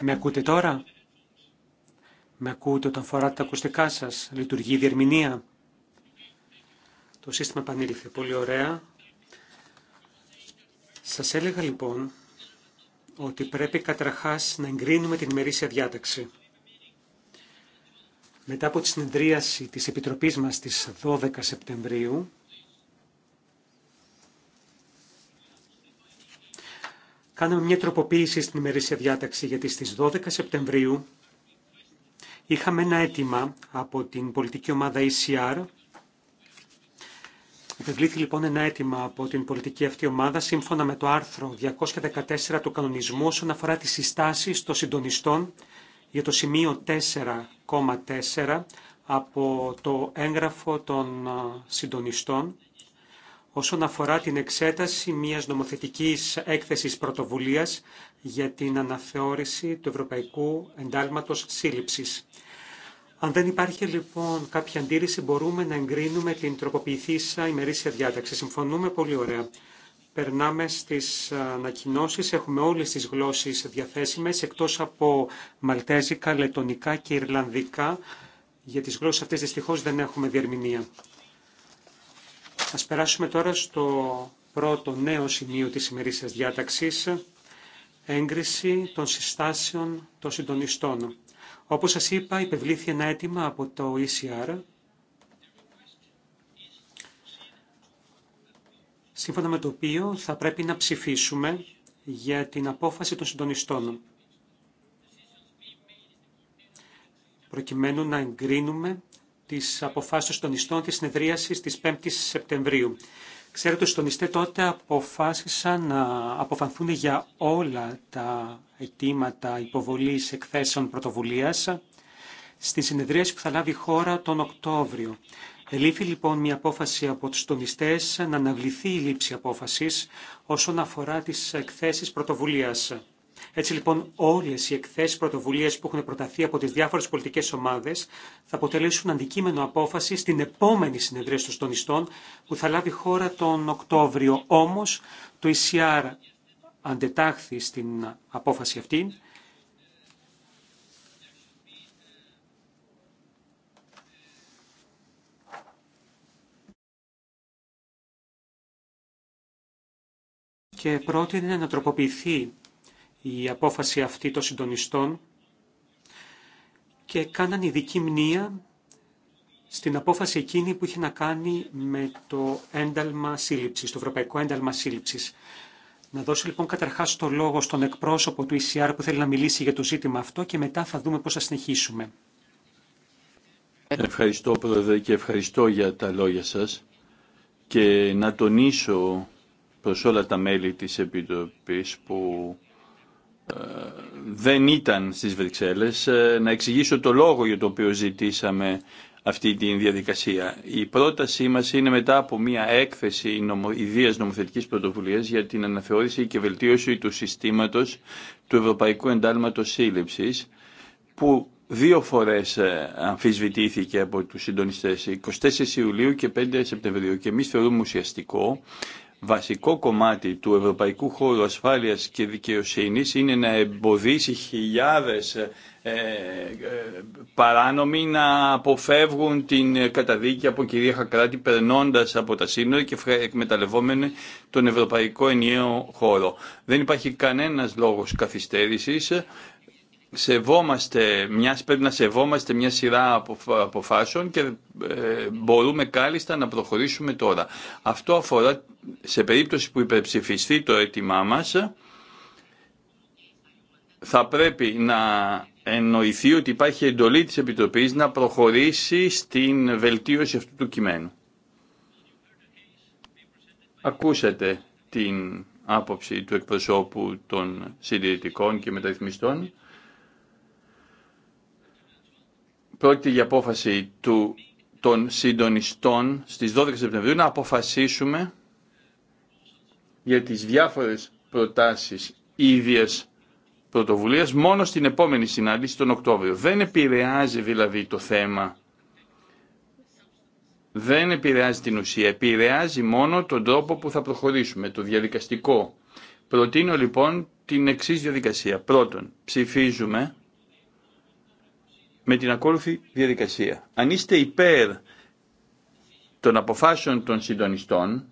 Με ακούτε τώρα? Με ακούτε όταν φοράτε τα ακουστικά σας. Λειτουργεί η διερμηνία. Το σύστημα επανήλθε. Πολύ ωραία. Σας έλεγα λοιπόν ότι πρέπει καταρχάς να εγκρίνουμε την ημερήσια διάταξη. Μετά από τη συνεδρίαση της Επιτροπής μας στις 12 Σεπτεμβρίου, κάναμε μια τροποποίηση στην ημερήσια διάταξη, γιατί στις 12 Σεπτεμβρίου είχαμε ένα αίτημα από την πολιτική ομάδα ECR. Επιβλήθη λοιπόν ένα αίτημα από την πολιτική αυτή ομάδα, σύμφωνα με το άρθρο 214 του κανονισμού, όσον αφορά τις συστάσεις των συντονιστών για το σημείο 4,4 από το έγγραφο των συντονιστών όσον αφορά την εξέταση μιας νομοθετικής έκθεσης πρωτοβουλίας για την αναθεώρηση του Ευρωπαϊκού Εντάλματος Σύλληψης. Αν δεν υπάρχει λοιπόν κάποια αντίρρηση, μπορούμε να εγκρίνουμε την τροποποιηθήσα ημερήσια διάταξη. Συμφωνούμε πολύ ωραία. Περνάμε στις ανακοινώσει. Έχουμε όλες τις γλώσσες διαθέσιμες, εκτός από μαλτέζικα, λετονικά και ιρλανδικά. Για τις γλώσσες αυτές δυστυχώς δεν έχουμε διερμηνία. Ας περάσουμε τώρα στο πρώτο νέο σημείο της ημερήσιας διάταξης, έγκριση των συστάσεων των συντονιστών. Όπως σας είπα, υπευλήθη ένα αίτημα από το ECR. Σύμφωνα με το οποίο θα πρέπει να ψηφίσουμε για την απόφαση των συντονιστών. Προκειμένου να εγκρίνουμε τι αποφάσεως των νηστών της συνεδρίασης της 5 η Σεπτεμβρίου. Ξέρετε ότι τότε αποφάσισαν να αποφανθούν για όλα τα αιτήματα υποβολής εκθέσεων πρωτοβουλία στη συνεδρίαση που θα λάβει η χώρα τον Οκτώβριο. Ελήφθη λοιπόν μια απόφαση από του τονιστέ να αναβληθεί η λήψη απόφασης όσον αφορά τι εκθέσει πρωτοβουλία. Έτσι λοιπόν όλες οι εκθέσεις πρωτοβουλίες που έχουν προταθεί από τις διάφορες πολιτικές ομάδες θα αποτελέσουν αντικείμενο απόφαση στην επόμενη συνεδρία των τονιστών που θα λάβει χώρα τον Οκτώβριο. Όμως το ECR αντετάχθη στην απόφαση αυτή. και πρότεινε να τροποποιηθεί η απόφαση αυτή των συντονιστών και κάναν ειδική μνήα στην απόφαση εκείνη που είχε να κάνει με το ένταλμα σύλληψης, το ευρωπαϊκό ένταλμα σύλληψης. Να δώσω λοιπόν καταρχάς το λόγο στον εκπρόσωπο του ECR που θέλει να μιλήσει για το ζήτημα αυτό και μετά θα δούμε πώς θα συνεχίσουμε. Ευχαριστώ Πρόεδρε και ευχαριστώ για τα λόγια σας και να τονίσω προς όλα τα μέλη της Επιτροπής που δεν ήταν στις Βρυξέλλες ε, να εξηγήσω το λόγο για το οποίο ζητήσαμε αυτή τη διαδικασία. Η πρότασή μας είναι μετά από μια έκθεση νομο, ιδίας νομοθετικής πρωτοβουλίας για την αναθεώρηση και βελτίωση του συστήματος του Ευρωπαϊκού Εντάλματος Σύλληψης που δύο φορές ε, αμφισβητήθηκε από τους συντονιστές 24 Ιουλίου και 5 Σεπτεμβρίου και εμείς θεωρούμε ουσιαστικό βασικό κομμάτι του ευρωπαϊκού χώρου ασφάλειας και δικαιοσύνης είναι να εμποδίσει χιλιάδες ε, ε, παράνομοι να αποφεύγουν την καταδίκη από κυρία Χακράτη περνώντας από τα σύνορα και εκμεταλλευόμενοι τον ευρωπαϊκό ενιαίο χώρο. Δεν υπάρχει κανένας λόγος καθυστέρησης σεβόμαστε, μιας, πρέπει να σεβόμαστε μια σειρά αποφάσεων και ε, μπορούμε κάλλιστα να προχωρήσουμε τώρα. Αυτό αφορά σε περίπτωση που υπερψηφιστεί το αίτημά μας θα πρέπει να εννοηθεί ότι υπάρχει εντολή της Επιτροπής να προχωρήσει στην βελτίωση αυτού του κειμένου. Ακούσατε την άποψη του εκπροσώπου των συντηρητικών και μεταρρυθμιστών πρόκειται για απόφαση του, των συντονιστών στις 12 Σεπτεμβρίου να αποφασίσουμε για τις διάφορες προτάσεις ίδιας πρωτοβουλίας μόνο στην επόμενη συνάντηση τον Οκτώβριο. Δεν επηρεάζει δηλαδή το θέμα, δεν επηρεάζει την ουσία, επηρεάζει μόνο τον τρόπο που θα προχωρήσουμε, το διαδικαστικό. Προτείνω λοιπόν την εξής διαδικασία. Πρώτον, ψηφίζουμε με την ακόλουθη διαδικασία. Αν είστε υπέρ των αποφάσεων των συντονιστών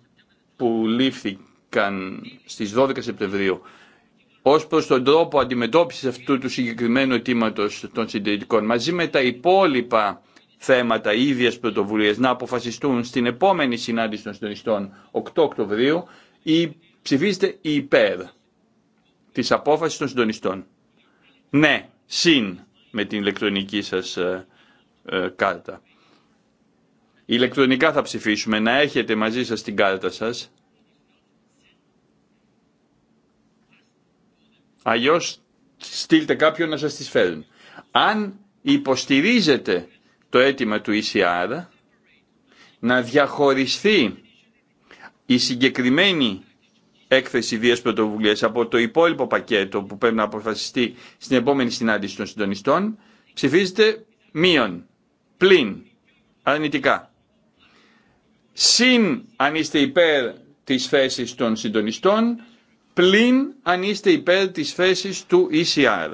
που λήφθηκαν στις 12 Σεπτεμβρίου ως προς τον τρόπο αντιμετώπισης αυτού του συγκεκριμένου αιτήματο των συντηρητικών μαζί με τα υπόλοιπα θέματα ίδιας πρωτοβουλία να αποφασιστούν στην επόμενη συνάντηση των συντονιστών 8 Οκτωβρίου ή ψηφίστε υπέρ της απόφασης των συντονιστών. Ναι, συν με την ηλεκτρονική σας ε, ε, κάρτα. Ηλεκτρονικά θα ψηφίσουμε. Να έχετε μαζί σας την κάρτα σας. Αλλιώς στείλτε κάποιον να σας τις φέρουν. Αν υποστηρίζετε το αίτημα του ECR να διαχωριστεί η συγκεκριμένη έκθεση δύο πρωτοβουλίε από το υπόλοιπο πακέτο που πρέπει να αποφασιστεί στην επόμενη συνάντηση των συντονιστών, ψηφίζεται μείον, πλην, αρνητικά. Συν αν είστε υπέρ της θέσης των συντονιστών, πλην αν είστε υπέρ της θέσης του ECR.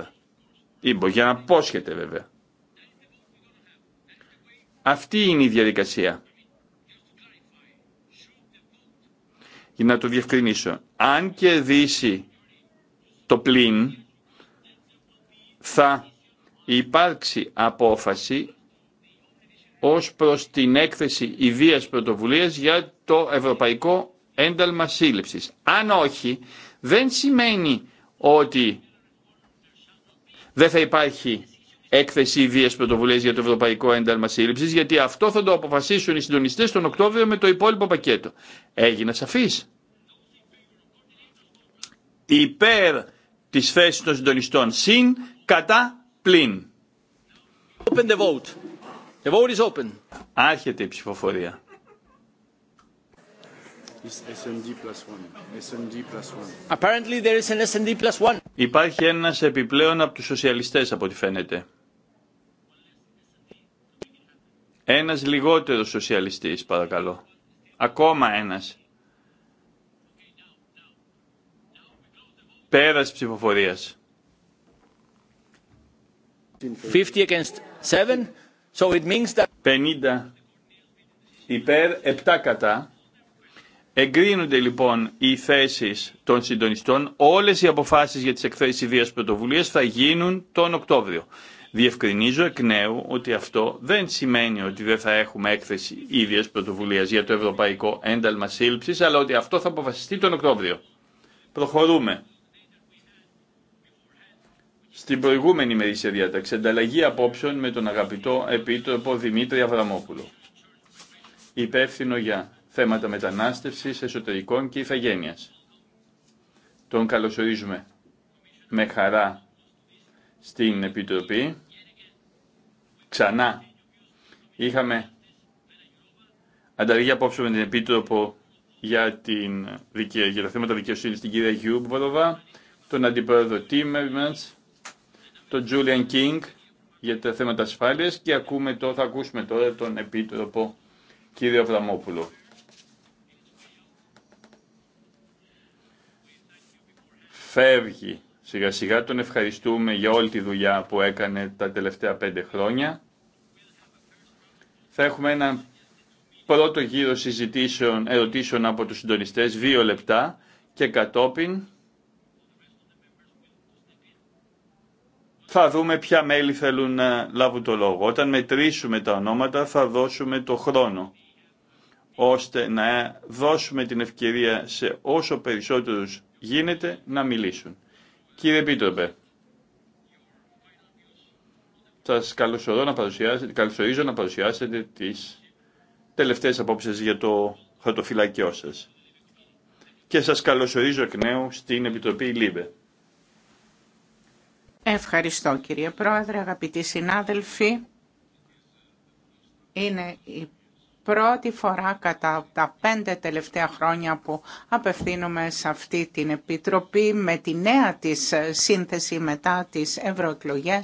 Ήμπο, για να πόσχετε βέβαια. Αυτή είναι η διαδικασία. για να το διευκρινίσω. Αν κερδίσει το πλήν, θα υπάρξει απόφαση ως προς την έκθεση ιδίας πρωτοβουλίας για το Ευρωπαϊκό Ένταλμα Σύλληψης. Αν όχι, δεν σημαίνει ότι δεν θα υπάρχει έκθεση ιδίε πρωτοβουλία για το Ευρωπαϊκό Ένταλμα Σύλληψη, γιατί αυτό θα το αποφασίσουν οι συντονιστέ τον Οκτώβριο με το υπόλοιπο πακέτο. Έγινε σαφή. Υπέρ τη θέση των συντονιστών συν κατά πλην. Open the vote. The vote is open. Άρχεται η ψηφοφορία. Υπάρχει ένας επιπλέον από τους σοσιαλιστές από ό,τι φαίνεται. Ένας λιγότερος σοσιαλιστής, παρακαλώ. Ακόμα ένας. Πέρας ψηφοφορίας. 50 against 7, so it means that... 50 υπέρ, 7 κατά. Εγκρίνονται λοιπόν οι θέσει των συντονιστών. Όλες οι αποφάσεις για τις εκθέσεις ιδίας πρωτοβουλίας θα γίνουν τον Οκτώβριο. Διευκρινίζω εκ νέου ότι αυτό δεν σημαίνει ότι δεν θα έχουμε έκθεση ίδιας πρωτοβουλίας για το Ευρωπαϊκό Ένταλμα Σύλληψης, αλλά ότι αυτό θα αποφασιστεί τον Οκτώβριο. Προχωρούμε. Στην προηγούμενη μερίσια διάταξη, ανταλλαγή απόψεων με τον αγαπητό επίτροπο Δημήτρη Αβραμόπουλο. Υπεύθυνο για θέματα μετανάστευσης, εσωτερικών και ηθαγένειας. Τον καλωσορίζουμε με χαρά στην Επιτροπή ξανά είχαμε ανταλλαγή απόψε με την Επίτροπο για, την δικαι... για τα θέματα δικαιοσύνη στην κυρία Γιούμποροβα, τον Αντιπρόεδρο Τίμερμαντ, τον Τζούλιαν Κίνγκ για τα θέματα ασφάλεια. και ακούμε το, θα ακούσουμε τώρα τον Επίτροπο κύριο Αβραμόπουλο. Φεύγει Σιγά σιγά τον ευχαριστούμε για όλη τη δουλειά που έκανε τα τελευταία πέντε χρόνια. Θα έχουμε ένα πρώτο γύρο συζητήσεων, ερωτήσεων από τους συντονιστές, δύο λεπτά και κατόπιν θα δούμε ποια μέλη θέλουν να λάβουν το λόγο. Όταν μετρήσουμε τα ονόματα θα δώσουμε το χρόνο ώστε να δώσουμε την ευκαιρία σε όσο περισσότερους γίνεται να μιλήσουν. Κύριε Επίτροπε, σας καλωσορίζω να παρουσιάσετε, καλωσορίζω να παρουσιάσετε τις τελευταίες απόψεις για το χαρτοφυλάκιό σας. Και σας καλωσορίζω εκ νέου στην Επιτροπή ΛΥΜΕ. Ευχαριστώ κύριε Πρόεδρε, αγαπητοί συνάδελφοι. Είναι η πρώτη φορά κατά τα πέντε τελευταία χρόνια που απευθύνομαι σε αυτή την Επιτροπή με τη νέα της σύνθεση μετά τις ευρωεκλογέ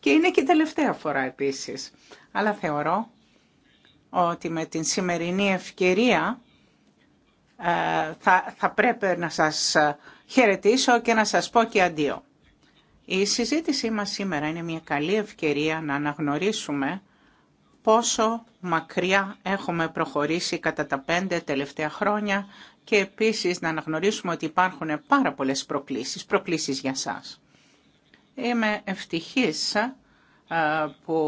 και είναι και η τελευταία φορά επίσης. Αλλά θεωρώ ότι με την σημερινή ευκαιρία ε, θα, θα πρέπει να σας χαιρετήσω και να σας πω και αντίο. Η συζήτησή μας σήμερα είναι μια καλή ευκαιρία να αναγνωρίσουμε πόσο μακριά έχουμε προχωρήσει κατά τα πέντε τελευταία χρόνια και επίσης να αναγνωρίσουμε ότι υπάρχουν πάρα πολλές προκλήσεις, προκλήσεις για σας. Είμαι ευτυχής που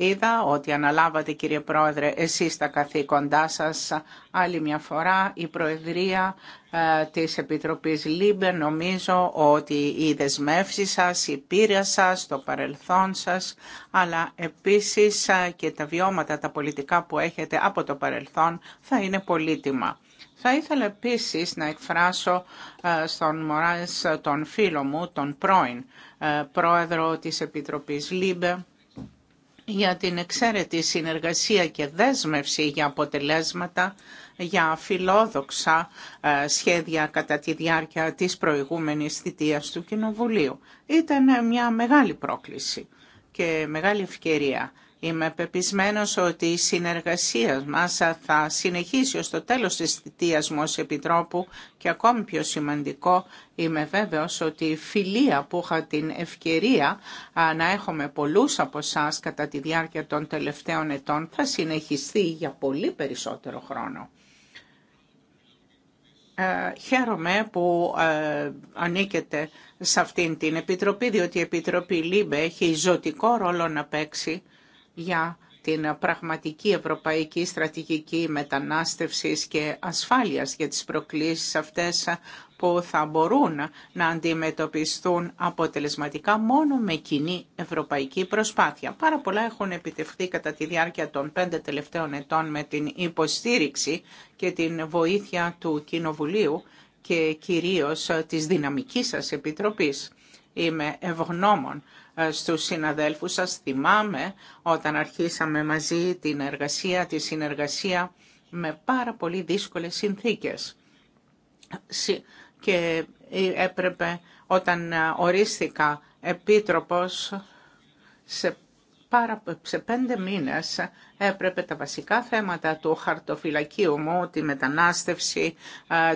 Είδα ότι αναλάβατε κύριε Πρόεδρε εσείς τα καθήκοντά σας άλλη μια φορά η Προεδρία ε, της Επιτροπής ΛΥΜΠΕ. Νομίζω ότι οι δεσμεύσει σας, η πείρα σας, το παρελθόν σας αλλά επίσης ε, και τα βιώματα, τα πολιτικά που έχετε από το παρελθόν θα είναι πολύτιμα. Θα ήθελα επίσης να εκφράσω ε, στον Μωράς τον φίλο μου, τον πρώην ε, πρόεδρο της Επιτροπής ΛΥΜΠΕ, για την εξαίρετη συνεργασία και δέσμευση για αποτελέσματα για φιλόδοξα ε, σχέδια κατά τη διάρκεια της προηγούμενης θητείας του Κοινοβουλίου. Ήταν μια μεγάλη πρόκληση και μεγάλη ευκαιρία Είμαι πεπισμένος ότι η συνεργασία μας θα συνεχίσει ως το τέλος της θητείας μου ως Επιτρόπου και ακόμη πιο σημαντικό είμαι βέβαιος ότι η φιλία που είχα την ευκαιρία να έχουμε πολλούς από εσά κατά τη διάρκεια των τελευταίων ετών θα συνεχιστεί για πολύ περισσότερο χρόνο. Ε, χαίρομαι που ε, ανήκετε σε αυτήν την Επιτροπή, διότι η Επιτροπή ΛΥΜΠΕ έχει ζωτικό ρόλο να παίξει για την πραγματική ευρωπαϊκή στρατηγική μετανάστευσης και ασφάλειας για τις προκλήσεις αυτές που θα μπορούν να αντιμετωπιστούν αποτελεσματικά μόνο με κοινή ευρωπαϊκή προσπάθεια. Πάρα πολλά έχουν επιτευχθεί κατά τη διάρκεια των πέντε τελευταίων ετών με την υποστήριξη και την βοήθεια του Κοινοβουλίου και κυρίως της δυναμικής σας Επιτροπής. Είμαι ευγνώμων ε, στους συναδέλφους σας. Θυμάμαι όταν αρχίσαμε μαζί την εργασία, τη συνεργασία με πάρα πολύ δύσκολες συνθήκες. Και ε, έπρεπε όταν ε, ορίστηκα επίτροπος σε σε πέντε μήνες έπρεπε τα βασικά θέματα του χαρτοφυλακίου μου, τη μετανάστευση,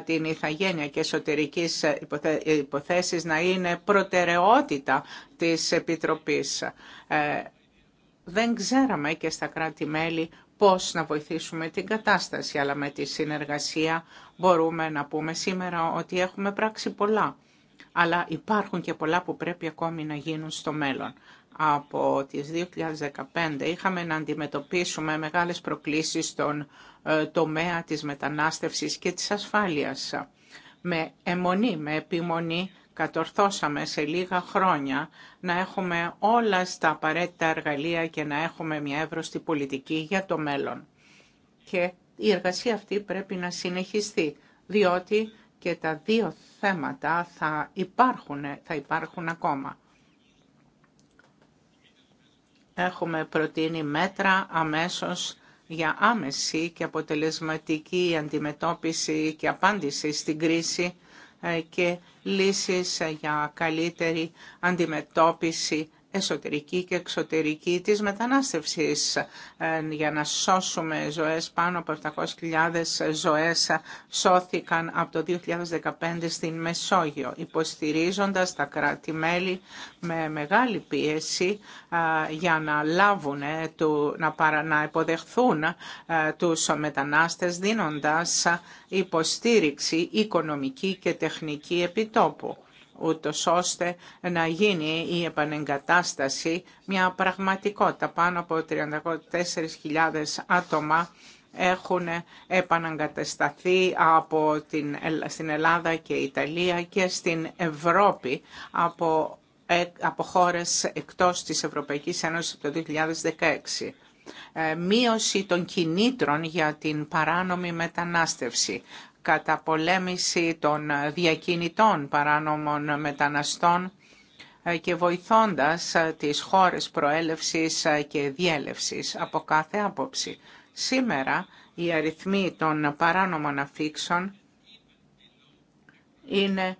την ηθαγένεια και εσωτερικής υποθέσεις να είναι προτεραιότητα της Επιτροπής. Ε, δεν ξέραμε και στα κράτη-μέλη πώς να βοηθήσουμε την κατάσταση, αλλά με τη συνεργασία μπορούμε να πούμε σήμερα ότι έχουμε πράξει πολλά αλλά υπάρχουν και πολλά που πρέπει ακόμη να γίνουν στο μέλλον από τις 2015 είχαμε να αντιμετωπίσουμε μεγάλες προκλήσεις στον ε, τομέα της μετανάστευσης και της ασφάλειας. Με εμονή, με επιμονή κατορθώσαμε σε λίγα χρόνια να έχουμε όλα στα απαραίτητα εργαλεία και να έχουμε μια εύρωστη πολιτική για το μέλλον. Και η εργασία αυτή πρέπει να συνεχιστεί, διότι και τα δύο θέματα θα θα υπάρχουν ακόμα έχουμε προτείνει μέτρα αμέσως για άμεση και αποτελεσματική αντιμετώπιση και απάντηση στην κρίση ε, και λύσεις για καλύτερη αντιμετώπιση εσωτερική και εξωτερική της μετανάστευσης ε, για να σώσουμε ζωές. Πάνω από 700.000 ζωές σώθηκαν από το 2015 στην Μεσόγειο, υποστηρίζοντας τα κράτη-μέλη με μεγάλη πίεση ε, για να λάβουν, να υποδεχθούν ε, τους μετανάστες, δίνοντας υποστήριξη οικονομική και τεχνική επιτόπου ούτως ώστε να γίνει η επανεγκατάσταση μια πραγματικότητα. Πάνω από 34.000 άτομα έχουν επαναγκατασταθεί από την, στην Ελλάδα και Ιταλία και στην Ευρώπη από, ε, από χώρες εκτός της Ευρωπαϊκής Ένωσης το 2016. Ε, μείωση των κινήτρων για την παράνομη μετανάστευση καταπολέμηση των διακινητών παράνομων μεταναστών ε, και βοηθώντας ε, τις χώρες προέλευσης ε, και διέλευσης από κάθε άποψη. Σήμερα οι αριθμοί των παράνομων αφήξεων είναι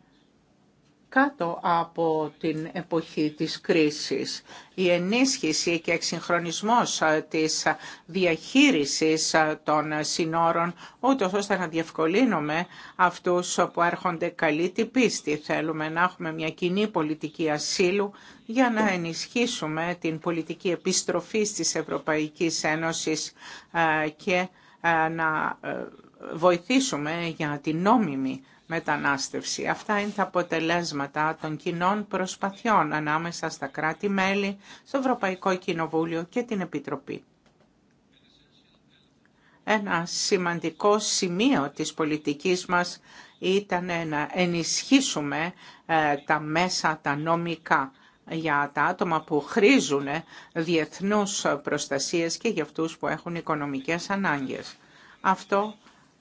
κάτω από την εποχή της κρίσης. Η ενίσχυση και εξυγχρονισμός ε, της διαχείρισης ε, των συνόρων, ούτω ώστε να διευκολύνουμε αυτούς που έρχονται καλή την πίστη. Θέλουμε να έχουμε μια κοινή πολιτική ασύλου για να ενισχύσουμε την πολιτική επιστροφή της Ευρωπαϊκής Ένωσης ε, και να βοηθήσουμε για την νόμιμη μετανάστευση. Αυτά είναι τα αποτελέσματα των κοινών προσπαθειών ανάμεσα στα κράτη-μέλη, στο Ευρωπαϊκό Κοινοβούλιο και την Επιτροπή. Ένα σημαντικό σημείο της πολιτικής μας ήταν να ενισχύσουμε ε, τα μέσα, τα νομικά για τα άτομα που χρήζουν ε, διεθνούς προστασίες και για αυτούς που έχουν οικονομικές ανάγκες. Αυτό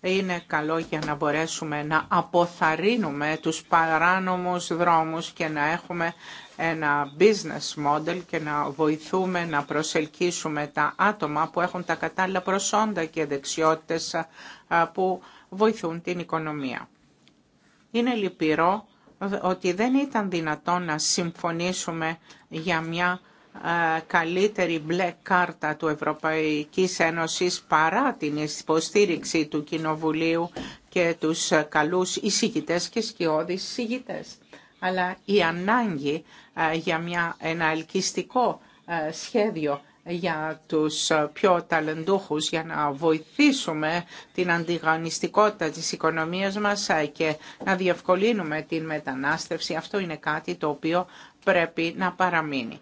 είναι καλό για να μπορέσουμε να αποθαρρύνουμε τους παράνομους δρόμους και να έχουμε ένα business model και να βοηθούμε να προσελκύσουμε τα άτομα που έχουν τα κατάλληλα προσόντα και δεξιότητες που βοηθούν την οικονομία. Είναι λυπηρό ε, ότι δεν ήταν δυνατόν να συμφωνήσουμε για μια ε, καλύτερη μπλε κάρτα του Ευρωπαϊκής Ένωσης παρά την υποστήριξη του Κοινοβουλίου και τους καλούς εισηγητές και σκιώδεις εισηγητές. Αλλά η ανάγκη ε, για μια, ένα ελκυστικό ε, σχέδιο για τους πιο ταλεντούχους για να βοηθήσουμε την αντιγωνιστικότητα της οικονομίας μας και να διευκολύνουμε την μετανάστευση. Αυτό είναι κάτι το οποίο πρέπει να παραμείνει.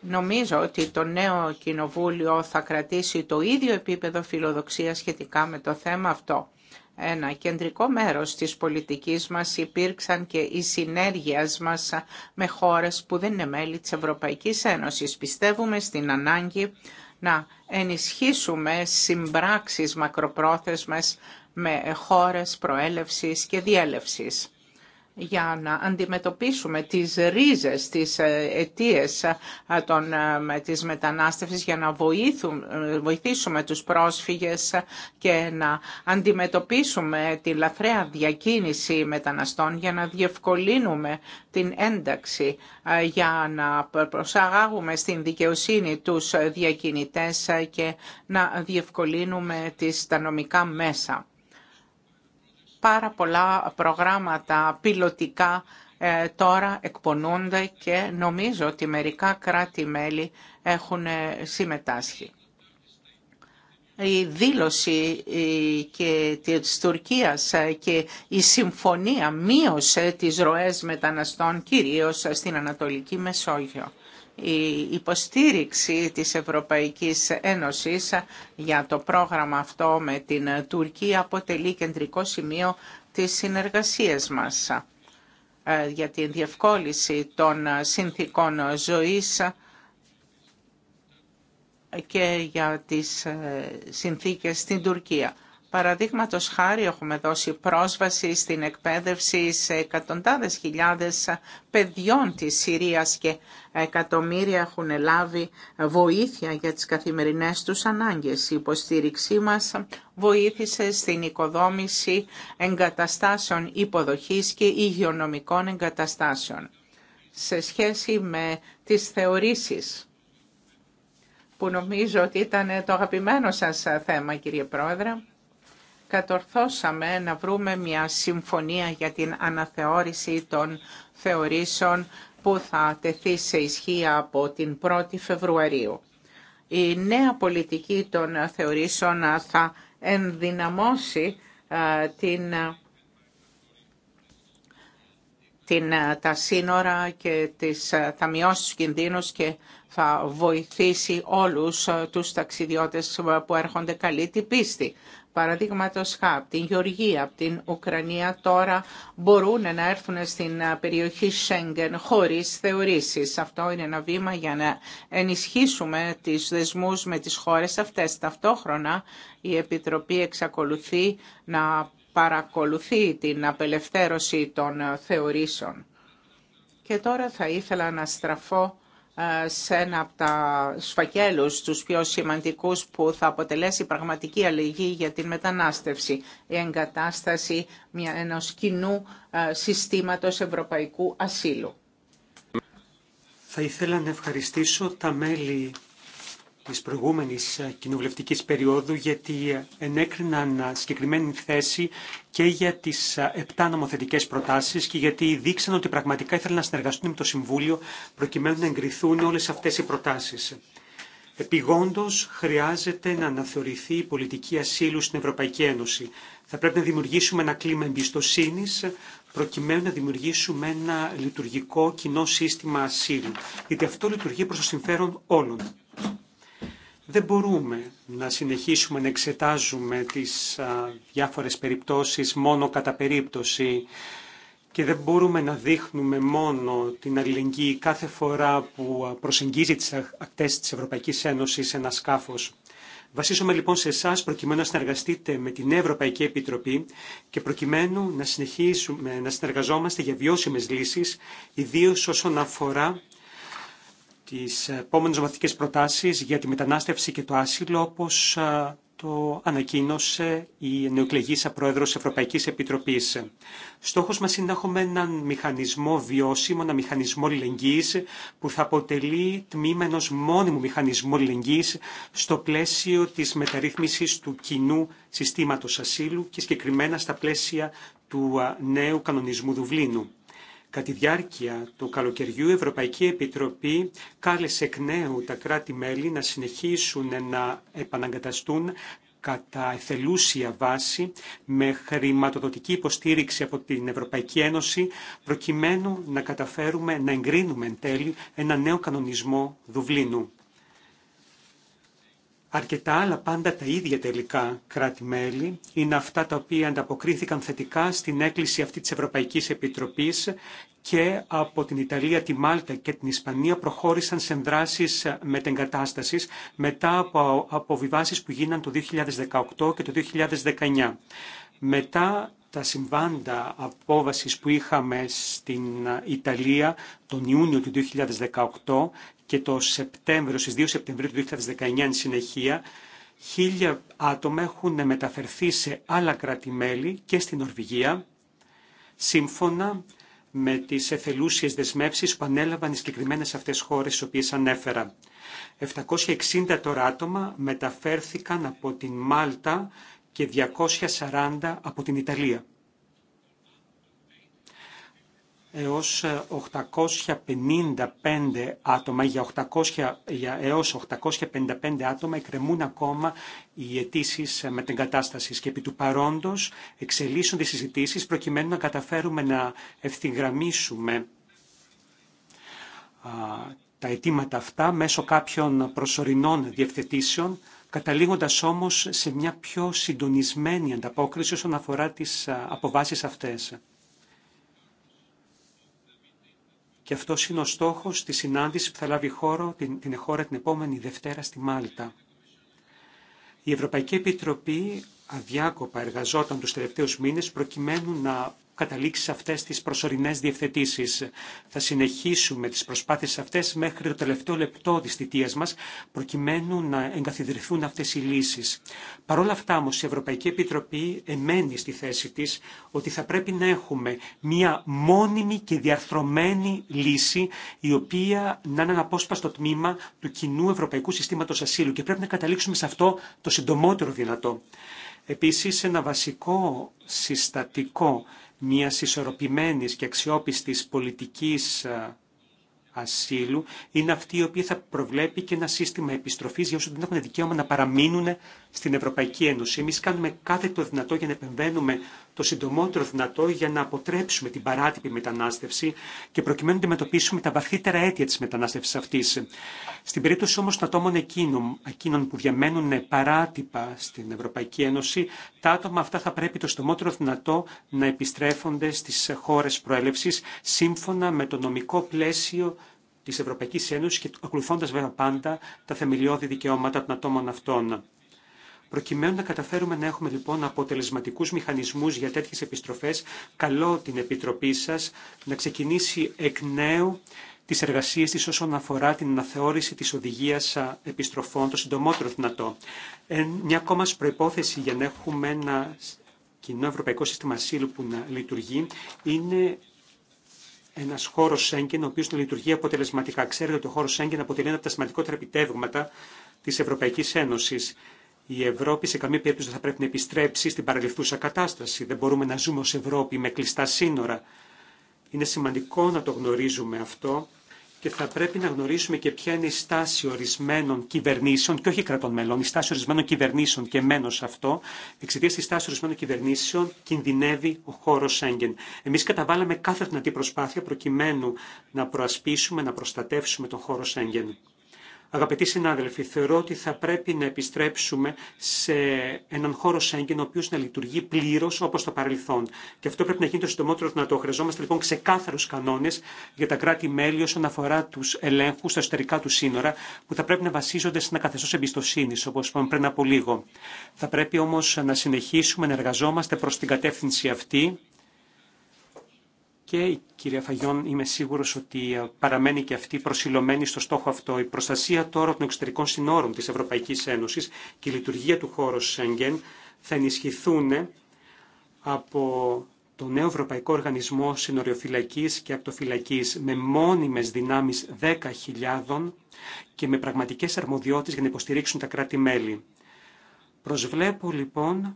Νομίζω ότι το νέο κοινοβούλιο θα κρατήσει το ίδιο επίπεδο φιλοδοξία σχετικά με το θέμα αυτό. Ένα κεντρικό μέρος της πολιτικής μας υπήρξαν και οι συνέργειες μας με χώρες που δεν είναι μέλη της Ευρωπαϊκής Ένωσης. Πιστεύουμε στην ανάγκη να ενισχύσουμε συμπράξεις μακροπρόθεσμες με χώρες προέλευσης και διέλευσης για να αντιμετωπίσουμε τις ρίζες, τις ε, αιτίες ε, των, ε, της μετανάστευσης για να βοηθήσουμε τους πρόσφυγες και να αντιμετωπίσουμε τη λαθρέα διακίνηση μεταναστών για να διευκολύνουμε την ένταξη, για να προσαγάγουμε στην δικαιοσύνη τους διακινητές και να διευκολύνουμε τις, τα νομικά μέσα. Πάρα πολλά προγράμματα πιλωτικά ε, τώρα εκπονούνται και νομίζω ότι μερικά κράτη-μέλη έχουν ε, συμμετάσχει. Η δήλωση και της Τουρκίας ε, και η συμφωνία μείωσε τις ροές μεταναστών κυρίως στην Ανατολική Μεσόγειο η υποστήριξη της Ευρωπαϊκής Ένωσης για το πρόγραμμα αυτό με την Τουρκία αποτελεί κεντρικό σημείο της συνεργασίας μας ε, για την διευκόλυνση των συνθήκων ζωής και για τις ε, συνθήκες στην Τουρκία. Παραδείγματο χάρη έχουμε δώσει πρόσβαση στην εκπαίδευση σε εκατοντάδες χιλιάδες παιδιών της Συρίας και εκατομμύρια έχουν λάβει βοήθεια για τις καθημερινές τους ανάγκες. Η υποστήριξή μας βοήθησε στην οικοδόμηση εγκαταστάσεων υποδοχής και υγειονομικών εγκαταστάσεων. Σε σχέση με τις θεωρήσεις που νομίζω ότι ήταν το αγαπημένο σας θέμα κύριε Πρόεδρε, κατορθώσαμε να βρούμε μια συμφωνία για την αναθεώρηση των θεωρήσεων που θα τεθεί σε ισχύ από την 1η Φεβρουαρίου. Η νέα πολιτική των θεωρήσεων θα ενδυναμώσει ε, την, ε, την, ε, τα σύνορα και τις, θα μειώσει τους κινδύνους και θα βοηθήσει όλους τους ταξιδιώτες που έρχονται καλή την πίστη. Παραδείγματο χα, την Γεωργία, από την Ουκρανία τώρα μπορούν να έρθουν στην ε, περιοχή Σέγγεν χωρίς θεωρήσεις. Αυτό είναι ένα βήμα για να ενισχύσουμε τις δεσμούς με τις χώρες αυτέ. Ταυτόχρονα η Επιτροπή εξακολουθεί να παρακολουθεί την απελευθέρωση των ε, θεωρήσεων. Και τώρα θα ήθελα να στραφώ ε, σε ένα από τα σφακέλους τους πιο σημαντικούς που θα αποτελέσει πραγματική αλληλεγγύη για την μετανάστευση, η εγκατάσταση μια, ενός κοινού ε, συστήματος ευρωπαϊκού ασύλου. Θα ήθελα να ευχαριστήσω τα μέλη της προηγούμενης ε, κοινοβουλευτικής περίοδου γιατί ε, ενέκριναν ε, συγκεκριμένη θέση και για τις επτά νομοθετικές προτάσεις και γιατί δείξαν ότι πραγματικά ήθελαν να συνεργαστούν με το Συμβούλιο προκειμένου να εγκριθούν όλες αυτές οι προτάσεις. Επιγόντως χρειάζεται να αναθεωρηθεί η πολιτική ασύλου στην Ευρωπαϊκή Ένωση. Θα πρέπει να δημιουργήσουμε ένα κλίμα εμπιστοσύνη προκειμένου να δημιουργήσουμε ένα λειτουργικό κοινό σύστημα ασύλου. Γιατί αυτό λειτουργεί προ το συμφέρον όλων. Δεν μπορούμε να συνεχίσουμε να εξετάζουμε τις α, διάφορες περιπτώσεις μόνο κατά περίπτωση και δεν μπορούμε να δείχνουμε μόνο την αλληλεγγύη κάθε φορά που προσεγγίζει τις ακτές της Ευρωπαϊκής Ένωσης ένα σκάφος. Βασίζομαι λοιπόν σε εσά προκειμένου να συνεργαστείτε με την Ευρωπαϊκή Επιτροπή και προκειμένου να συνεχίσουμε να συνεργαζόμαστε για βιώσιμες λύσεις, ιδίως όσον αφορά τις επόμενες βαθικέ προτάσεις για τη μετανάστευση και το άσυλο, όπως το ανακοίνωσε η νεοκλεγήσα πρόεδρος Ευρωπαϊκής Επιτροπής. Στόχος μας είναι να έχουμε έναν μηχανισμό βιώσιμο, ένα μηχανισμό λιλεγγύης που θα αποτελεί τμήμα ενός μόνιμου μηχανισμού λιλεγγύης στο πλαίσιο της μεταρρύθμισης του κοινού συστήματος ασύλου και συγκεκριμένα στα πλαίσια του νέου κανονισμού Δουβλίνου. Κατά τη διάρκεια του καλοκαιριού η Ευρωπαϊκή Επιτροπή κάλεσε εκ νέου τα κράτη-μέλη να συνεχίσουν να επαναγκαταστούν κατά εθελούσια βάση με χρηματοδοτική υποστήριξη από την Ευρωπαϊκή Ένωση προκειμένου να καταφέρουμε να εγκρίνουμε εν τέλει ένα νέο κανονισμό Δουβλίνου. Αρκετά άλλα πάντα τα ίδια τελικά κράτη-μέλη είναι αυτά τα οποία ανταποκρίθηκαν θετικά στην έκκληση αυτή της Ευρωπαϊκής Επιτροπής και από την Ιταλία, τη Μάλτα και την Ισπανία προχώρησαν σε δράσεις μετεγκατάστασης μετά από αποβιβάσεις που γίναν το 2018 και το 2019. Μετά τα συμβάντα απόβασης που είχαμε στην Ιταλία τον Ιούνιο του 2018 και το Σεπτέμβριο, στις 2 Σεπτεμβρίου του 2019 εν συνεχεία, χίλια άτομα έχουν μεταφερθεί σε άλλα κράτη-μέλη και στην Νορβηγία, σύμφωνα με τις εθελούσιες δεσμεύσεις που ανέλαβαν οι συγκεκριμένε αυτές χώρες τις οποίες ανέφερα. 760 τώρα άτομα μεταφέρθηκαν από την Μάλτα και 240 από την Ιταλία έως 855 ε, άτομα για, 800, για έως 855 άτομα εκκρεμούν ακόμα οι αιτήσει ε, κατάσταση και επί του παρόντος εξελίσσονται συζητήσεις προκειμένου να καταφέρουμε να ευθυγραμμίσουμε τα αιτήματα αυτά μέσω κάποιων προσωρινών διευθετήσεων καταλήγοντας όμως σε μια πιο συντονισμένη ανταπόκριση όσον αφορά τις ε, αποβάσεις αυτές. Και αυτό είναι ο στόχος τη συνάντηση που θα λάβει χώρο, την, την χώρα την επόμενη Δευτέρα στη Μάλτα. Η Ευρωπαϊκή Επιτροπή αδιάκοπα εργαζόταν τους τελευταίους μήνες προκειμένου να καταλήξει σε αυτές τις προσωρινές διευθετήσεις. Θα συνεχίσουμε τις προσπάθειες αυτές μέχρι το τελευταίο λεπτό της θητείας μας, προκειμένου να εγκαθιδρυθούν αυτές οι λύσεις. Παρ' όλα αυτά όμως η Ευρωπαϊκή Επιτροπή εμένει στη θέση της ότι θα πρέπει να έχουμε μία μόνιμη και διαρθρωμένη λύση η οποία να είναι αναπόσπαστο τμήμα του κοινού Ευρωπαϊκού Συστήματος Ασύλου και πρέπει να καταλήξουμε σε αυτό το συντομότερο δυνατό. Επίσης, ένα βασικό συστατικό μία ισορροπημένης και αξιόπιστης πολιτικής ε, ασύλου είναι αυτή η οποία θα προβλέπει και ένα σύστημα επιστροφής για όσους δεν έχουν δικαίωμα να παραμείνουν στην Ευρωπαϊκή Ένωση. Εμείς κάνουμε κάθε το δυνατό για να επεμβαίνουμε το συντομότερο δυνατό για να αποτρέψουμε την παράτυπη μετανάστευση και προκειμένου να αντιμετωπίσουμε τα βαθύτερα αίτια τη μετανάστευση αυτή. Στην περίπτωση όμω των ατόμων εκείνων, εκείνων που διαμένουν παράτυπα στην Ευρωπαϊκή Ένωση, τα άτομα αυτά θα πρέπει το συντομότερο δυνατό να επιστρέφονται στι χώρε προέλευση σύμφωνα με το νομικό πλαίσιο της Ευρωπαϊκής Ένωσης και ακολουθώντας βέβαια πάντα τα θεμελιώδη δικαιώματα των ατόμων αυτών. Προκειμένου να καταφέρουμε να έχουμε λοιπόν αποτελεσματικού μηχανισμού για τέτοιε επιστροφέ, καλώ την Επιτροπή σα να ξεκινήσει εκ νέου τι εργασίε τη όσον αφορά την αναθεώρηση τη οδηγία επιστροφών το συντομότερο δυνατό. Ε, μια ακόμα προπόθεση για να έχουμε ένα κοινό ευρωπαϊκό σύστημα ασύλου που να λειτουργεί είναι ένα χώρο Σέγγεν, ο οποίο να λειτουργεί αποτελεσματικά. Ξέρετε ότι ο χώρο Σέγγεν αποτελεί ένα από τα σημαντικότερα επιτεύγματα τη Ευρωπαϊκή Ένωση η Ευρώπη σε καμία περίπτωση δεν θα πρέπει να επιστρέψει στην παρελθούσα κατάσταση. Δεν μπορούμε να ζούμε ως Ευρώπη με κλειστά σύνορα. Είναι σημαντικό να το γνωρίζουμε αυτό και θα πρέπει να γνωρίσουμε και ποια είναι η στάση ορισμένων κυβερνήσεων και όχι κρατών μελών, η στάση ορισμένων κυβερνήσεων και μένω σε αυτό. Εξαιτία τη στάση ορισμένων κυβερνήσεων κινδυνεύει ο χώρο Σέγγεν. Εμεί καταβάλαμε κάθε δυνατή προσπάθεια προκειμένου να προασπίσουμε, να προστατεύσουμε τον χώρο Σέγγεν. Αγαπητοί συνάδελφοι, θεωρώ ότι θα πρέπει να επιστρέψουμε σε έναν χώρο Σέγγεν ο οποίο να λειτουργεί πλήρω όπω το παρελθόν. Και αυτό πρέπει να γίνει το συντομότερο δυνατό. Χρειαζόμαστε λοιπόν ξεκάθαρου κανόνε για τα κράτη-μέλη όσον αφορά του ελέγχου στα εσωτερικά του σύνορα που θα πρέπει να βασίζονται σε ένα καθεστώ εμπιστοσύνη όπω είπαμε πριν από λίγο. Θα πρέπει όμω να συνεχίσουμε να εργαζόμαστε προ την κατεύθυνση αυτή και η κυρία Φαγιόν είμαι σίγουρος ότι ε, παραμένει και αυτή προσιλωμένη στο στόχο αυτό. Η προστασία τώρα των εξωτερικών συνόρων της Ευρωπαϊκής Ένωσης και η λειτουργία του χώρου Σέγγεν θα ενισχυθούν από το νέο Ευρωπαϊκό Οργανισμό Συνοριοφυλακής και Ακτοφυλακής με μόνιμες δυνάμεις 10.000 και με πραγματικές αρμοδιότητες για να υποστηρίξουν τα κράτη-μέλη. Προσβλέπω λοιπόν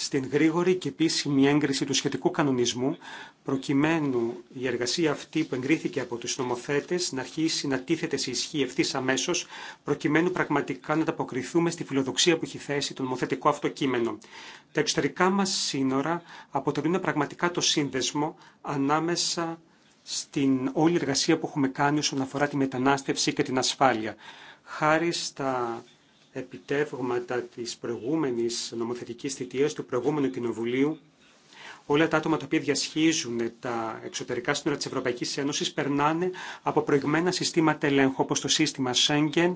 στην γρήγορη και επίσημη έγκριση του σχετικού κανονισμού, προκειμένου η εργασία αυτή που εγκρίθηκε από τους νομοθέτες να αρχίσει να τίθεται σε ισχύ ευθύ αμέσω, προκειμένου πραγματικά να ανταποκριθούμε στη φιλοδοξία που έχει θέσει το νομοθετικό αυτό κείμενο. Τα εξωτερικά μας σύνορα αποτελούν πραγματικά το σύνδεσμο ανάμεσα στην όλη εργασία που έχουμε κάνει όσον αφορά τη μετανάστευση και την ασφάλεια. Χάρη στα επιτεύγματα της προηγούμενης νομοθετικής θητείας του προηγούμενου Κοινοβουλίου, όλα τα άτομα τα οποία διασχίζουν τα εξωτερικά σύνορα της Ευρωπαϊκής Ένωσης περνάνε από προηγμένα συστήματα ελέγχου, όπως το σύστημα Schengen,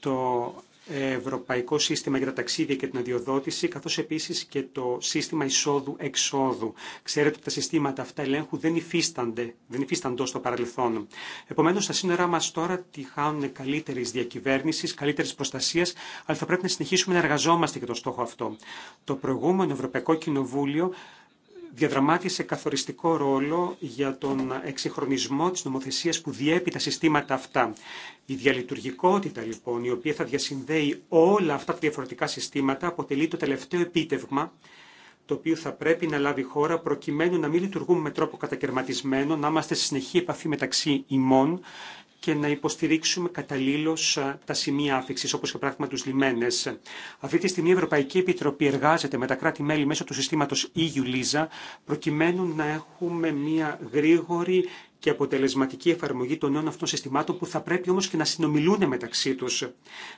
το Ευρωπαϊκό Σύστημα για τα Ταξίδια και την Αδειοδότηση, καθώς επίσης και το Σύστημα Εισόδου-Εξόδου. Ξέρετε ότι τα συστήματα αυτά ελέγχου δεν υφίστανται, δεν υφίσταντο στο παρελθόν. Επομένως, τα σύνορά μας τώρα τη χάνουν καλύτερης διακυβέρνησης, καλύτερης προστασίας, αλλά θα πρέπει να συνεχίσουμε να εργαζόμαστε για το στόχο αυτό. Το προηγούμενο Ευρωπαϊκό Κοινοβούλιο διαδραμάτισε καθοριστικό ρόλο για τον εξυγχρονισμό της νομοθεσίας που διέπει τα συστήματα αυτά. Η διαλειτουργικότητα λοιπόν, η οποία θα διασυνδέει όλα αυτά τα διαφορετικά συστήματα, αποτελεί το τελευταίο επίτευγμα το οποίο θα πρέπει να λάβει χώρα προκειμένου να μην λειτουργούμε με τρόπο κατακαιρματισμένο, να είμαστε σε συνεχή επαφή μεταξύ ημών και να υποστηρίξουμε καταλήλω τα σημεία άφηξη, όπω και πράγμα του λιμένε. Αυτή τη στιγμή η Ευρωπαϊκή Επιτροπή εργάζεται με τα κράτη-μέλη μέσω του συστήματο EU-LISA, προκειμένου να έχουμε μια γρήγορη και αποτελεσματική εφαρμογή των νέων αυτών συστημάτων που θα πρέπει όμως και να συνομιλούν μεταξύ τους.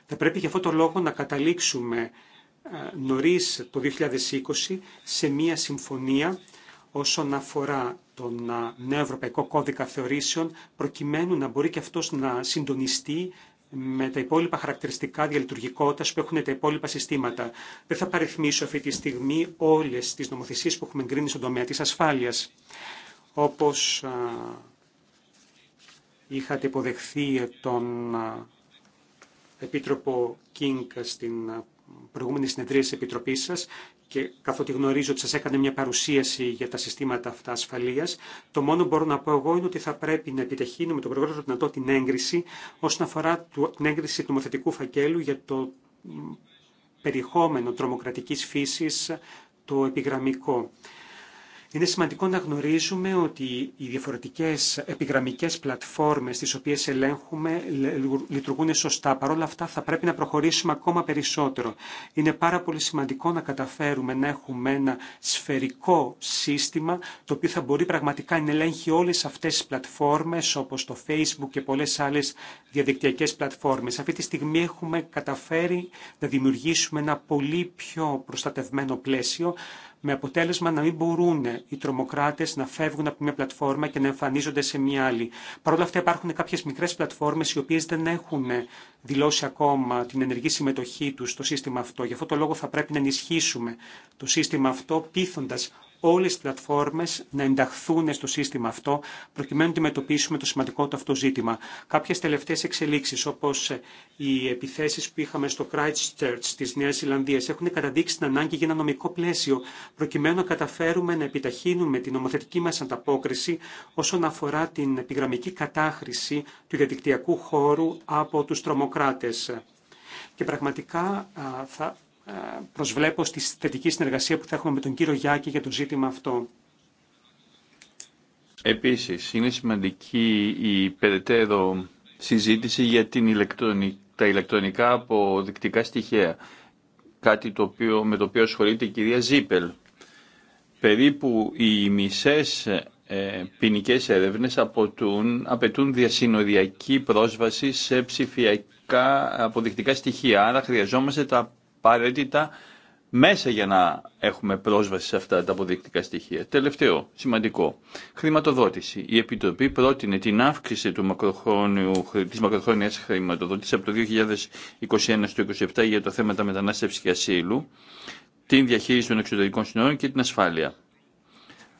Θα πρέπει γι' αυτόν τον λόγο να καταλήξουμε νωρίς το 2020 σε μια συμφωνία όσον αφορά τον νέο Ευρωπαϊκό Κώδικα Θεωρήσεων, προκειμένου να μπορεί και αυτός να συντονιστεί με τα υπόλοιπα χαρακτηριστικά διαλειτουργικότητας που έχουν τα υπόλοιπα συστήματα. Δεν θα παριθμίσω αυτή τη στιγμή όλε τι νομοθεσίες που έχουμε εγκρίνει στον τομέα της ασφάλειας. Όπως είχατε υποδεχθεί τον Επίτροπο Κίνγκ στην προηγούμενη συνεδρία της Επιτροπής σας, και καθότι γνωρίζω ότι σας έκανε μια παρουσίαση για τα συστήματα αυτά ασφαλείας, το μόνο που μπορώ να πω εγώ είναι ότι θα πρέπει να επιτεχύνουμε τον προγράμμα δυνατό την έγκριση όσον αφορά την έγκριση του νομοθετικού φακέλου για το περιεχόμενο τρομοκρατικής φύσης το επιγραμμικό. Είναι σημαντικό να γνωρίζουμε ότι οι διαφορετικές επιγραμμικές πλατφόρμες τις οποίες ελέγχουμε λειτουργούν σωστά. Παρ' όλα αυτά θα πρέπει να προχωρήσουμε ακόμα περισσότερο. Είναι πάρα πολύ σημαντικό να καταφέρουμε να έχουμε ένα σφαιρικό σύστημα το οποίο θα μπορεί πραγματικά να ελέγχει όλες αυτές τις πλατφόρμες όπως το Facebook και πολλές άλλες διαδικτυακές πλατφόρμες. Αυτή τη στιγμή έχουμε καταφέρει να δημιουργήσουμε ένα πολύ πιο προστατευμένο πλαίσιο με αποτέλεσμα να μην μπορούν οι τρομοκράτες να φεύγουν από μια πλατφόρμα και να εμφανίζονται σε μια άλλη. Παρ' όλα αυτά υπάρχουν κάποιες μικρές πλατφόρμες οι οποίες δεν έχουν δηλώσει ακόμα την ενεργή συμμετοχή τους στο σύστημα αυτό. Γι' αυτό το λόγο θα πρέπει να ενισχύσουμε το σύστημα αυτό πείθοντα όλες οι πλατφόρμες να ενταχθούν στο σύστημα αυτό, προκειμένου να αντιμετωπίσουμε το σημαντικό του αυτό ζήτημα. Κάποιες τελευταίες εξελίξεις, όπως ε, οι επιθέσεις που είχαμε στο Christchurch της Νέας Ζηλανδίας, έχουν καταδείξει την ανάγκη για ένα νομικό πλαίσιο, προκειμένου να καταφέρουμε να επιταχύνουμε την νομοθετική μας ανταπόκριση όσον αφορά την επιγραμμική κατάχρηση του διαδικτυακού χώρου από τους τρομοκράτες. Και πραγματικά θα προσβλέπω στη θετική συνεργασία που θα έχουμε με τον κύριο Γιάκη για το ζήτημα αυτό. Επίσης, είναι σημαντική η περαιτέρω συζήτηση για την τα ηλεκτρονικά αποδεικτικά στοιχεία, κάτι το οποίο, με το οποίο ασχολείται η κυρία Ζίπελ. Περίπου οι μισές ε, ποινικέ έρευνες απαιτούν διασυνοριακή πρόσβαση σε ψηφιακά αποδεικτικά στοιχεία, άρα χρειαζόμαστε τα απαραίτητα μέσα για να έχουμε πρόσβαση σε αυτά τα αποδεικτικά στοιχεία. Τελευταίο, σημαντικό, χρηματοδότηση. Η Επιτροπή πρότεινε την αύξηση του μακροχρόνιου, της μακροχρόνιας χρηματοδότησης από το 2021 στο 2027 για το θέμα τα μετανάστευση και ασύλου, την διαχείριση των εξωτερικών συνόρων και την ασφάλεια.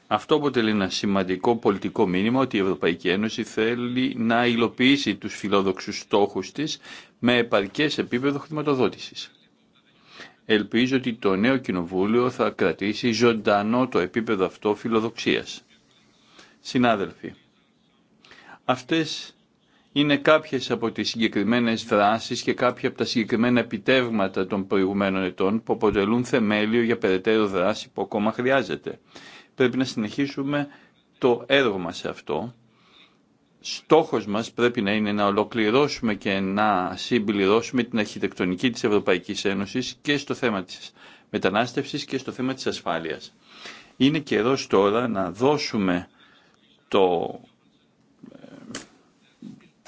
Αυτό αποτελεί ένα σημαντικό πολιτικό μήνυμα ότι η Ευρωπαϊκή Ένωση θέλει να υλοποιήσει τους φιλόδοξους στόχους της με επαρκές επίπεδο χρηματοδότησης. Ελπίζω ότι το νέο κοινοβούλιο θα κρατήσει ζωντανό το επίπεδο αυτό φιλοδοξίας. Συνάδελφοι, αυτές είναι κάποιες από τις συγκεκριμένες δράσεις και κάποια από τα συγκεκριμένα επιτεύγματα των προηγουμένων ετών που αποτελούν θεμέλιο για περαιτέρω δράση που ακόμα χρειάζεται. Πρέπει να συνεχίσουμε το έργο μας σε αυτό στόχος μας πρέπει να είναι να ολοκληρώσουμε και να συμπληρώσουμε την αρχιτεκτονική της Ευρωπαϊκής Ένωσης και στο θέμα της μετανάστευσης και στο θέμα της ασφάλειας. Είναι καιρό τώρα να δώσουμε το, ε,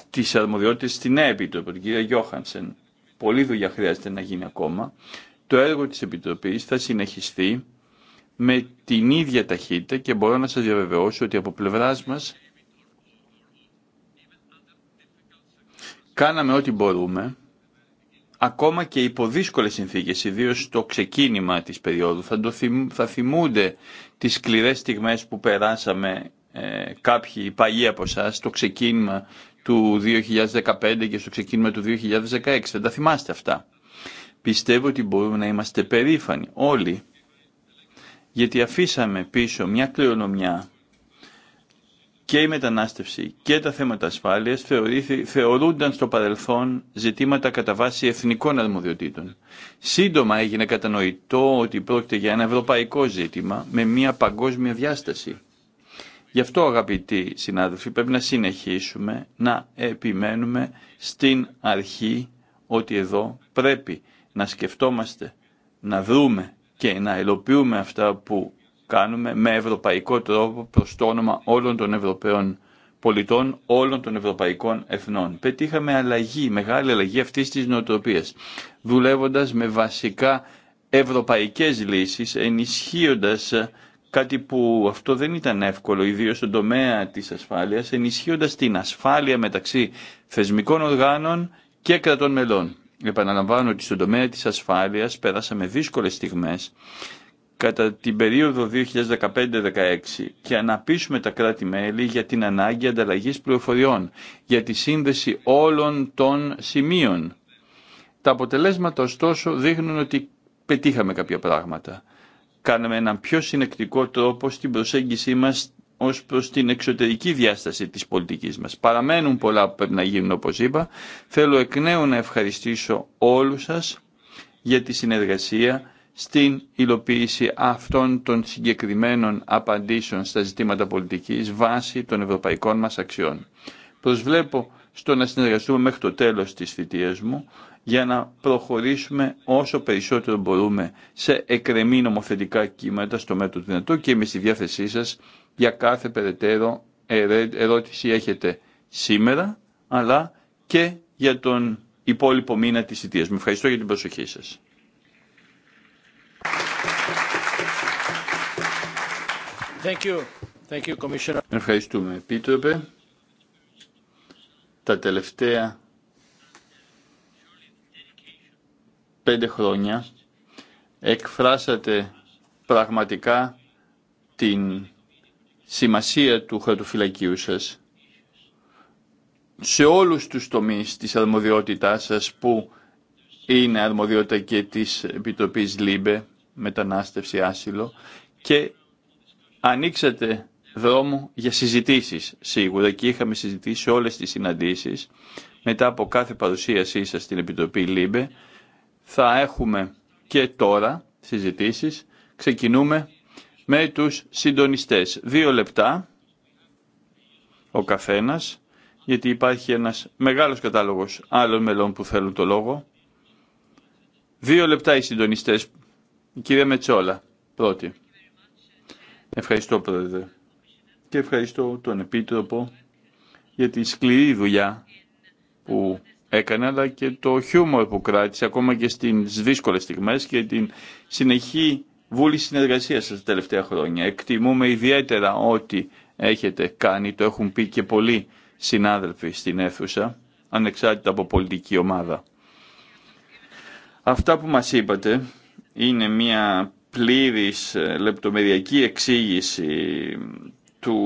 τις αρμοδιότητες στην νέα Επίτροπη. την κυρία Γιώχανσεν. Πολύ δουλειά χρειάζεται να γίνει ακόμα. Το έργο της Επιτροπής θα συνεχιστεί με την ίδια ταχύτητα και μπορώ να σας διαβεβαιώσω ότι από πλευράς μας κάναμε ό,τι μπορούμε, ακόμα και υπό δύσκολες συνθήκες, ιδίως στο ξεκίνημα της περίοδου. Θα, θα θυμούνται τις σκληρές στιγμές που περάσαμε ε, κάποιοι παλιοί από εσά στο ξεκίνημα του 2015 και στο ξεκίνημα του 2016. Δεν τα θυμάστε αυτά. Πιστεύω ότι μπορούμε να είμαστε περήφανοι όλοι, γιατί αφήσαμε πίσω μια κληρονομιά και η μετανάστευση και τα θέματα ασφάλειας θεωρούνταν στο παρελθόν ζητήματα κατά βάση εθνικών αρμοδιοτήτων. Σύντομα έγινε κατανοητό ότι πρόκειται για ένα ευρωπαϊκό ζήτημα με μια παγκόσμια διάσταση. Γι' αυτό αγαπητοί συνάδελφοι πρέπει να συνεχίσουμε να επιμένουμε στην αρχή ότι εδώ πρέπει να σκεφτόμαστε, να δρούμε και να ελοποιούμε αυτά που κάνουμε με ευρωπαϊκό τρόπο προς το όνομα όλων των Ευρωπαίων πολιτών όλων των ευρωπαϊκών εθνών. Πετύχαμε αλλαγή, μεγάλη αλλαγή αυτής της νοοτροπίας, δουλεύοντας με βασικά ευρωπαϊκές λύσεις, ενισχύοντας κάτι που αυτό δεν ήταν εύκολο, ιδίως στον τομέα της ασφάλειας, ενισχύοντας την ασφάλεια μεταξύ θεσμικών οργάνων και κρατών μελών. Επαναλαμβάνω ότι στον τομέα της ασφάλειας πέρασαμε δύσκολες στιγμές κατά την περίοδο 2015-2016 και αναπτύσσουμε τα κράτη-μέλη για την ανάγκη ανταλλαγής πληροφοριών, για τη σύνδεση όλων των σημείων. Τα αποτελέσματα ωστόσο δείχνουν ότι πετύχαμε κάποια πράγματα. Κάναμε έναν πιο συνεκτικό τρόπο στην προσέγγιση μας ως προς την εξωτερική διάσταση της πολιτικής μας. Παραμένουν πολλά που πρέπει να γίνουν όπως είπα. Θέλω εκ νέου να ευχαριστήσω όλους σας για τη συνεργασία στην υλοποίηση αυτών των συγκεκριμένων απαντήσεων στα ζητήματα πολιτικής βάσει των ευρωπαϊκών μας αξιών. Προσβλέπω στο να συνεργαστούμε μέχρι το τέλος της θητείας μου για να προχωρήσουμε όσο περισσότερο μπορούμε σε εκρεμή νομοθετικά κύματα στο μέτρο του δυνατού και είμαι στη διάθεσή σας για κάθε περαιτέρω ερώτηση έχετε σήμερα αλλά και για τον υπόλοιπο μήνα της θητείας μου. Ευχαριστώ για την προσοχή σας. Ευχαριστούμε, Επίτροπε. Τα τελευταία πέντε χρόνια εκφράσατε πραγματικά την σημασία του χαρτοφυλακίου σας σε όλους τους τομείς της αρμοδιότητάς σας που είναι αρμοδιότητα και της Επιτροπής ΛΥΜΠΕ, μετανάστευση, άσυλο και ανοίξατε δρόμο για συζητήσεις σίγουρα και είχαμε συζητήσει όλες τις συναντήσεις μετά από κάθε παρουσίασή σας στην Επιτροπή ΛΥΜΠΕ θα έχουμε και τώρα συζητήσεις ξεκινούμε με τους συντονιστές δύο λεπτά ο καθένας γιατί υπάρχει ένας μεγάλος κατάλογος άλλων μελών που θέλουν το λόγο δύο λεπτά οι συντονιστές η κυρία Μετσόλα πρώτη Ευχαριστώ Πρόεδρε και ευχαριστώ τον Επίτροπο για τη σκληρή δουλειά που έκανε αλλά και το χιούμορ που κράτησε ακόμα και στις δύσκολες στιγμές και την συνεχή βούλη συνεργασίας σας τα τελευταία χρόνια. Εκτιμούμε ιδιαίτερα ότι έχετε κάνει, το έχουν πει και πολλοί συνάδελφοι στην αίθουσα, ανεξάρτητα από πολιτική ομάδα. Αυτά που μας είπατε είναι μια πλήρης ε, λεπτομεριακή εξήγηση του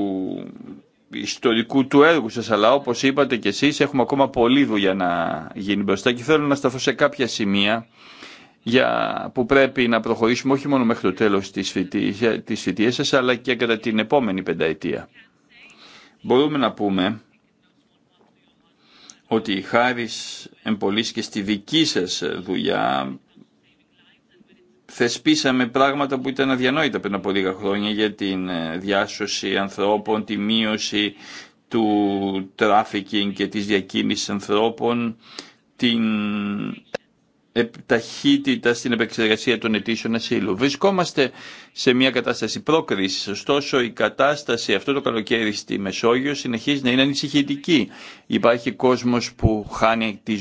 ιστορικού του έργου σας, αλλά όπως είπατε και εσείς έχουμε ακόμα πολλή δουλειά να γίνει μπροστά και θέλω να σταθώ σε κάποια σημεία για, που πρέπει να προχωρήσουμε όχι μόνο μέχρι το τέλος της, φοιτή, ε, της φοιτίας σας, αλλά και κατά την επόμενη πενταετία. Μπορούμε να πούμε ότι χάρη εμπολής και στη δική σας δουλειά θεσπίσαμε πράγματα που ήταν αδιανόητα πριν από λίγα χρόνια για την ε, διάσωση ανθρώπων, τη μείωση του τράφικινγκ και της διακίνησης ανθρώπων, την ταχύτητα στην επεξεργασία των αιτήσεων ασύλου. Βρισκόμαστε σε μια κατάσταση πρόκρισης, ωστόσο η κατάσταση αυτό το καλοκαίρι στη Μεσόγειο συνεχίζει να είναι ανησυχητική. Υπάρχει κόσμος που χάνει τη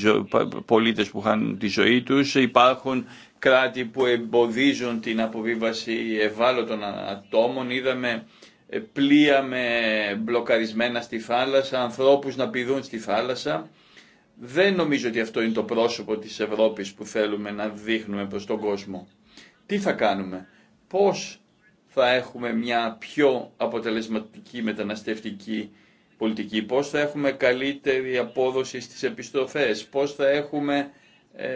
πολίτες που χάνουν τη ζωή τους, υπάρχουν κράτη που εμποδίζουν την αποβίβαση ευάλωτων ατόμων. Είδαμε ε, πλοία με μπλοκαρισμένα στη θάλασσα, ανθρώπους να πηδούν στη θάλασσα. Δεν νομίζω ότι αυτό είναι το πρόσωπο της Ευρώπης που θέλουμε να δείχνουμε προς τον κόσμο. Τι θα κάνουμε, πώς θα έχουμε μια πιο αποτελεσματική μεταναστευτική πολιτική, πώς θα έχουμε καλύτερη απόδοση στις επιστροφές, πώς θα έχουμε ε,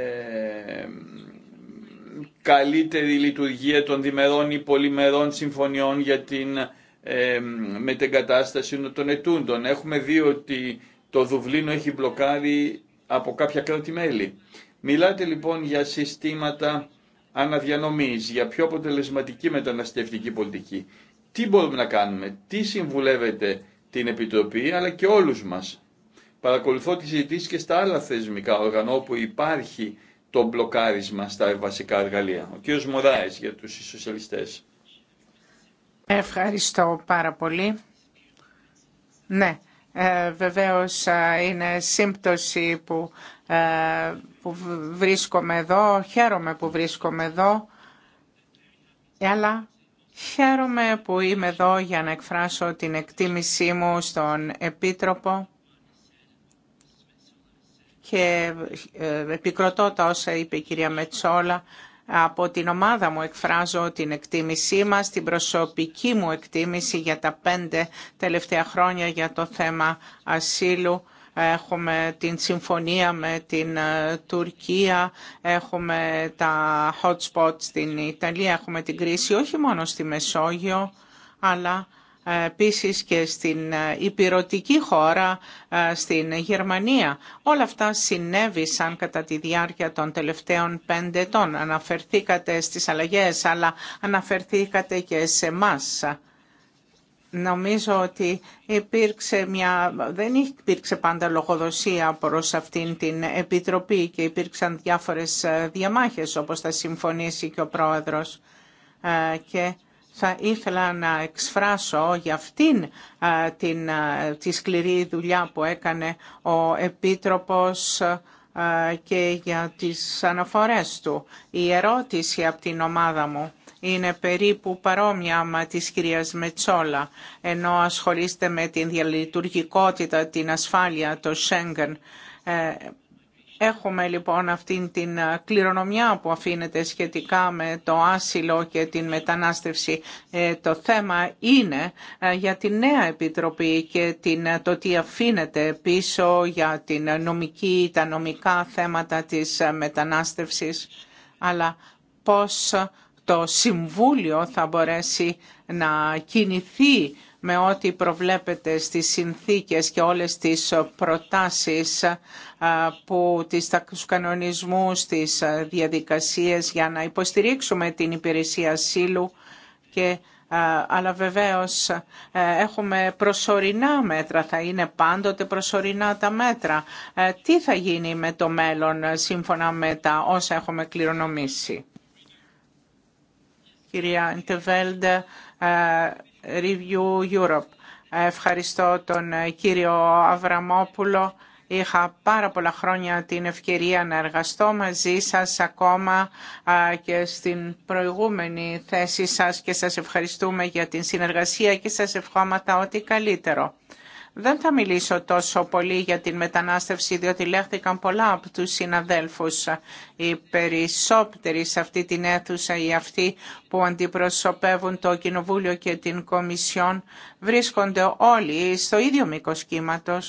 καλύτερη λειτουργία των διμερών ή πολυμερών συμφωνιών για την ε, μετεγκατάσταση των ετούντων. Έχουμε δει ότι το Δουβλίνο έχει μπλοκάρει από κάποια κράτη-μέλη. Μιλάτε λοιπόν για συστήματα αναδιανομής, για πιο αποτελεσματική μεταναστευτική πολιτική. Τι μπορούμε να κάνουμε, τι συμβουλεύετε την Επιτροπή αλλά και όλους μας. Παρακολουθώ τις συζητήσεις και στα άλλα θεσμικά όργανα που υπάρχει το μπλοκάρισμα στα βασικά εργαλεία. Ο κύριος Μωράης για τους σοσιαλιστές. Ευχαριστώ πάρα πολύ. Ναι, ε, βεβαίως είναι σύμπτωση που, ε, που βρίσκομαι εδώ, χαίρομαι που βρίσκομαι εδώ, ε, αλλά χαίρομαι που είμαι εδώ για να εκφράσω την εκτίμησή μου στον Επίτροπο και ε, επικροτώ τα όσα είπε η κυρία Μετσόλα. Από την ομάδα μου εκφράζω την εκτίμησή μας, την προσωπική μου εκτίμηση για τα πέντε τελευταία χρόνια για το θέμα ασύλου. Έχουμε την συμφωνία με την ε, Τουρκία, έχουμε τα hot spots στην Ιταλία, έχουμε την κρίση όχι μόνο στη Μεσόγειο, αλλά επίσης και στην ε, υπηρετική χώρα, ε, στην Γερμανία. Όλα αυτά συνέβησαν κατά τη διάρκεια των τελευταίων πέντε ετών. Αναφερθήκατε στις αλλαγές, αλλά αναφερθήκατε και σε εμά. Νομίζω ότι υπήρξε μια, δεν υπήρξε πάντα λογοδοσία προς αυτήν την Επιτροπή και υπήρξαν διάφορες ε, διαμάχες όπως θα συμφωνήσει και ο Πρόεδρος. Και θα ήθελα να εξφράσω για αυτήν την, τη σκληρή δουλειά που έκανε ο Επίτροπος και για τις αναφορές του. Η ερώτηση από την ομάδα μου είναι περίπου παρόμοια με της κυρίας Μετσόλα, ενώ ασχολείστε με την διαλειτουργικότητα, την ασφάλεια, το Σέγγεν. Έχουμε λοιπόν αυτήν την ε, κληρονομιά που αφήνεται σχετικά με το άσυλο και την μετανάστευση. Ε, το θέμα είναι ε, για τη νέα Επιτροπή και την, το τι αφήνεται πίσω για την νομική, τα νομικά θέματα της μετανάστευσης, αλλά πώς το Συμβούλιο θα μπορέσει να κινηθεί με ό,τι προβλέπεται στις συνθήκες και όλες τις προτάσεις που τις, τους κανονισμούς, τις διαδικασίες για να υποστηρίξουμε την υπηρεσία ασύλου και αλλά βεβαίως έχουμε προσωρινά μέτρα, θα είναι πάντοτε προσωρινά τα μέτρα. Ε, τι θα γίνει με το μέλλον σύμφωνα με τα όσα έχουμε κληρονομήσει. Κυρία Review Europe. Ευχαριστώ τον ε, κύριο Αβραμόπουλο. Είχα πάρα πολλά χρόνια την ευκαιρία να εργαστώ μαζί σας ακόμα και στην προηγούμενη θέση σας και σας ευχαριστούμε για την συνεργασία και σας ευχόμαστε ό,τι καλύτερο. Δεν θα μιλήσω τόσο πολύ για την μετανάστευση, διότι λέχθηκαν πολλά από τους συναδέλφους. Οι περισσότεροι σε αυτή την αίθουσα ή αυτοί που αντιπροσωπεύουν το Κοινοβούλιο και την Κομισιόν βρίσκονται όλοι στο ίδιο μήκο κύματο.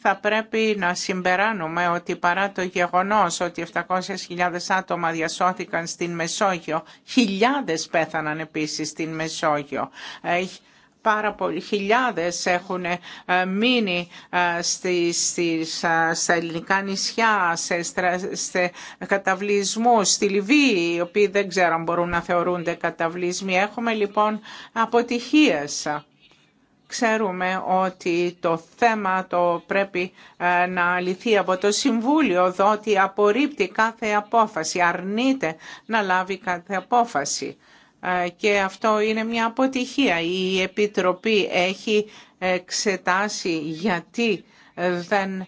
Θα πρέπει να συμπεράνουμε ότι παρά το γεγονός ότι 700.000 άτομα διασώθηκαν στην Μεσόγειο, χιλιάδες πέθαναν επίσης στην Μεσόγειο. Πάρα πολλοί χιλιάδες έχουν ε, μείνει στις, ε, στις, στα ελληνικά νησιά, σε, σε καταβλισμούς, στη Λιβύη, οι οποίοι δεν ξέρω μπορούν να θεωρούνται καταβλισμοί. Έχουμε λοιπόν αποτυχίες. Ξέρουμε ότι το θέμα το πρέπει ε, να λυθεί από το Συμβούλιο, διότι απορρίπτει κάθε απόφαση, αρνείται να λάβει κάθε απόφαση. Ε, και αυτό είναι μια αποτυχία. Η Επιτροπή έχει εξετάσει γιατί δεν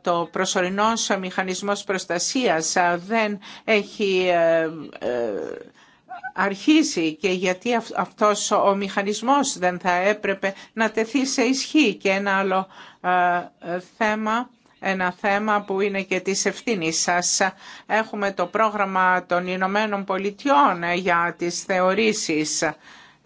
το προσωρινός μηχανισμός προστασίας δεν έχει ε, ε, αρχίσει και γιατί αυτός ο μηχανισμός δεν θα έπρεπε να τεθεί σε ισχύ. Και ένα άλλο θέμα ένα θέμα που είναι και της ευθύνη σας. Έχουμε το πρόγραμμα των Ηνωμένων Πολιτειών για τις θεωρήσεις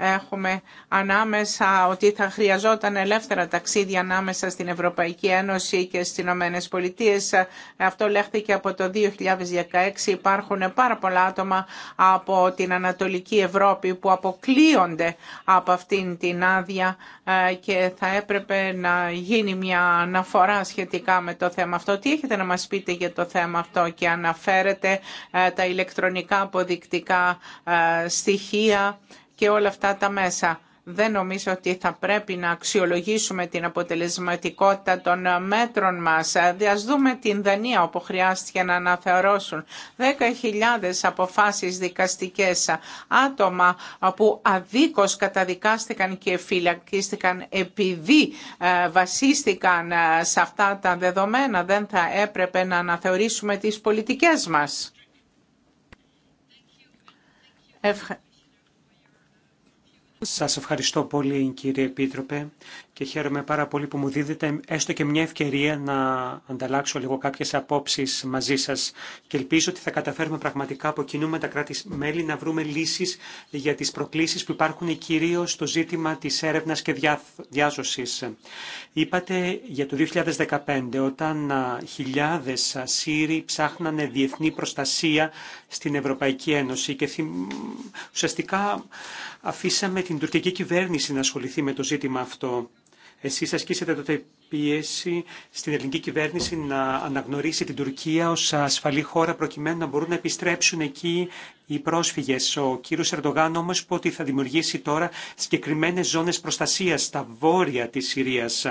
έχουμε ανάμεσα ότι θα χρειαζόταν ελεύθερα ταξίδια ανάμεσα στην Ευρωπαϊκή Ένωση και στις Ηνωμένε Πολιτείες. Αυτό λέχθηκε από το 2016. Υπάρχουν πάρα πολλά άτομα από την Ανατολική Ευρώπη που αποκλείονται από αυτήν την άδεια ε, και θα έπρεπε να γίνει μια αναφορά σχετικά με το θέμα αυτό. Τι έχετε να μας πείτε για το θέμα αυτό και αναφέρετε ε, τα ηλεκτρονικά αποδεικτικά ε, στοιχεία και όλα αυτά τα μέσα. Δεν νομίζω ότι θα πρέπει να αξιολογήσουμε την αποτελεσματικότητα των μέτρων μας. Ε, ας δούμε την Δανία όπου χρειάστηκε να αναθεωρώσουν 10.000 αποφάσεις δικαστικές άτομα που αδίκως καταδικάστηκαν και φυλακίστηκαν επειδή ε, βασίστηκαν ε, σε αυτά τα δεδομένα. Δεν θα έπρεπε να αναθεωρήσουμε τις πολιτικές μας. Σας ευχαριστώ πολύ κύριε Επίτροπε και χαίρομαι πάρα πολύ που μου δίδετε έστω και μια ευκαιρία να ανταλλάξω λίγο κάποιες απόψεις μαζί σας και ελπίζω ότι θα καταφέρουμε πραγματικά από κοινού με τα κράτη-μέλη να βρούμε λύσεις για τις προκλήσεις που υπάρχουν κυρίως στο ζήτημα της έρευνας και διάσωση. Είπατε για το 2015 όταν χιλιάδες Σύριοι ψάχνανε διεθνή προστασία στην Ευρωπαϊκή Ένωση και ουσιαστικά αφήσαμε την τουρκική κυβέρνηση να ασχοληθεί με το ζήτημα αυτό. Εσείς ασκήσατε τότε πίεση στην ελληνική κυβέρνηση να αναγνωρίσει την Τουρκία ως ασφαλή χώρα προκειμένου να μπορούν να επιστρέψουν εκεί οι πρόσφυγες. Ο κύριο Ερντογάν όμως είπε ότι θα δημιουργήσει τώρα συγκεκριμένε ζώνες προστασίας στα βόρεια της Συρίας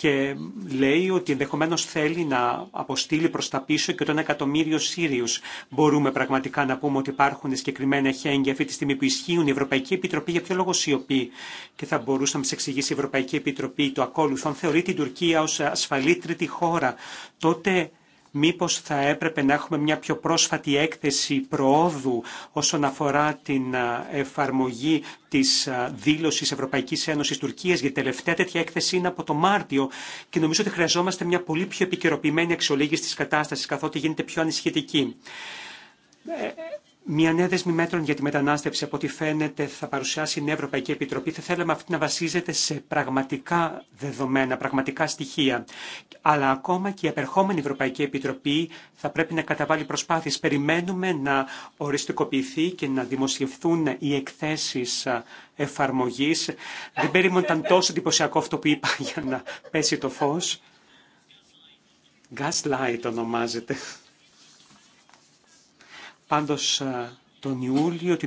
και λέει ότι ενδεχομένω θέλει να αποστείλει προ τα πίσω και τον εκατομμύριο Σύριου. Μπορούμε πραγματικά να πούμε ότι υπάρχουν συγκεκριμένα χέγγια αυτή τη στιγμή που ισχύουν. Η Ευρωπαϊκή Επιτροπή για ποιο λόγο σιωπεί και θα μπορούσε να μα εξηγήσει η Ευρωπαϊκή Επιτροπή το ακόλουθο. Αν θεωρεί την Τουρκία ω ασφαλή τρίτη χώρα, τότε μήπως θα έπρεπε να έχουμε μια πιο πρόσφατη έκθεση προόδου όσον αφορά την εφαρμογή της δήλωσης Ευρωπαϊκής Ένωσης Τουρκίας, γιατί η τελευταία τέτοια έκθεση είναι από το Μάρτιο και νομίζω ότι χρειαζόμαστε μια πολύ πιο επικαιροποιημένη αξιολόγηση της κατάστασης, καθότι γίνεται πιο ανησυχητική. Ε, μια νέα δεσμή μέτρων για τη μετανάστευση, από ό,τι φαίνεται, θα παρουσιάσει η Νέα Ευρωπαϊκή Επιτροπή. Θα θέλαμε αυτή να βασίζεται σε πραγματικά δεδομένα, πραγματικά στοιχεία. Αλλά ακόμα και η απερχόμενη Ευρωπαϊκή Επιτροπή θα πρέπει να καταβάλει προσπάθειε. Περιμένουμε να οριστικοποιηθεί και να δημοσιευθούν οι εκθέσει εφαρμογή. Δεν περίμεναν τόσο εντυπωσιακό αυτό που είπα για να πέσει το φω. Gaslight ονομάζεται. Πάντως ε, τον Ιούλιο του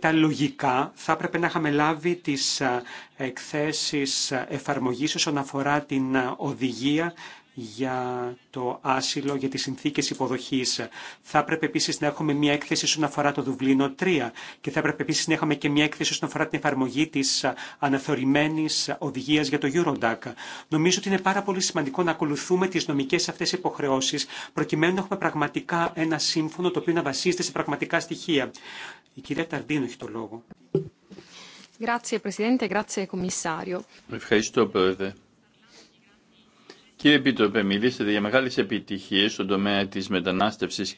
2017 λογικά θα έπρεπε να είχαμε λάβει τις ε, εκθέσεις ε, εφαρμογής όσον αφορά την οδηγία για το άσυλο, για τις συνθήκες υποδοχής. Θα έπρεπε επίσης να έχουμε μια έκθεση όσον αφορά το Δουβλίνο 3 και θα έπρεπε επίσης να έχουμε και μια έκθεση όσον αφορά την εφαρμογή της αναθεωρημένης οδηγίας για το Eurodac. Νομίζω ότι είναι πάρα πολύ σημαντικό να ακολουθούμε τις νομικές αυτές υποχρεώσεις προκειμένου να έχουμε πραγματικά ένα σύμφωνο το οποίο να βασίζεται σε πραγματικά στοιχεία. Η κυρία Ταρντίνο έχει το λόγο. Ευχαριστώ, Πρόεδρε. Κύριε Επίτροπε, μιλήσατε για μεγάλες επιτυχίες στον τομέα της μετανάστευσης.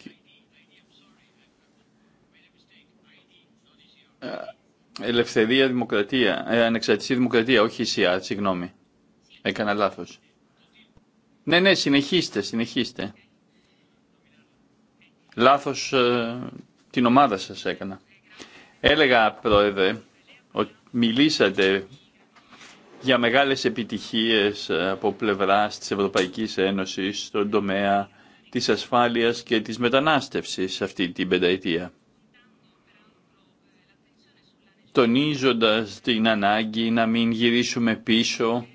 Ε, ελευθερία, δημοκρατία, ε, ανεξαρτησία, δημοκρατία, όχι ΙΣΙΑ, συγγνώμη. Έκανα λάθος. Ναι, ναι, συνεχίστε, συνεχίστε. Λάθος ε, την ομάδα σας έκανα. Έλεγα, Πρόεδρε, ότι μιλήσατε για μεγάλες επιτυχίες ε, από πλευράς της Ευρωπαϊκής Ένωσης στον τομέα της ασφάλειας και της μετανάστευσης αυτή την πενταετία. Τονίζοντας την ανάγκη να μην γυρίσουμε πίσω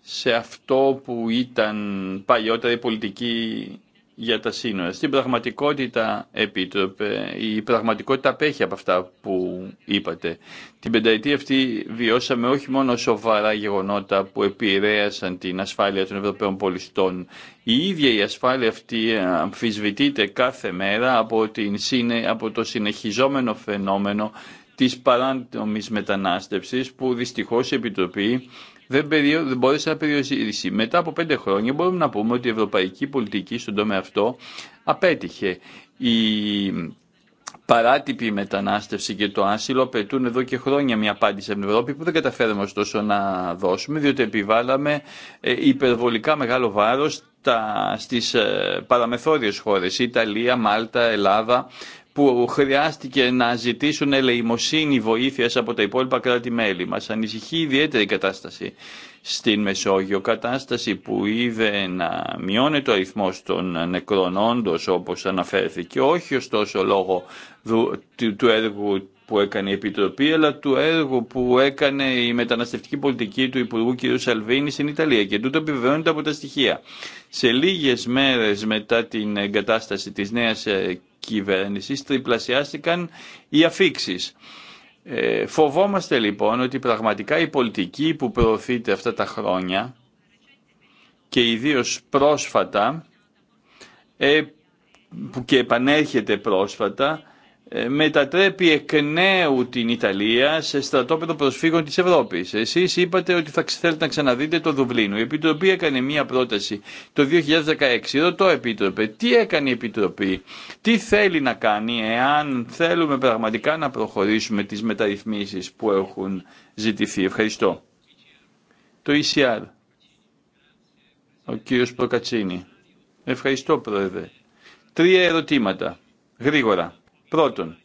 σε αυτό που ήταν παλιότερα η πολιτική για τα Στην πραγματικότητα, επίτροπε, η πραγματικότητα απέχει από αυτά που είπατε. Την πενταετία αυτή βιώσαμε όχι μόνο σοβαρά γεγονότα που επηρέασαν την ασφάλεια των Ευρωπαίων πολιστών. Η ίδια η ασφάλεια αυτή αμφισβητείται κάθε μέρα από, την, από το συνεχιζόμενο φαινόμενο της παράνομης μετανάστευσης που δυστυχώς η Επιτροπή δεν, δεν μπόρεσε να περιορίσει. Μετά από πέντε χρόνια μπορούμε να πούμε ότι η ευρωπαϊκή πολιτική στον τομέα αυτό απέτυχε. Η παράτυπη μετανάστευση και το άσυλο απαιτούν εδώ και χρόνια μια απάντηση από την Ευρώπη που δεν καταφέραμε ωστόσο να δώσουμε διότι επιβάλαμε ε, υπερβολικά μεγάλο βάρος τα, στις ε, παραμεθόριες χώρες Ιταλία, Μάλτα, Ελλάδα που χρειάστηκε να ζητήσουν ελεημοσύνη βοήθεια από τα υπόλοιπα κράτη-μέλη. μα. ανησυχεί ιδιαίτερη κατάσταση στην Μεσόγειο, κατάσταση που είδε να μειώνεται ο αριθμό των νεκρών όντω όπω αναφέρθηκε, όχι ωστόσο λόγω του έργου που έκανε η Επιτροπή, αλλά του έργου που έκανε η μεταναστευτική πολιτική του Υπουργού κ. Σαλβίνη στην Ιταλία. Και τούτο επιβεβαιώνεται από τα στοιχεία. Σε λίγε μέρε μετά την εγκατάσταση τη νέα ε, τριπλασιάστηκαν οι αφήξει. Ε, φοβόμαστε λοιπόν ότι πραγματικά η πολιτική που προωθείται αυτά τα χρόνια και ιδίως πρόσφατα ε, που και επανέρχεται πρόσφατα ε, μετατρέπει εκ νέου την Ιταλία σε στρατόπεδο προσφύγων της Ευρώπης. Εσείς είπατε ότι θα θέλετε να ξαναδείτε το Δουβλίνο. Η Επιτροπή έκανε μία πρόταση το 2016. Ρωτώ Επίτροπε, τι έκανε η Επιτροπή, τι θέλει να κάνει εάν θέλουμε πραγματικά να προχωρήσουμε τις μεταρρυθμίσεις που έχουν ζητηθεί. Ευχαριστώ. Το ECR. Ο κύριος Προκατσίνη. Ευχαριστώ Πρόεδρε. Τρία ερωτήματα. Γρήγορα Πρώτον,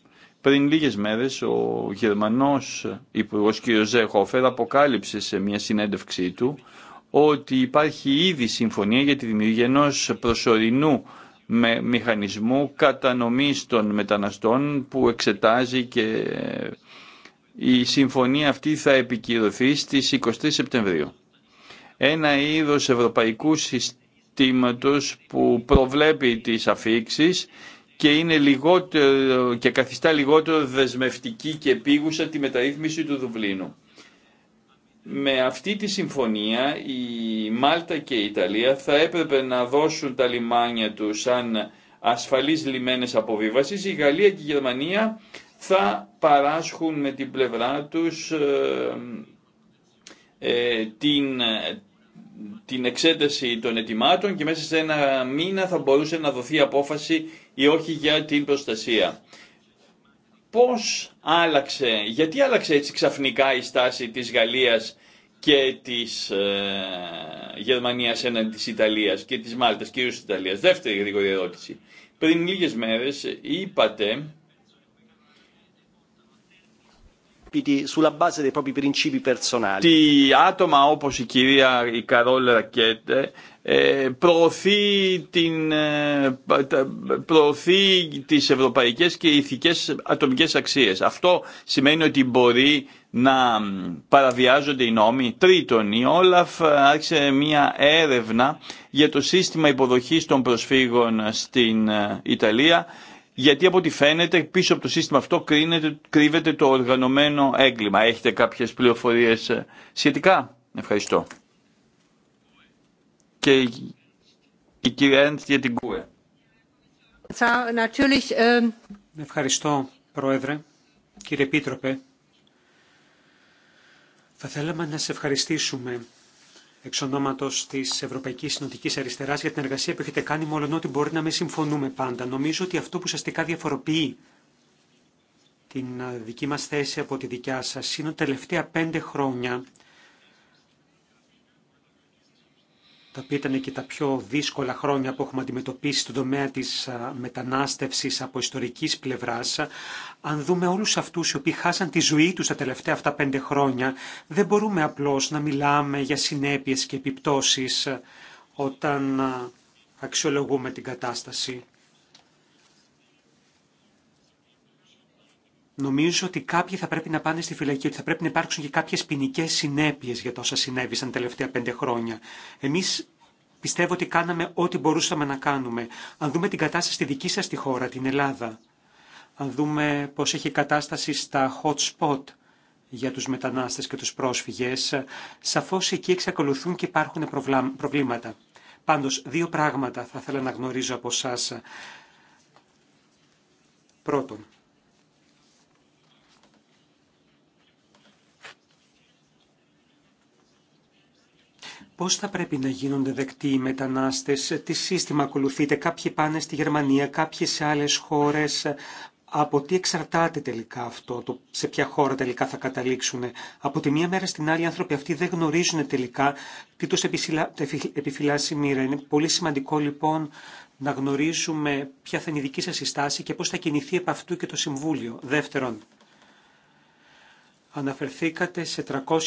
πριν λίγες μέρες ο Γερμανός Υπουργός κ. Ζέχοφερ αποκάλυψε σε μια συνέντευξή του ότι υπάρχει ήδη συμφωνία για τη δημιουργία ενό προσωρινού μηχανισμού κατανομής των μεταναστών που εξετάζει και η συμφωνία αυτή θα επικυρωθεί στις 23 Σεπτεμβρίου. Ένα είδος ευρωπαϊκού συστήματος που προβλέπει τις αφήξεις και, είναι λιγότερο, και καθιστά λιγότερο δεσμευτική και επίγουσα τη μεταρρύθμιση του Δουβλίνου. Με αυτή τη συμφωνία η Μάλτα και η Ιταλία θα έπρεπε να δώσουν τα λιμάνια του σαν ασφαλείς λιμένες αποβίβασης. Η Γαλλία και η Γερμανία θα παράσχουν με την πλευρά τους ε, ε, την, την εξέταση των ετοιμάτων και μέσα σε ένα μήνα θα μπορούσε να δοθεί απόφαση ή όχι για την προστασία. Πώς άλλαξε, γιατί άλλαξε έτσι ξαφνικά η στάση της Γαλλίας και της ε, Γερμανίας έναντι της Ιταλίας και της Μάλτας, κυρίως της Ιταλίας. Δεύτερη γρήγορη ερώτηση. Πριν λίγες μέρες είπατε Τι άτομα όπω η κυρία η Καρόλ Ρακέτε ε, προωθεί, την, ε, προωθεί ευρωπαϊκές και ηθικές ατομικές αξίες. Αυτό σημαίνει ότι μπορεί να παραβιάζονται οι νόμοι. Τρίτον, η Όλαφ άρχισε μια έρευνα για το σύστημα υποδοχής των προσφύγων στην ε, Ιταλία γιατί από ό,τι φαίνεται πίσω από το σύστημα αυτό κρύβεται το οργανωμένο έγκλημα. Έχετε κάποιες πληροφορίες ε, σχετικά. Ευχαριστώ. Και η κυρία Έντ για την ΚΟΕ. Ε, Ευχαριστώ, Πρόεδρε. Κύριε Επίτροπε, θα θέλαμε να σε ευχαριστήσουμε εξ ονόματο τη Ευρωπαϊκή Συνοτική Αριστερά για την εργασία που έχετε κάνει, μόλον ότι μπορεί να μην συμφωνούμε πάντα. Νομίζω ότι αυτό που ουσιαστικά διαφοροποιεί την ε, δική μα θέση από τη δικιά σα είναι ότι τα τελευταία πέντε χρόνια τα οποία ήταν και τα πιο δύσκολα χρόνια που έχουμε αντιμετωπίσει στον τομέα της μετανάστευσης από ιστορικής πλευράς, αν δούμε όλους αυτούς οι οποίοι χάσαν τη ζωή τους τα τελευταία αυτά πέντε χρόνια, δεν μπορούμε απλώς να μιλάμε για συνέπειες και επιπτώσεις ε, όταν αξιολογούμε την κατάσταση. Νομίζω ότι κάποιοι θα πρέπει να πάνε στη φυλακή, ότι θα πρέπει να υπάρξουν και κάποιε ποινικέ συνέπειε για το όσα συνέβησαν τα τελευταία πέντε χρόνια. Εμεί πιστεύω ότι κάναμε ό,τι μπορούσαμε να κάνουμε. Αν δούμε την κατάσταση στη δική σα τη χώρα, την Ελλάδα, αν δούμε πώ έχει κατάσταση στα hot spot για τους μετανάστες και τους πρόσφυγες, σαφώς εκεί εξακολουθούν και υπάρχουν προβλήματα. Πάντως, δύο πράγματα θα ήθελα να γνωρίζω από εσά. Πρώτον, Πώς θα πρέπει να γίνονται δεκτοί οι μετανάστες, τι σύστημα ακολουθείτε, κάποιοι πάνε στη Γερμανία, κάποιοι σε άλλες χώρες, από τι εξαρτάται τελικά αυτό, σε ποια χώρα τελικά θα καταλήξουν. Από τη μία μέρα στην άλλη οι άνθρωποι αυτοί δεν γνωρίζουν τελικά τι τους επιφυλάσσει η μοίρα. Είναι πολύ σημαντικό λοιπόν να γνωρίζουμε ποια θα είναι η δική σας συστάση και πώς θα κινηθεί επ' αυτού και το Συμβούλιο. Δεύτερον, αναφερθήκατε σε 320.000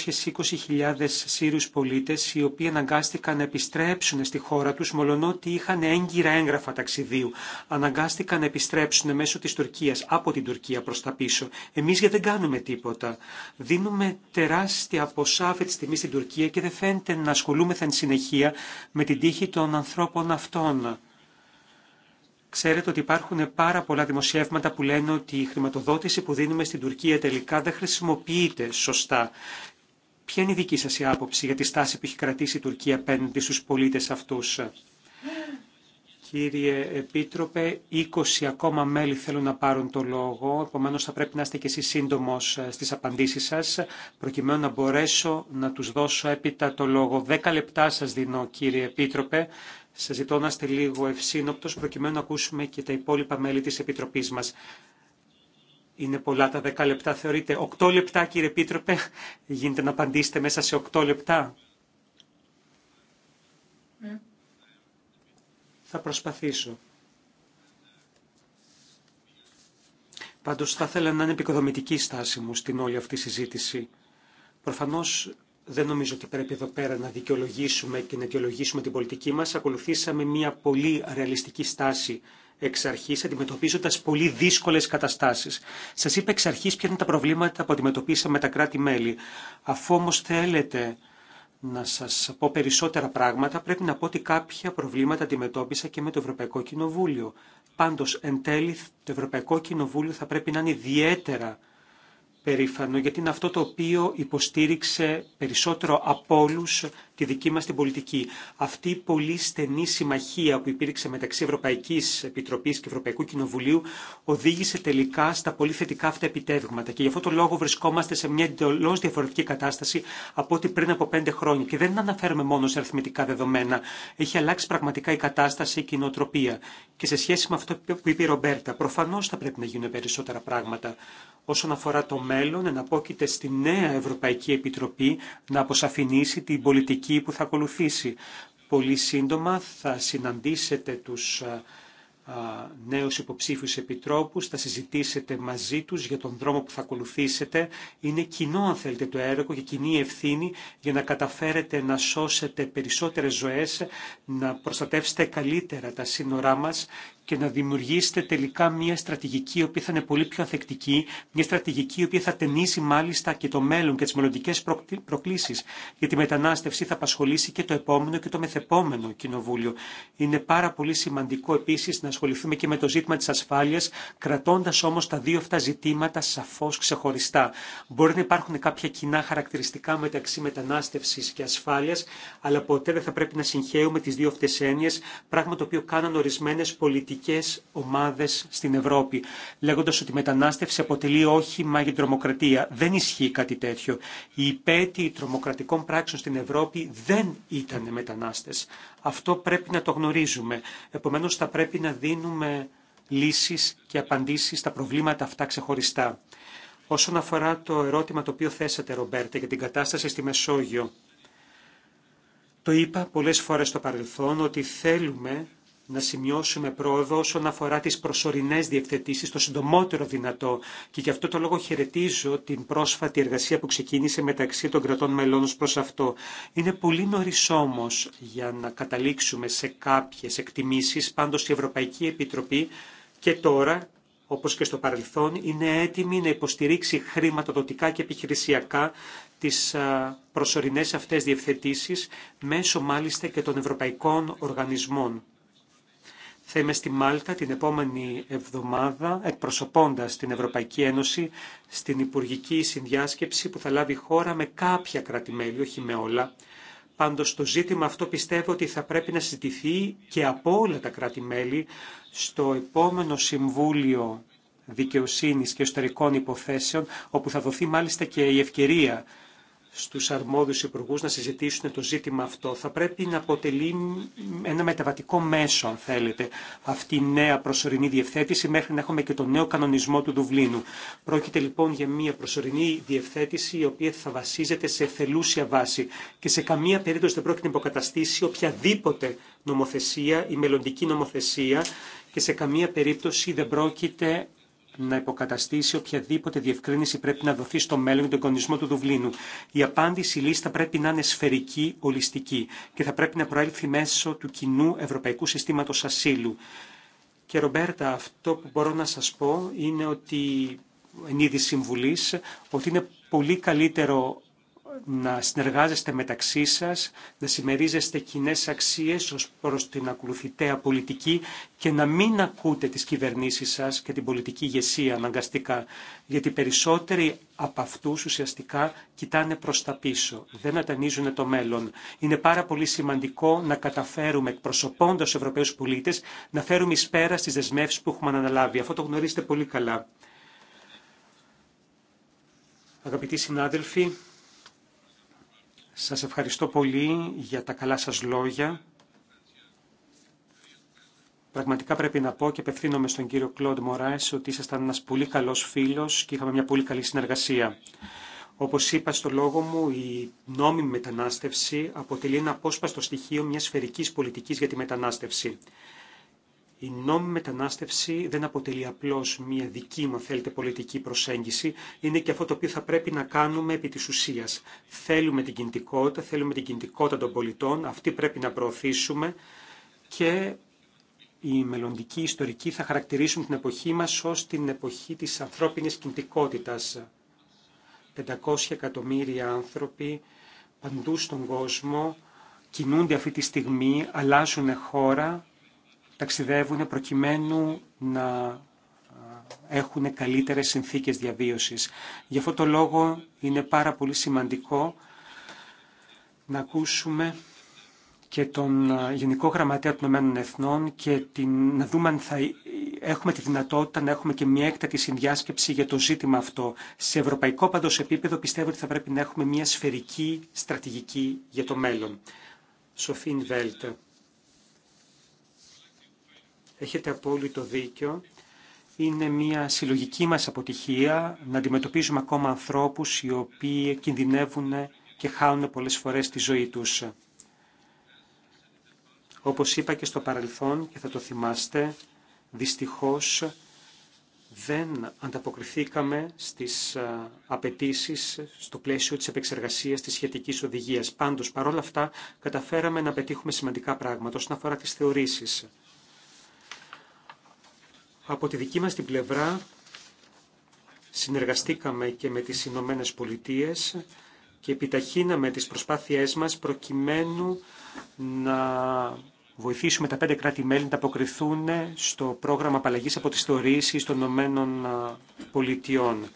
Σύρους πολίτες οι οποίοι αναγκάστηκαν να επιστρέψουν στη χώρα τους μολονότι είχαν έγκυρα έγγραφα ταξιδίου. Αναγκάστηκαν να επιστρέψουν μέσω της Τουρκίας, από την Τουρκία προς τα πίσω. Εμείς γιατί δεν κάνουμε τίποτα. Δίνουμε τεράστια ποσά αυτή τη στιγμή στην Τουρκία και δεν φαίνεται να ασχολούμεθα εν συνεχεία με την τύχη των ανθρώπων αυτών. Ξέρετε ότι υπάρχουν πάρα πολλά δημοσιεύματα που λένε ότι η χρηματοδότηση που δίνουμε στην Τουρκία τελικά δεν χρησιμοποιείται σωστά. Ποια είναι η δική σας η άποψη για τη στάση που έχει κρατήσει η Τουρκία απέναντι στους πολίτες αυτούς. Κύριε Επίτροπε, 20 ακόμα μέλη θέλουν να πάρουν το λόγο, επομένως θα πρέπει να είστε και εσείς σύντομος ε, στις απαντήσεις σας, προκειμένου να μπορέσω να τους δώσω έπειτα το λόγο. 10 λεπτά σας δίνω κύριε Επίτροπε, σας ζητώ να είστε λίγο ευσύνοπτος προκειμένου να ακούσουμε και τα υπόλοιπα μέλη της Επιτροπής μας. Είναι πολλά τα 10 λεπτά, θεωρείτε. 8 λεπτά, κύριε Επίτροπε, γίνεται να απαντήσετε μέσα σε 8 λεπτά. Ναι. Θα προσπαθήσω. Πάντως θα ήθελα να είναι επικοδομητική στάση μου στην όλη αυτή συζήτηση. Προφανώς δεν νομίζω ότι πρέπει εδώ πέρα να δικαιολογήσουμε και να αιτιολογήσουμε την πολιτική μας. Ακολουθήσαμε μια πολύ ρεαλιστική στάση εξ αρχή, αντιμετωπίζοντα πολύ δύσκολε καταστάσει. Σα είπα εξ αρχή ποια είναι τα προβλήματα που αντιμετωπίσαμε με τα κράτη-μέλη. Αφού όμω θέλετε να σα πω περισσότερα πράγματα, πρέπει να πω ότι κάποια προβλήματα αντιμετώπισα και με το Ευρωπαϊκό Κοινοβούλιο. Πάντω, εν τέλει, το Ευρωπαϊκό Κοινοβούλιο θα πρέπει να είναι ιδιαίτερα περήφανο γιατί είναι αυτό το οποίο υποστήριξε περισσότερο από όλους τη δική μας την πολιτική. Αυτή η πολύ στενή συμμαχία που υπήρξε μεταξύ Ευρωπαϊκής Επιτροπής και Ευρωπαϊκού Κοινοβουλίου οδήγησε τελικά στα πολύ θετικά αυτά επιτεύγματα και γι' αυτό το λόγο βρισκόμαστε σε μια εντελώ διαφορετική κατάσταση από ό,τι πριν από πέντε χρόνια. Και δεν αναφέρουμε μόνο σε αριθμητικά δεδομένα. Έχει αλλάξει πραγματικά η κατάσταση και η κοινοτροπία Και σε σχέση με αυτό που είπε η Ρομπέρτα, προφανώ θα πρέπει να γίνουν περισσότερα πράγματα. Όσον αφορά το μέλλον, εναπόκειται στη νέα Ευρωπαϊκή Επιτροπή να αποσαφηνίσει την πολιτική που θα ακολουθήσει. Πολύ σύντομα θα συναντήσετε τους νέους υποψήφιους επιτρόπους, θα συζητήσετε μαζί τους για τον δρόμο που θα ακολουθήσετε. Είναι κοινό αν θέλετε το έργο και κοινή ευθύνη για να καταφέρετε να σώσετε περισσότερες ζωές, να προστατεύσετε καλύτερα τα σύνορά μας και να δημιουργήσετε τελικά μια στρατηγική η οποία θα είναι πολύ πιο ανθεκτική, μια στρατηγική η οποία θα ταινίσει μάλιστα και το μέλλον και τι μελλοντικέ προκλήσει. Γιατί η μετανάστευση θα απασχολήσει και το επόμενο και το μεθεπόμενο κοινοβούλιο. Είναι πάρα πολύ σημαντικό επίση να ασχοληθούμε και με το ζήτημα τη ασφάλεια, κρατώντα όμω τα δύο αυτά ζητήματα σαφώ ξεχωριστά. Μπορεί να υπάρχουν κάποια κοινά χαρακτηριστικά μεταξύ μετανάστευση και ασφάλεια, αλλά ποτέ δεν θα πρέπει να συγχαίουμε τι δύο αυτέ έννοιε, πράγμα το οποίο κάναν ορισμένε πολιτικέ ομάδες στην Ευρώπη, λέγοντας ότι η μετανάστευση αποτελεί όχημα για τρομοκρατία. Δεν ισχύει κάτι τέτοιο. Οι υπέτη τρομοκρατικών πράξεων στην Ευρώπη δεν ήταν μετανάστες. Αυτό πρέπει να το γνωρίζουμε. Επομένως θα πρέπει να δίνουμε λύσεις και απαντήσεις στα προβλήματα αυτά ξεχωριστά. Όσον αφορά το ερώτημα το οποίο θέσατε, Ρομπέρτε, για την κατάσταση στη Μεσόγειο, το είπα πολλές φορές στο παρελθόν ότι θέλουμε να σημειώσουμε πρόοδο όσον αφορά τις προσωρινές διευθετήσεις, το συντομότερο δυνατό. Και γι' αυτό το λόγο χαιρετίζω την πρόσφατη εργασία που ξεκίνησε μεταξύ των κρατών μελών ως προς αυτό. Είναι πολύ νωρί όμω για να καταλήξουμε σε κάποιες εκτιμήσεις, πάντως η Ευρωπαϊκή Επιτροπή και τώρα όπως και στο παρελθόν, είναι έτοιμη να υποστηρίξει χρηματοδοτικά και επιχειρησιακά τις προσωρινές αυτές διευθετήσεις μέσω μάλιστα και των ευρωπαϊκών οργανισμών θα είμαι στη Μάλτα την επόμενη εβδομάδα εκπροσωπώντας την Ευρωπαϊκή Ένωση στην Υπουργική Συνδιάσκεψη που θα λάβει χώρα με κάποια κρατημέλη, όχι με όλα. Πάντως το ζήτημα αυτό πιστεύω ότι θα πρέπει να συζητηθεί και από όλα τα κρατη στο επόμενο Συμβούλιο Δικαιοσύνης και Ιστορικών Υποθέσεων, όπου θα δοθεί μάλιστα και η ευκαιρία στους αρμόδιους υπουργούς να συζητήσουν το ζήτημα αυτό. Θα πρέπει να αποτελεί ένα μεταβατικό μέσο, αν θέλετε, αυτή η νέα προσωρινή διευθέτηση μέχρι να έχουμε και το νέο κανονισμό του Δουβλίνου. Πρόκειται λοιπόν για μια προσωρινή διευθέτηση η οποία θα βασίζεται σε θελούσια βάση και σε καμία περίπτωση δεν πρόκειται να υποκαταστήσει οποιαδήποτε νομοθεσία ή μελλοντική νομοθεσία και σε καμία περίπτωση δεν πρόκειται να υποκαταστήσει οποιαδήποτε διευκρίνηση πρέπει να δοθεί στο μέλλον για τον κονισμό του Δουβλίνου. Η απάντηση η λίστα πρέπει να είναι σφαιρική, ολιστική και θα πρέπει να προέλθει μέσω του κοινού Ευρωπαϊκού Συστήματος Ασύλου. Και Ρομπέρτα, αυτό που μπορώ να σα πω είναι ότι εν είδη συμβουλής, ότι είναι πολύ καλύτερο να συνεργάζεστε μεταξύ σας, να συμμερίζεστε κοινέ αξίες ως προς την ακολουθητέα πολιτική και να μην ακούτε τις κυβερνήσεις σας και την πολιτική ηγεσία αναγκαστικά, γιατί περισσότεροι από αυτούς ουσιαστικά κοιτάνε προς τα πίσω, δεν ατανίζουν το μέλλον. Είναι πάρα πολύ σημαντικό να καταφέρουμε εκπροσωπώντας Ευρωπαίους πολίτες να φέρουμε εις πέρα στις δεσμεύσεις που έχουμε αναλάβει. Αυτό το γνωρίζετε πολύ καλά. Αγαπητοί συνάδελφοι, σας ευχαριστώ πολύ για τα καλά σας λόγια. Πραγματικά πρέπει να πω και απευθύνομαι στον κύριο Κλοντ Μοράς ότι ήσασταν ένας πολύ καλός φίλος και είχαμε μια πολύ καλή συνεργασία. Όπως είπα στο λόγο μου, η νόμιμη μετανάστευση αποτελεί ένα απόσπαστο στοιχείο μιας σφαιρικής πολιτικής για τη μετανάστευση. Η νόμιμη μετανάστευση δεν αποτελεί απλώ μία δική μου, θέλετε, πολιτική προσέγγιση. Είναι και αυτό το οποίο θα πρέπει να κάνουμε επί τη ουσία. Θέλουμε την κινητικότητα, θέλουμε την κινητικότητα των πολιτών, αυτή πρέπει να προωθήσουμε και οι μελλοντικοί ιστορικοί θα χαρακτηρίσουν την εποχή μα ω την εποχή τη ανθρώπινη κινητικότητα. 500 εκατομμύρια άνθρωποι παντού στον κόσμο κινούνται αυτή τη στιγμή, αλλάζουν χώρα, ταξιδεύουν προκειμένου να έχουν καλύτερες συνθήκες διαβίωσης. Γι' αυτό το λόγο είναι πάρα πολύ σημαντικό να ακούσουμε και τον Γενικό Γραμματέα των Ηνωμένων Εθνών και να δούμε αν θα έχουμε τη δυνατότητα να έχουμε και μια εκτακτή συνδιάσκεψη για το ζήτημα αυτό. Σε ευρωπαϊκό παντός επίπεδο πιστεύω ότι θα πρέπει να έχουμε μια σφαιρική στρατηγική για το μέλλον. Σοφίν Βέλτε. Έχετε απόλυτο δίκιο. Είναι μια συλλογική μας αποτυχία να αντιμετωπίζουμε ακόμα ανθρώπους οι οποίοι κινδυνεύουν και χάνουν πολλές φορές τη ζωή τους. Όπως είπα και στο παρελθόν και θα το θυμάστε, δυστυχώς δεν ανταποκριθήκαμε στις απαιτήσει στο πλαίσιο της επεξεργασίας της σχετικής οδηγίας. Πάντως, παρόλα αυτά, καταφέραμε να πετύχουμε σημαντικά πράγματα όσον αφορά τις θεωρήσεις. Από τη δική μας την πλευρά συνεργαστήκαμε και με τις Ηνωμένε Πολιτείε και επιταχύναμε τις προσπάθειές μας προκειμένου να βοηθήσουμε τα πέντε κράτη-μέλη να αποκριθούν στο πρόγραμμα απαλλαγής από τις θεωρήσεις των Ηνωμένων Πολιτειών.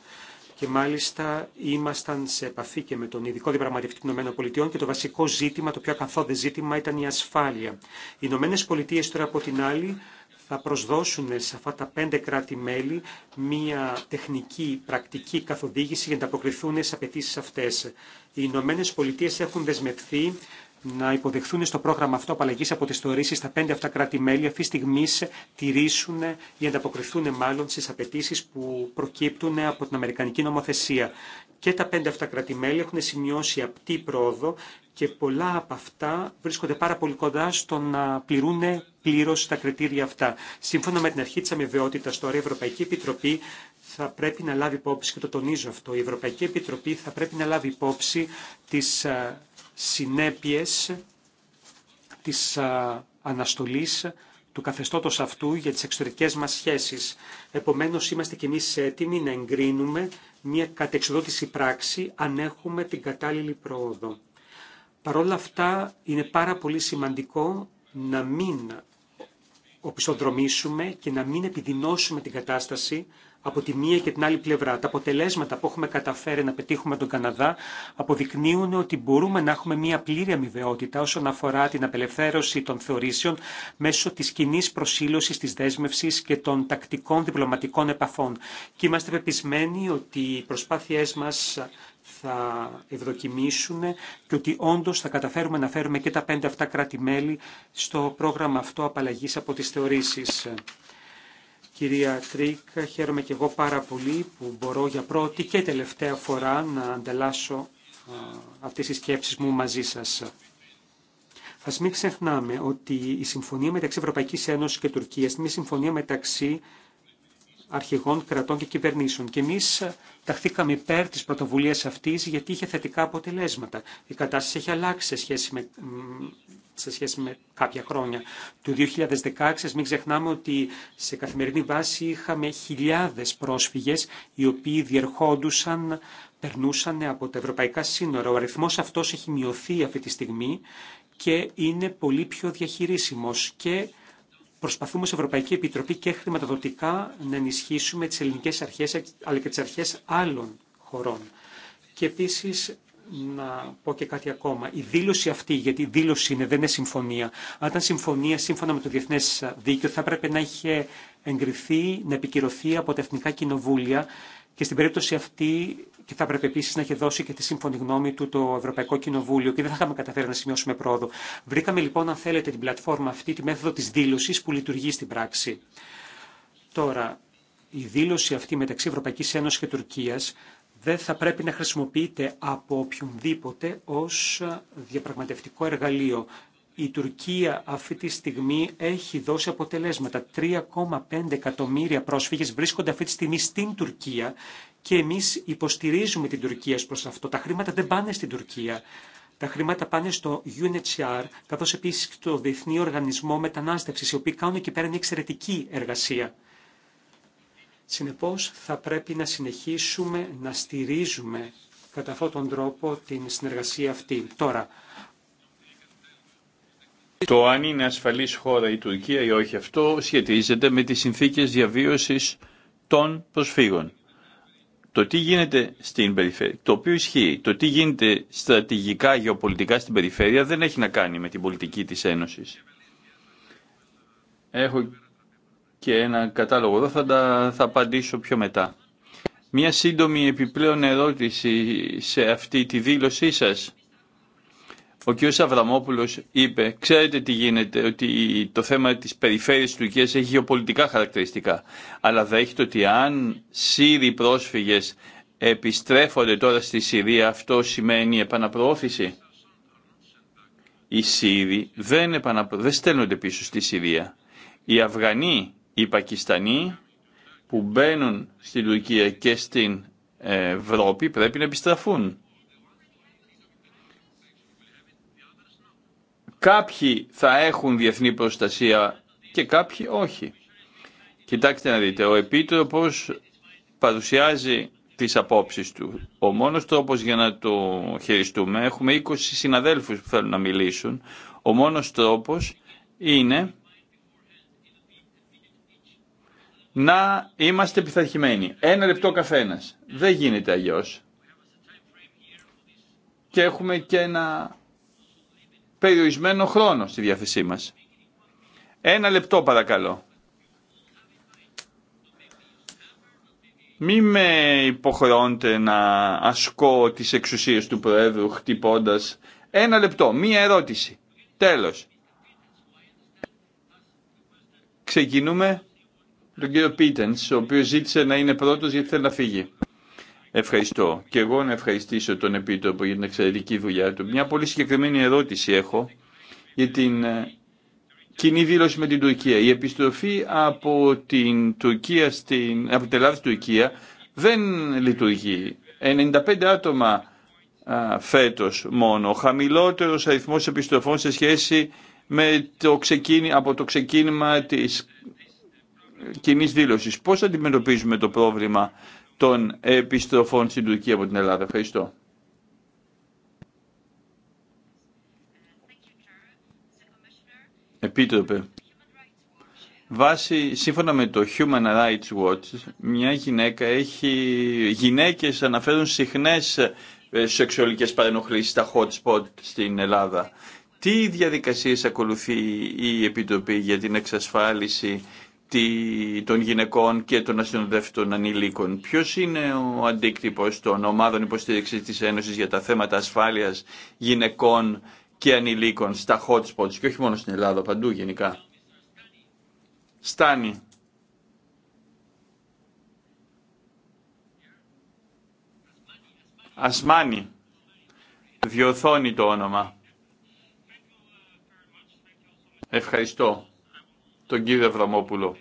Και μάλιστα ήμασταν σε επαφή και με τον ειδικό Διπραγματευτή των Πολιτείων και το βασικό ζήτημα, το πιο ακαθόδε ζήτημα ήταν η ασφάλεια. Οι Ηνωμένε Πολιτείε τώρα από την άλλη θα προσδώσουν σε αυτά τα πέντε κράτη-μέλη μία τεχνική, πρακτική καθοδήγηση για να αποκριθούν σε απαιτήσει αυτέ. Οι Ηνωμένε Πολιτείε έχουν δεσμευθεί να υποδεχθούν στο πρόγραμμα αυτό απαλλαγή από τι θεωρήσει τα πέντε αυτά κράτη-μέλη, αυτή τη στιγμή τηρήσουν ή ανταποκριθούν μάλλον στι απαιτήσει που προκύπτουν από την Αμερικανική νομοθεσία. Και τα πέντε αυτά κράτη-μέλη έχουν σημειώσει απτή πρόοδο και πολλά από αυτά βρίσκονται πάρα πολύ κοντά στο να πληρούν πλήρω τα κριτήρια αυτά. Σύμφωνα με την αρχή τη αμοιβαιότητα, τώρα η Ευρωπαϊκή Επιτροπή θα πρέπει να λάβει υπόψη, και το τονίζω αυτό, η Ευρωπαϊκή Επιτροπή θα πρέπει να λάβει υπόψη τις συνέπειες της αναστολής του καθεστώτος αυτού για τις εξωτερικές μας σχέσεις. Επομένως, είμαστε κι εμείς έτοιμοι να εγκρίνουμε μια κατεξοδότηση πράξη αν έχουμε την κατάλληλη πρόοδο. Παρ' όλα αυτά, είναι πάρα πολύ σημαντικό να μην οπισθοδρομήσουμε και να μην επιδεινώσουμε την κατάσταση από τη μία και την άλλη πλευρά. Τα αποτελέσματα που έχουμε καταφέρει να πετύχουμε τον Καναδά αποδεικνύουν ότι μπορούμε να έχουμε μια πλήρη αμοιβαιότητα όσον αφορά την απελευθέρωση των θεωρήσεων μέσω τη κοινή προσήλωση, τη δέσμευση και των τακτικών διπλωματικών επαφών. Και είμαστε πεπισμένοι ότι οι προσπάθειέ μα θα ευδοκιμήσουν και ότι όντως θα καταφέρουμε να φέρουμε και τα πέντε αυτά κράτη-μέλη στο πρόγραμμα αυτό απαλλαγής από τις θεωρήσεις. Κυρία Τρίκ, χαίρομαι και εγώ πάρα πολύ που μπορώ για πρώτη και τελευταία φορά να αντελάσω αυτές τις σκέψεις μου μαζί σας. Α μην ξεχνάμε ότι η συμφωνία μεταξύ Ευρωπαϊκής Ένωσης και Τουρκίας είναι μια συμφωνία μεταξύ αρχηγών κρατών και κυβερνήσεων. Και εμεί ε, ταχθήκαμε υπέρ τη πρωτοβουλία αυτή γιατί είχε θετικά αποτελέσματα. Η κατάσταση έχει αλλάξει σε σχέση με, σε σχέση με κάποια χρόνια. Το 2016, μην ξεχνάμε ότι σε καθημερινή βάση είχαμε χιλιάδε πρόσφυγε οι οποίοι διερχόντουσαν, περνούσαν από τα ευρωπαϊκά σύνορα. Ο αριθμό αυτό έχει μειωθεί αυτή τη στιγμή και είναι πολύ πιο διαχειρίσιμος και Προσπαθούμε σε Ευρωπαϊκή Επιτροπή και χρηματοδοτικά να ενισχύσουμε τις ελληνικές αρχές αλλά και τις αρχές άλλων χωρών. Και επίσης να πω και κάτι ακόμα. Η δήλωση αυτή, γιατί η δήλωση είναι, δεν είναι συμφωνία. Αν ήταν συμφωνία σύμφωνα με το διεθνέ δίκαιο, θα έπρεπε να είχε εγκριθεί, να επικυρωθεί από τα εθνικά κοινοβούλια και στην περίπτωση αυτή και θα έπρεπε επίση να έχει δώσει και τη σύμφωνη γνώμη του το Ευρωπαϊκό Κοινοβούλιο και δεν θα είχαμε καταφέρει να σημειώσουμε πρόοδο. Βρήκαμε λοιπόν, αν θέλετε, την πλατφόρμα αυτή, τη μέθοδο τη δήλωση που λειτουργεί στην πράξη. Τώρα, η δήλωση αυτή μεταξύ Ευρωπαϊκή Ένωση και Τουρκία δεν θα πρέπει να χρησιμοποιείται από οποιονδήποτε ω διαπραγματευτικό εργαλείο. Η Τουρκία αυτή τη στιγμή έχει δώσει αποτελέσματα. 3,5 εκατομμύρια πρόσφυγες βρίσκονται αυτή τη στιγμή στην Τουρκία και εμείς υποστηρίζουμε την Τουρκία προς αυτό. Τα χρήματα δεν πάνε στην Τουρκία. Τα χρήματα πάνε στο UNHCR, καθώς επίσης και στο Διεθνή Οργανισμό Μετανάστευσης, οι οποίοι κάνουν εκεί πέρα μια εξαιρετική εργασία. Συνεπώς, θα πρέπει να συνεχίσουμε να στηρίζουμε κατά αυτόν τον τρόπο την συνεργασία αυτή. Τώρα, το αν είναι ασφαλής χώρα η Τουρκία ή όχι αυτό σχετίζεται με τις συνθήκες διαβίωσης των προσφύγων το τι γίνεται στην περιφέρεια, το οποίο ισχύει, το τι γίνεται στρατηγικά, γεωπολιτικά στην περιφέρεια δεν έχει να κάνει με την πολιτική της Ένωσης. Έχω και ένα κατάλογο εδώ, θα, απαντήσω πιο μετά. Μια σύντομη επιπλέον ερώτηση σε αυτή τη δήλωσή σας. Ο κ. Σαβραμόπουλο είπε, ξέρετε τι γίνεται, ότι το θέμα τη περιφέρεια της Τουρκία έχει γεωπολιτικά χαρακτηριστικά. Αλλά δέχεται ότι αν Σύριοι πρόσφυγε επιστρέφονται τώρα στη Συρία, αυτό σημαίνει επαναπροώθηση. Οι Σύριοι δεν, επαναπρο... δεν στέλνονται πίσω στη Συρία. Οι Αφγανοί, οι Πακιστανοί που μπαίνουν στην Τουρκία και στην ε, Ευρώπη πρέπει να επιστραφούν. Κάποιοι θα έχουν διεθνή προστασία και κάποιοι όχι. Κοιτάξτε να δείτε, ο Επίτροπος παρουσιάζει τις απόψεις του. Ο μόνος τρόπος για να το χειριστούμε, έχουμε 20 συναδέλφους που θέλουν να μιλήσουν, ο μόνος τρόπος είναι να είμαστε πειθαρχημένοι. Ένα λεπτό καθένας. Δεν γίνεται αλλιώ. Και έχουμε και ένα περιορισμένο χρόνο στη διάθεσή μας. Ένα λεπτό παρακαλώ. Μη με υποχρεώνετε να ασκώ τις εξουσίες του Προέδρου χτυπώντας ένα λεπτό, μία ερώτηση. Τέλος. Ξεκινούμε τον κύριο Πίτενς, ο οποίος ζήτησε να είναι πρώτος γιατί θέλει να φύγει. Ευχαριστώ. Και εγώ να ευχαριστήσω τον Επίτροπο για την εξαιρετική δουλειά του. Μια πολύ συγκεκριμένη ερώτηση έχω για την ε, κοινή δήλωση με την Τουρκία. Η επιστροφή από την Τουρκία στην, από Ελλάδα Τουρκία δεν λειτουργεί. 95 άτομα α, φέτος μόνο. Ο χαμηλότερος αριθμός επιστροφών σε σχέση με το ξεκίνη, από το ξεκίνημα της ε, κοινή δήλωση. Πώς αντιμετωπίζουμε το πρόβλημα των επιστροφών στην Τουρκία από την Ελλάδα. Ευχαριστώ. Επίτροπε, σύμφωνα με το Human Rights Watch, μια γυναίκα έχει, γυναίκες αναφέρουν συχνές ε, σεξουαλικές παρενοχλήσεις στα hot spot στην Ελλάδα. Τι διαδικασίες ακολουθεί η Επιτροπή για την εξασφάλιση των γυναικών και των ασυνοδεύτων ανηλίκων. Ποιος είναι ο αντίκτυπος των ομάδων υποστήριξης της Ένωσης για τα θέματα ασφάλειας γυναικών και ανηλίκων στα hot spots και όχι μόνο στην Ελλάδα, παντού γενικά. Στάνη. Ασμάνη. Διορθώνει το όνομα. Ευχαριστώ τον κύριο Ευραμόπουλο.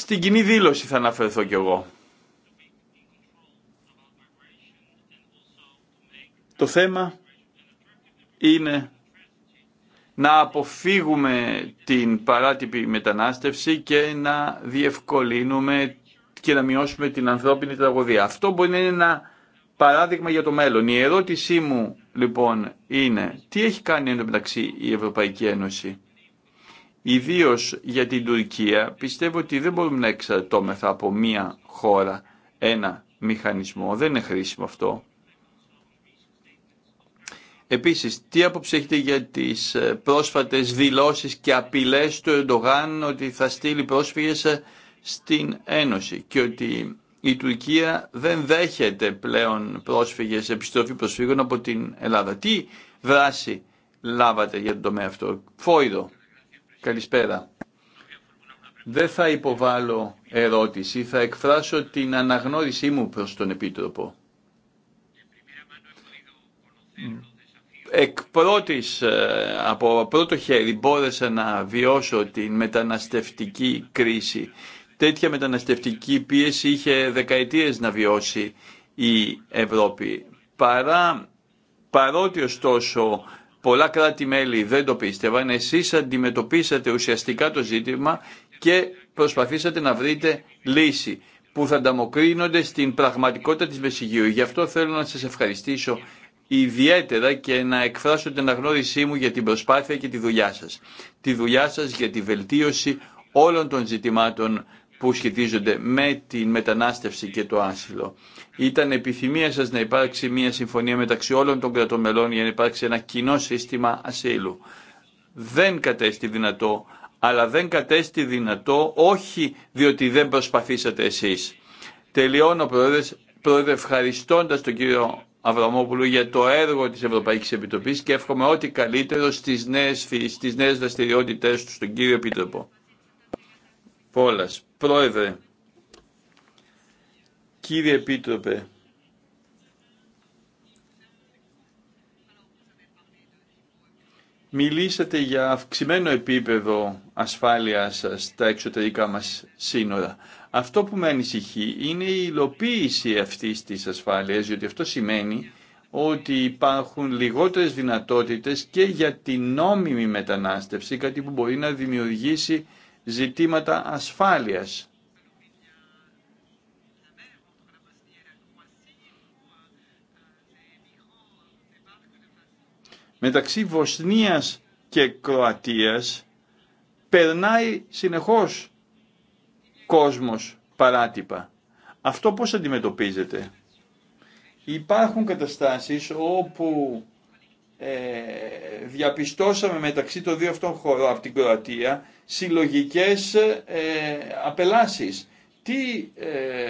Στην κοινή δήλωση θα αναφερθώ κι εγώ. Το θέμα είναι να αποφύγουμε την παράτυπη μετανάστευση και να διευκολύνουμε και να μειώσουμε την ανθρώπινη τραγωδία. Αυτό μπορεί να είναι ένα παράδειγμα για το μέλλον. Η ερώτησή μου λοιπόν είναι τι έχει κάνει εν μεταξύ η Ευρωπαϊκή Ένωση Ιδίω για την Τουρκία πιστεύω ότι δεν μπορούμε να εξαρτώμεθα από μία χώρα ένα μηχανισμό. Δεν είναι χρήσιμο αυτό. Επίσης, τι άποψη έχετε για τις ε, πρόσφατες δηλώσεις και απειλές του Ερντογάν ότι θα στείλει πρόσφυγες ε, στην Ένωση και ότι η Τουρκία δεν δέχεται πλέον πρόσφυγες, επιστροφή προσφύγων από την Ελλάδα. Τι δράση λάβατε για τον τομέα αυτό. Φόιδο. Καλησπέρα. Δεν θα υποβάλω ερώτηση, θα εκφράσω την αναγνώρισή μου προς τον Επίτροπο. Εκ πρώτης, ε, από πρώτο χέρι μπόρεσα να βιώσω την μεταναστευτική κρίση. Τέτοια μεταναστευτική πίεση είχε δεκαετίες να βιώσει η Ευρώπη. Παρά, παρότι ωστόσο Πολλά κράτη-μέλη δεν το πίστευαν. Εσείς αντιμετωπίσατε ουσιαστικά το ζήτημα και προσπαθήσατε να βρείτε λύση που θα ανταμοκρίνονται στην πραγματικότητα της Μεσηγείου. Γι' αυτό θέλω να σας ευχαριστήσω ιδιαίτερα και να εκφράσω την αγνώρισή μου για την προσπάθεια και τη δουλειά σας. Τη δουλειά σας για τη βελτίωση όλων των ζητημάτων που σχετίζονται με την μετανάστευση και το άσυλο ήταν επιθυμία σας να υπάρξει μια συμφωνία μεταξύ όλων των κρατομελών για να υπάρξει ένα κοινό σύστημα ασύλου. Δεν κατέστη δυνατό, αλλά δεν κατέστη δυνατό όχι διότι δεν προσπαθήσατε εσείς. Τελειώνω πρόεδρε, πρόεδρε ευχαριστώντας τον κύριο Αβραμόπουλο για το έργο της Ευρωπαϊκής Επιτροπής και εύχομαι ό,τι καλύτερο στι νέες, στις νέες του στον κύριο Επίτροπο. Πόλας, πρόεδρε. Κύριε Επίτροπε, μιλήσατε για αυξημένο επίπεδο ασφάλειας στα εξωτερικά μας σύνορα. Αυτό που με ανησυχεί είναι η υλοποίηση αυτής της ασφάλειας, διότι αυτό σημαίνει ότι υπάρχουν λιγότερες δυνατότητες και για την νόμιμη μετανάστευση, κάτι που μπορεί να δημιουργήσει ζητήματα ασφάλειας. μεταξύ Βοσνίας και Κροατίας περνάει συνεχώς κόσμος παράτυπα. Αυτό πώς αντιμετωπίζεται. Υπάρχουν καταστάσεις όπου ε, διαπιστώσαμε μεταξύ των δύο αυτών χωρών από την Κροατία συλλογικές ε, απελάσεις. Τι ε,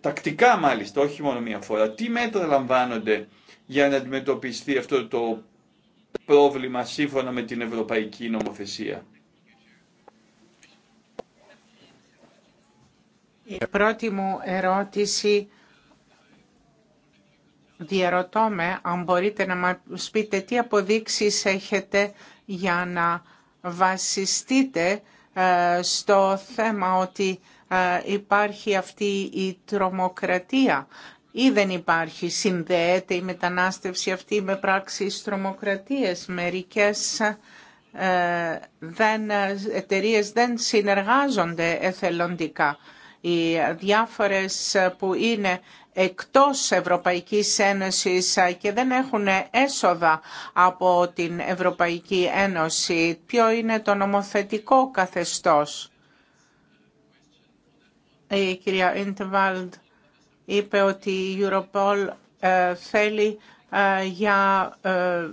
τακτικά μάλιστα, όχι μόνο μία φορά, τι μέτρα λαμβάνονται για να αντιμετωπιστεί αυτό το πρόβλημα σύμφωνα με την Ευρωπαϊκή Νομοθεσία. Η πρώτη μου ερώτηση διαρωτώ με αν μπορείτε να μας πείτε τι αποδείξεις έχετε για να βασιστείτε ε, στο θέμα ότι ε, υπάρχει αυτή η τρομοκρατία ή δεν υπάρχει, συνδέεται η μετανάστευση αυτή με πράξεις τρομοκρατίες. Μερικές εταιρειε δεν, εταιρείες δεν συνεργάζονται εθελοντικά. Οι διάφορες που είναι εκτός Ευρωπαϊκής Ένωσης και δεν έχουν έσοδα από την Ευρωπαϊκή Ένωση. Ποιο είναι το νομοθετικό καθεστώς. Η ε, κυρία Ιντεβάλντ είπε ότι η Europol ε, θέλει ε, για ε,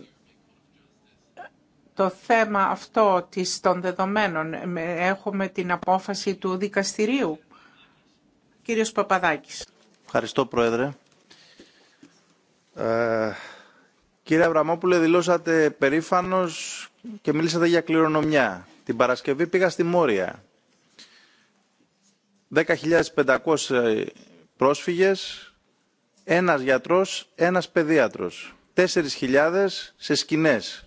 το θέμα αυτό της, των δεδομένων. Έχουμε την απόφαση του δικαστηρίου. Κύριος Παπαδάκης. Ευχαριστώ, Πρόεδρε. Ε, κύριε Αβραμόπουλε, δηλώσατε περήφανος και μίλησατε για κληρονομιά. Την Παρασκευή πήγα στη Μόρια. 10.500 πρόσφυγες, ένας γιατρός, ένας παιδίατρος. 4.000 σε σκηνές.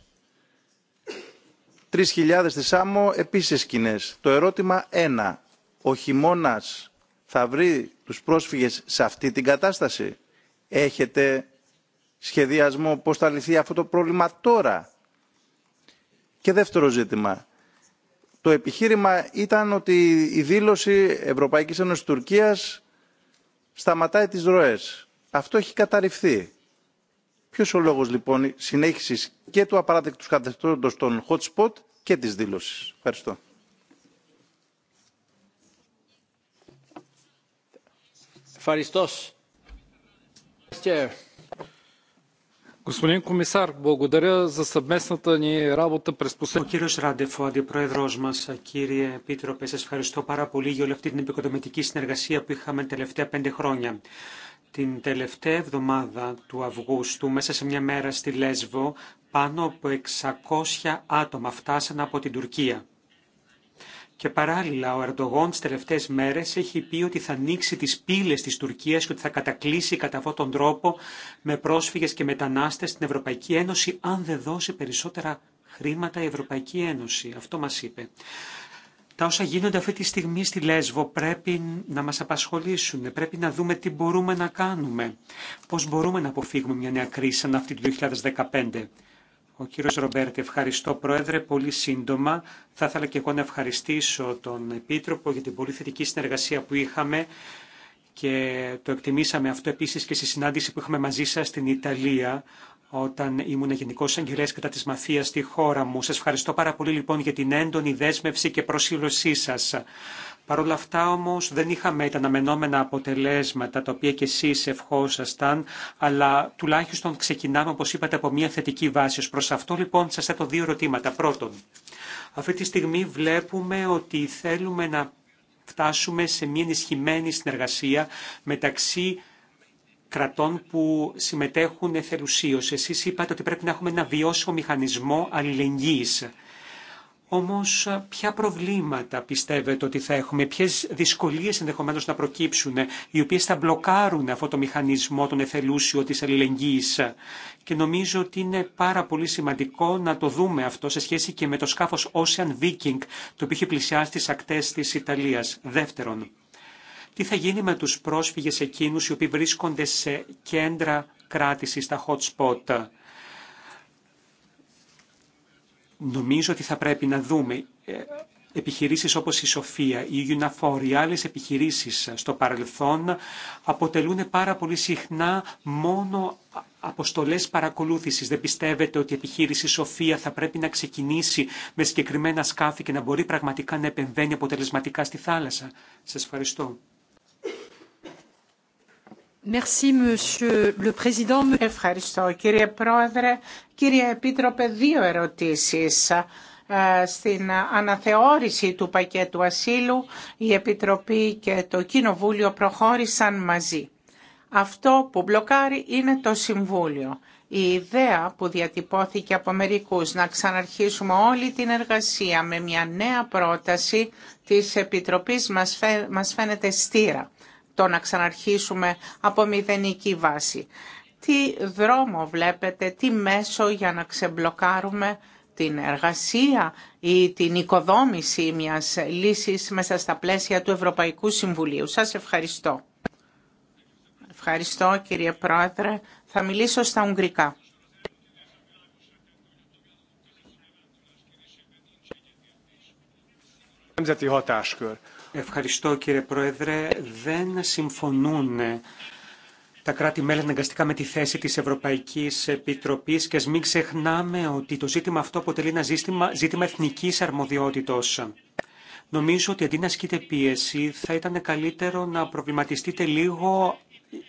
3.000 στη Σάμο επίσης σκηνές. Το ερώτημα ένα. Ο χειμώνα θα βρει τους πρόσφυγες σε αυτή την κατάσταση. Έχετε σχεδιασμό πώς θα λυθεί αυτό το πρόβλημα τώρα. Και δεύτερο ζήτημα. Το επιχείρημα ήταν ότι η δήλωση Ευρωπαϊκής Ένωσης Τουρκίας σταματάει τις ροές. Αυτό έχει καταρριφθεί. Ποιος ο λόγος λοιπόν συνέχισης και του απαράδεκτου καθεστώτος των hot spot και της δήλωσης. Ευχαριστώ. Ευχαριστώ. Господин Комисар, благодаря за съвместната ни работа Ο κύριος Ράντεφ, αντιπρόεδρος κύριε Επίτροπε, σα ευχαριστώ πάρα πολύ για όλη αυτή την επικοδομητική συνεργασία που είχαμε τα τελευταία πέντε χρόνια. Την τελευταία εβδομάδα του Αυγούστου, μέσα σε μια μέρα στη Λέσβο, πάνω από 600 άτομα φτάσαν από την Τουρκία. Και παράλληλα, ο Ερντογόν τι τελευταίε μέρε έχει πει ότι θα ανοίξει τι πύλε τη Τουρκία και ότι θα κατακλείσει κατά αυτόν τον τρόπο με πρόσφυγε και μετανάστε στην Ευρωπαϊκή Ένωση, αν δεν δώσει περισσότερα χρήματα η Ευρωπαϊκή Ένωση. Αυτό μα είπε. Τα όσα γίνονται αυτή τη στιγμή στη Λέσβο πρέπει να μας απασχολήσουν, πρέπει να δούμε τι μπορούμε να κάνουμε, πώς μπορούμε να αποφύγουμε μια νέα κρίση σαν αυτή του 2015. Ο κύριος Ρομπέρτη, ευχαριστώ Πρόεδρε. Πολύ σύντομα θα ήθελα και εγώ να ευχαριστήσω τον Επίτροπο για την πολύ θετική συνεργασία που είχαμε και το εκτιμήσαμε αυτό επίσης και στη συνάντηση που είχαμε μαζί σας στην Ιταλία όταν ήμουν γενικό αγγελέα κατά τη μαφία στη χώρα μου. Σα ευχαριστώ πάρα πολύ λοιπόν για την έντονη δέσμευση και προσήλωσή σα. Παρ' όλα αυτά όμως δεν είχαμε τα αναμενόμενα αποτελέσματα τα οποία και εσείς ευχόσασταν, αλλά τουλάχιστον ξεκινάμε όπως είπατε από μια θετική βάση. Ως προς αυτό λοιπόν σας θέτω δύο ερωτήματα. Πρώτον, αυτή τη στιγμή βλέπουμε ότι θέλουμε να φτάσουμε σε μια ενισχυμένη συνεργασία μεταξύ κρατών που συμμετέχουν εθελουσίως. Εσείς είπατε ότι πρέπει να έχουμε ένα βιώσιμο μηχανισμό αλληλεγγύης. Όμως ποια προβλήματα πιστεύετε ότι θα έχουμε, ποιες δυσκολίες ενδεχομένως να προκύψουν, οι οποίες θα μπλοκάρουν αυτό το μηχανισμό, τον εθελούσιο της αλληλεγγύης. Και νομίζω ότι είναι πάρα πολύ σημαντικό να το δούμε αυτό σε σχέση και με το σκάφος Ocean Viking, το οποίο έχει πλησιάσει τις ακτές της Ιταλίας. Δεύτερον, τι θα γίνει με τους πρόσφυγες εκείνους οι οποίοι βρίσκονται σε κέντρα κράτησης, στα hot spot. Νομίζω ότι θα πρέπει να δούμε ε, επιχειρήσεις όπως η Σοφία, η Γιουναφόρ ή άλλες επιχειρήσεις στο παρελθόν αποτελούν πάρα πολύ συχνά μόνο αποστολές παρακολούθησης. Δεν πιστεύετε ότι οι άλλες επιχειρήσεις στο παρελθόν αποτελούν πάρα πολύ συχνά μόνο αποστολές παρακολούθησης. Δεν πιστεύετε ότι η επιχείρηση Σοφία θα πρέπει να ξεκινήσει με συγκεκριμένα σκάφη και να μπορεί πραγματικά να επεμβαίνει αποτελεσματικά στη θάλασσα. Σας ευχαριστώ. Ευχαριστώ κύριε Πρόεδρε. Κύριε Επίτροπε, δύο ερωτήσεις. Ε, στην αναθεώρηση του πακέτου ασύλου, η Επιτροπή και το Κοινοβούλιο προχώρησαν μαζί. Αυτό που μπλοκάρει είναι το Συμβούλιο. Η ιδέα που διατυπώθηκε από μερικούς να ξαναρχίσουμε όλη την εργασία με μια νέα πρόταση της Επιτροπής μας φαίνεται στήρα το να ξαναρχίσουμε από μηδενική βάση. Τι δρόμο βλέπετε, τι μέσο για να ξεμπλοκάρουμε την εργασία ή την οικοδόμηση μιας λύσης μέσα στα πλαίσια του Ευρωπαϊκού Συμβουλίου. Σας ευχαριστώ. Ευχαριστώ κύριε Πρόεδρε. Θα μιλήσω στα Ουγγρικά. nemzeti hatáskör. Ευχαριστώ κύριε Πρόεδρε. Δεν συμφωνούν τα κράτη-μέλη αναγκαστικά με τη θέση της Ευρωπαϊκής Επιτροπής και μην ξεχνάμε ότι το ζήτημα αυτό αποτελεί ένα ζήτημα, ζήτημα εθνικής αρμοδιότητος. Νομίζω ότι αντί να ασκείτε πίεση θα ήταν καλύτερο να προβληματιστείτε λίγο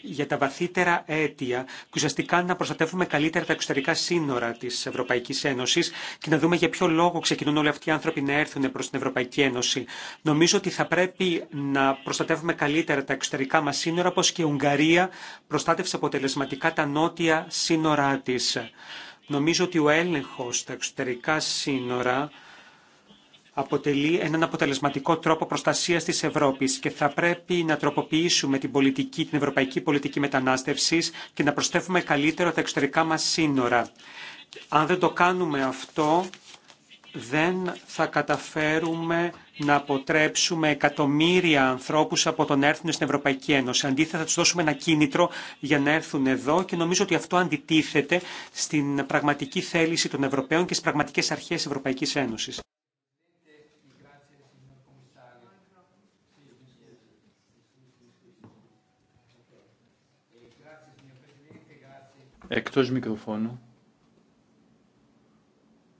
για τα βαθύτερα αίτια και ουσιαστικά να προστατεύουμε καλύτερα τα εξωτερικά σύνορα τη Ευρωπαϊκή Ένωση και να δούμε για ποιο λόγο ξεκινούν όλοι αυτοί οι άνθρωποι να έρθουν προ την Ευρωπαϊκή Ένωση. Νομίζω ότι θα πρέπει να προστατεύουμε καλύτερα τα εξωτερικά μα σύνορα, όπω και η Ουγγαρία προστάτευσε αποτελεσματικά τα νότια σύνορά τη. Νομίζω ότι ο έλεγχο στα εξωτερικά σύνορα αποτελεί έναν αποτελεσματικό τρόπο προστασία τη Ευρώπη και θα πρέπει να τροποποιήσουμε την, πολιτική, την ευρωπαϊκή πολιτική μετανάστευση και να προστεύουμε καλύτερα τα εξωτερικά μα σύνορα. Αν δεν το κάνουμε αυτό, δεν θα καταφέρουμε να αποτρέψουμε εκατομμύρια ανθρώπους από τον έρθουν στην Ευρωπαϊκή Ένωση. Αντίθετα, θα τους δώσουμε ένα κίνητρο για να έρθουν εδώ και νομίζω ότι αυτό αντιτίθεται στην πραγματική θέληση των Ευρωπαίων και στις πραγματικές αρχές Ευρωπαϊκής Ένωσης. Εκτός μικροφώνου.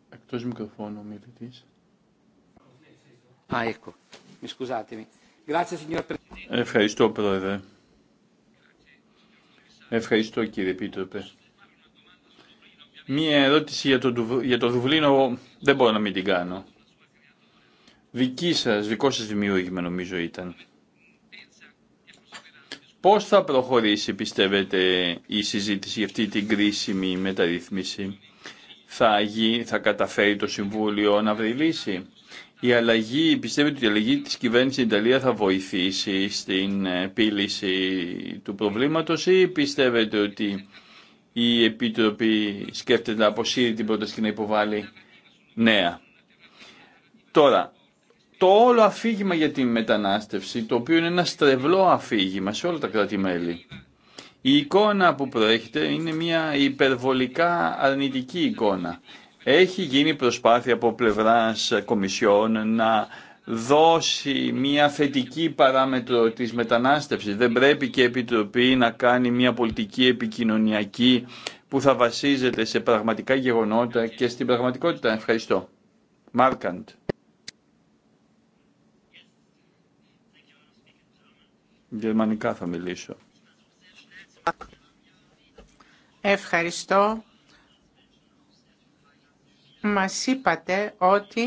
Εκτός μικροφώνου ο μιλητής. Ευχαριστώ, Πρόεδρε. Ευχαριστώ, κύριε Επίτροπε. Μία ερώτηση για το, για το Δουβλίνο δεν μπορώ να μην την κάνω. Δική σας, δικό σας δημιούργημα νομίζω ήταν. Πώς θα προχωρήσει, πιστεύετε, η συζήτηση για αυτή την κρίσιμη μεταρρύθμιση. Θα, θα καταφέρει το Συμβούλιο να βρει λύση. Η αλλαγή, πιστεύετε ότι η αλλαγή της κυβέρνησης στην Ιταλία θα βοηθήσει στην επίλυση του προβλήματος ή πιστεύετε ότι η Επίτροπη σκέφτεται να αποσύρει την πρόταση και να υποβάλει νέα. Τώρα, το όλο αφήγημα για τη μετανάστευση, το οποίο είναι ένα στρεβλό αφήγημα σε όλα τα κράτη-μέλη. Η εικόνα που προέρχεται είναι μια υπερβολικά αρνητική εικόνα. Έχει γίνει προσπάθεια από πλευράς κομισιών να δώσει μια θετική παράμετρο της μετανάστευσης. Δεν πρέπει και η Επιτροπή να κάνει μια πολιτική επικοινωνιακή που θα βασίζεται σε πραγματικά γεγονότα και στην πραγματικότητα. Ευχαριστώ. Μάρκαντ. Γερμανικά θα μιλήσω. Ευχαριστώ. Μας είπατε ότι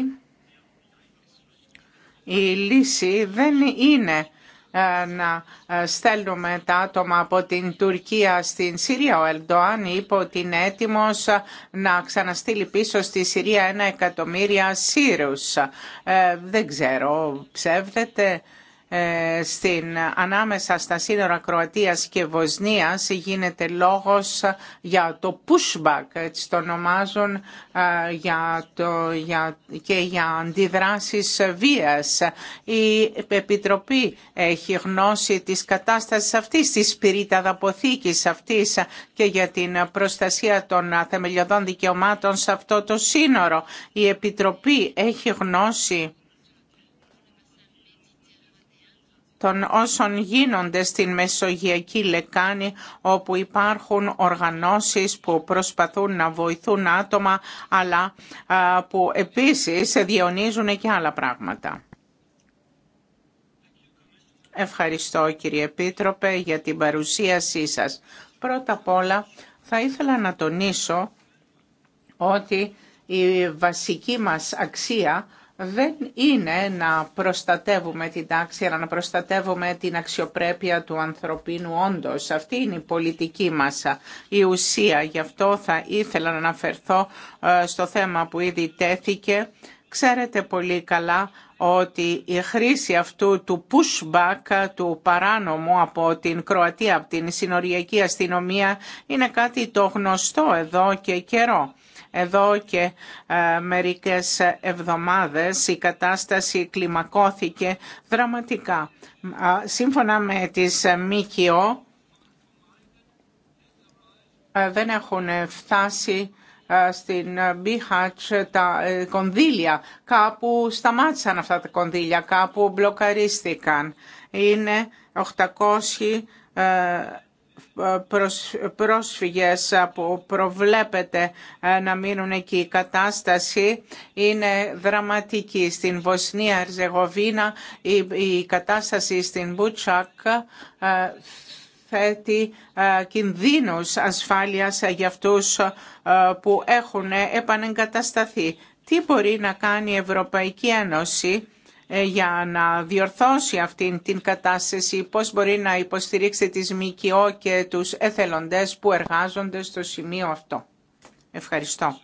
η λύση δεν είναι ε, να ε, στέλνουμε τα άτομα από την Τουρκία στην Συρία. Ο Ελντοάν είπε ότι είναι έτοιμος ε, να ξαναστείλει πίσω στη Συρία ένα εκατομμύρια Σύρους. δεν ξέρω, ψεύδεται. Ε, στην, ανάμεσα στα σύνορα Κροατίας και Βοσνίας γίνεται λόγος για το pushback, έτσι το ονομάζουν, ε, για το, για, και για αντιδράσεις βίας. Η Επιτροπή έχει γνώση της κατάστασης αυτής, της πυρήταδαποθήκης αυτής και για την προστασία των θεμελιωδών δικαιωμάτων σε αυτό το σύνορο. Η Επιτροπή έχει γνώση των όσων γίνονται στην Μεσογειακή Λεκάνη όπου υπάρχουν οργανώσεις που προσπαθούν να βοηθούν άτομα αλλά που επίσης διονίζουν και άλλα πράγματα. Ευχαριστώ κύριε Επίτροπε για την παρουσίασή σας. Πρώτα απ' όλα θα ήθελα να τονίσω ότι η βασική μας αξία δεν είναι να προστατεύουμε την τάξη, αλλά να προστατεύουμε την αξιοπρέπεια του ανθρωπίνου όντως. Αυτή είναι η πολιτική μας η ουσία. Γι' αυτό θα ήθελα να αναφερθώ ε, στο θέμα που ήδη τέθηκε. Ξέρετε πολύ καλά ότι η χρήση αυτού του pushback, του παράνομου από την Κροατία, από την συνοριακή αστυνομία, είναι κάτι το γνωστό εδώ και καιρό. Εδώ και ε, μερικές εβδομάδες η κατάσταση κλιμακώθηκε δραματικά. Σύμφωνα με τις ε, ΜΚΟ ε, δεν έχουν φτάσει στην Μπίχατς τα κονδύλια. Κάπου σταμάτησαν αυτά τα κονδύλια, κάπου μπλοκαρίστηκαν. Είναι 800 πρόσφυγες που προβλέπεται ε, να μείνουν εκεί. Η κατάσταση είναι δραματική. Στην Βοσνία Ερζεγοβίνα η κατάσταση στην Μπουτσάκ ε, θέτει ε, κινδύνους ασφάλειας για αυτούς που έχουν επανεγκατασταθεί. Τι μπορεί να κάνει η Ευρωπαϊκή Ένωση ε, για να διορθώσει αυτήν την κατάσταση, πώς μπορεί να υποστηρίξει τις ΜΚΟ και τους εθελοντές που εργάζονται στο σημείο αυτό. Ευχαριστώ.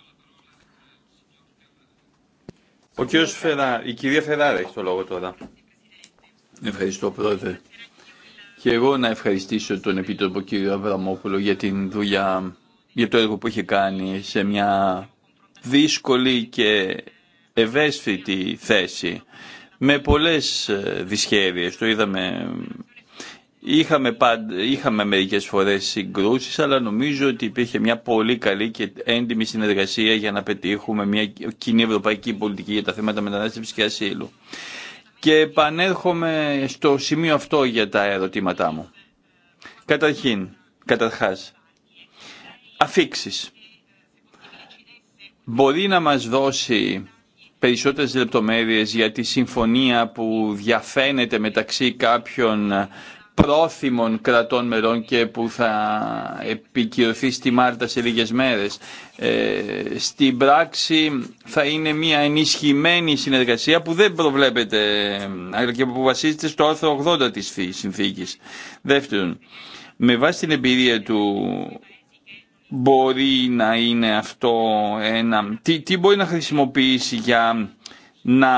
Ο κύριος η κυρία Φεράρα έχει το λόγο τώρα. Ευχαριστώ πρόεδρε. Και εγώ να ευχαριστήσω τον Επίτροπο κύριο Αβραμόπουλο για την δουλειά, για το έργο που έχει κάνει σε μια δύσκολη και ευαίσθητη θέση με πολλές ε, δυσχέρειες, το είδαμε Είχαμε, παντ, είχαμε μερικές φορές συγκρούσεις, αλλά νομίζω ότι υπήρχε μια πολύ καλή και έντιμη συνεργασία για να πετύχουμε μια κοινή ευρωπαϊκή πολιτική για τα θέματα μετανάστευσης και ασύλου. Και επανέρχομαι στο σημείο αυτό για τα ερωτήματά μου. Καταρχήν, καταρχάς, αφήξεις. Μπορεί να μας δώσει περισσότερες λεπτομέρειες για τη συμφωνία που διαφαίνεται μεταξύ κάποιων πρόθυμων κρατών μερών και που θα επικυρωθεί στη Μάρτα σε λίγες μέρες. Ε, στην πράξη θα είναι μια ενισχυμένη συνεργασία που δεν προβλέπεται αλλά και που βασίζεται στο άρθρο 80 της συνθήκης. Δεύτερον, με βάση την εμπειρία του μπορεί να είναι αυτό ένα... Τι, τι μπορεί να χρησιμοποιήσει για να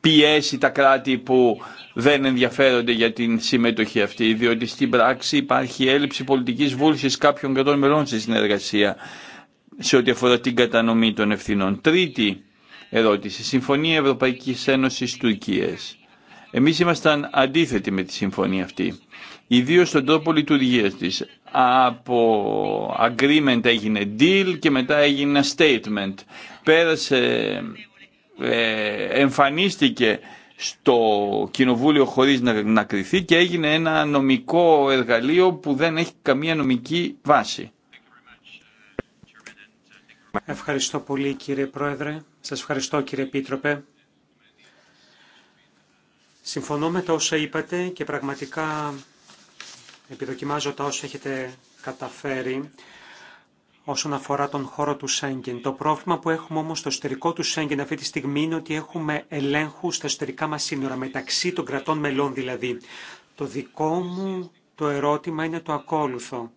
πιέσει τα κράτη που δεν ενδιαφέρονται για την συμμετοχή αυτή, διότι στην πράξη υπάρχει έλλειψη πολιτικής βούλησης κάποιων κρατών μελών στη συνεργασία σε ό,τι αφορά την κατανομή των ευθυνών. Τρίτη ερώτηση, Συμφωνία Ευρωπαϊκής Ένωσης Τουρκίας. Εμείς ήμασταν αντίθετοι με τη συμφωνία αυτή, ιδίως στον τρόπο λειτουργία της από agreement έγινε deal και μετά έγινε statement. Πέρασε, ε, εμφανίστηκε στο κοινοβούλιο χωρίς να, να κριθεί και έγινε ένα νομικό εργαλείο που δεν έχει καμία νομική βάση. Ευχαριστώ πολύ κύριε Πρόεδρε. Σας ευχαριστώ κύριε Επίτροπε. Συμφωνώ με τα όσα είπατε και πραγματικά επιδοκιμάζω τα όσα έχετε καταφέρει όσον αφορά τον χώρο του Σέγγεν. Το πρόβλημα που έχουμε όμως στο εσωτερικό του Σέγγεν αυτή τη στιγμή είναι ότι έχουμε ελέγχου στα εσωτερικά μας σύνορα, μεταξύ των κρατών μελών δηλαδή. Το δικό μου το ερώτημα είναι το ακόλουθο.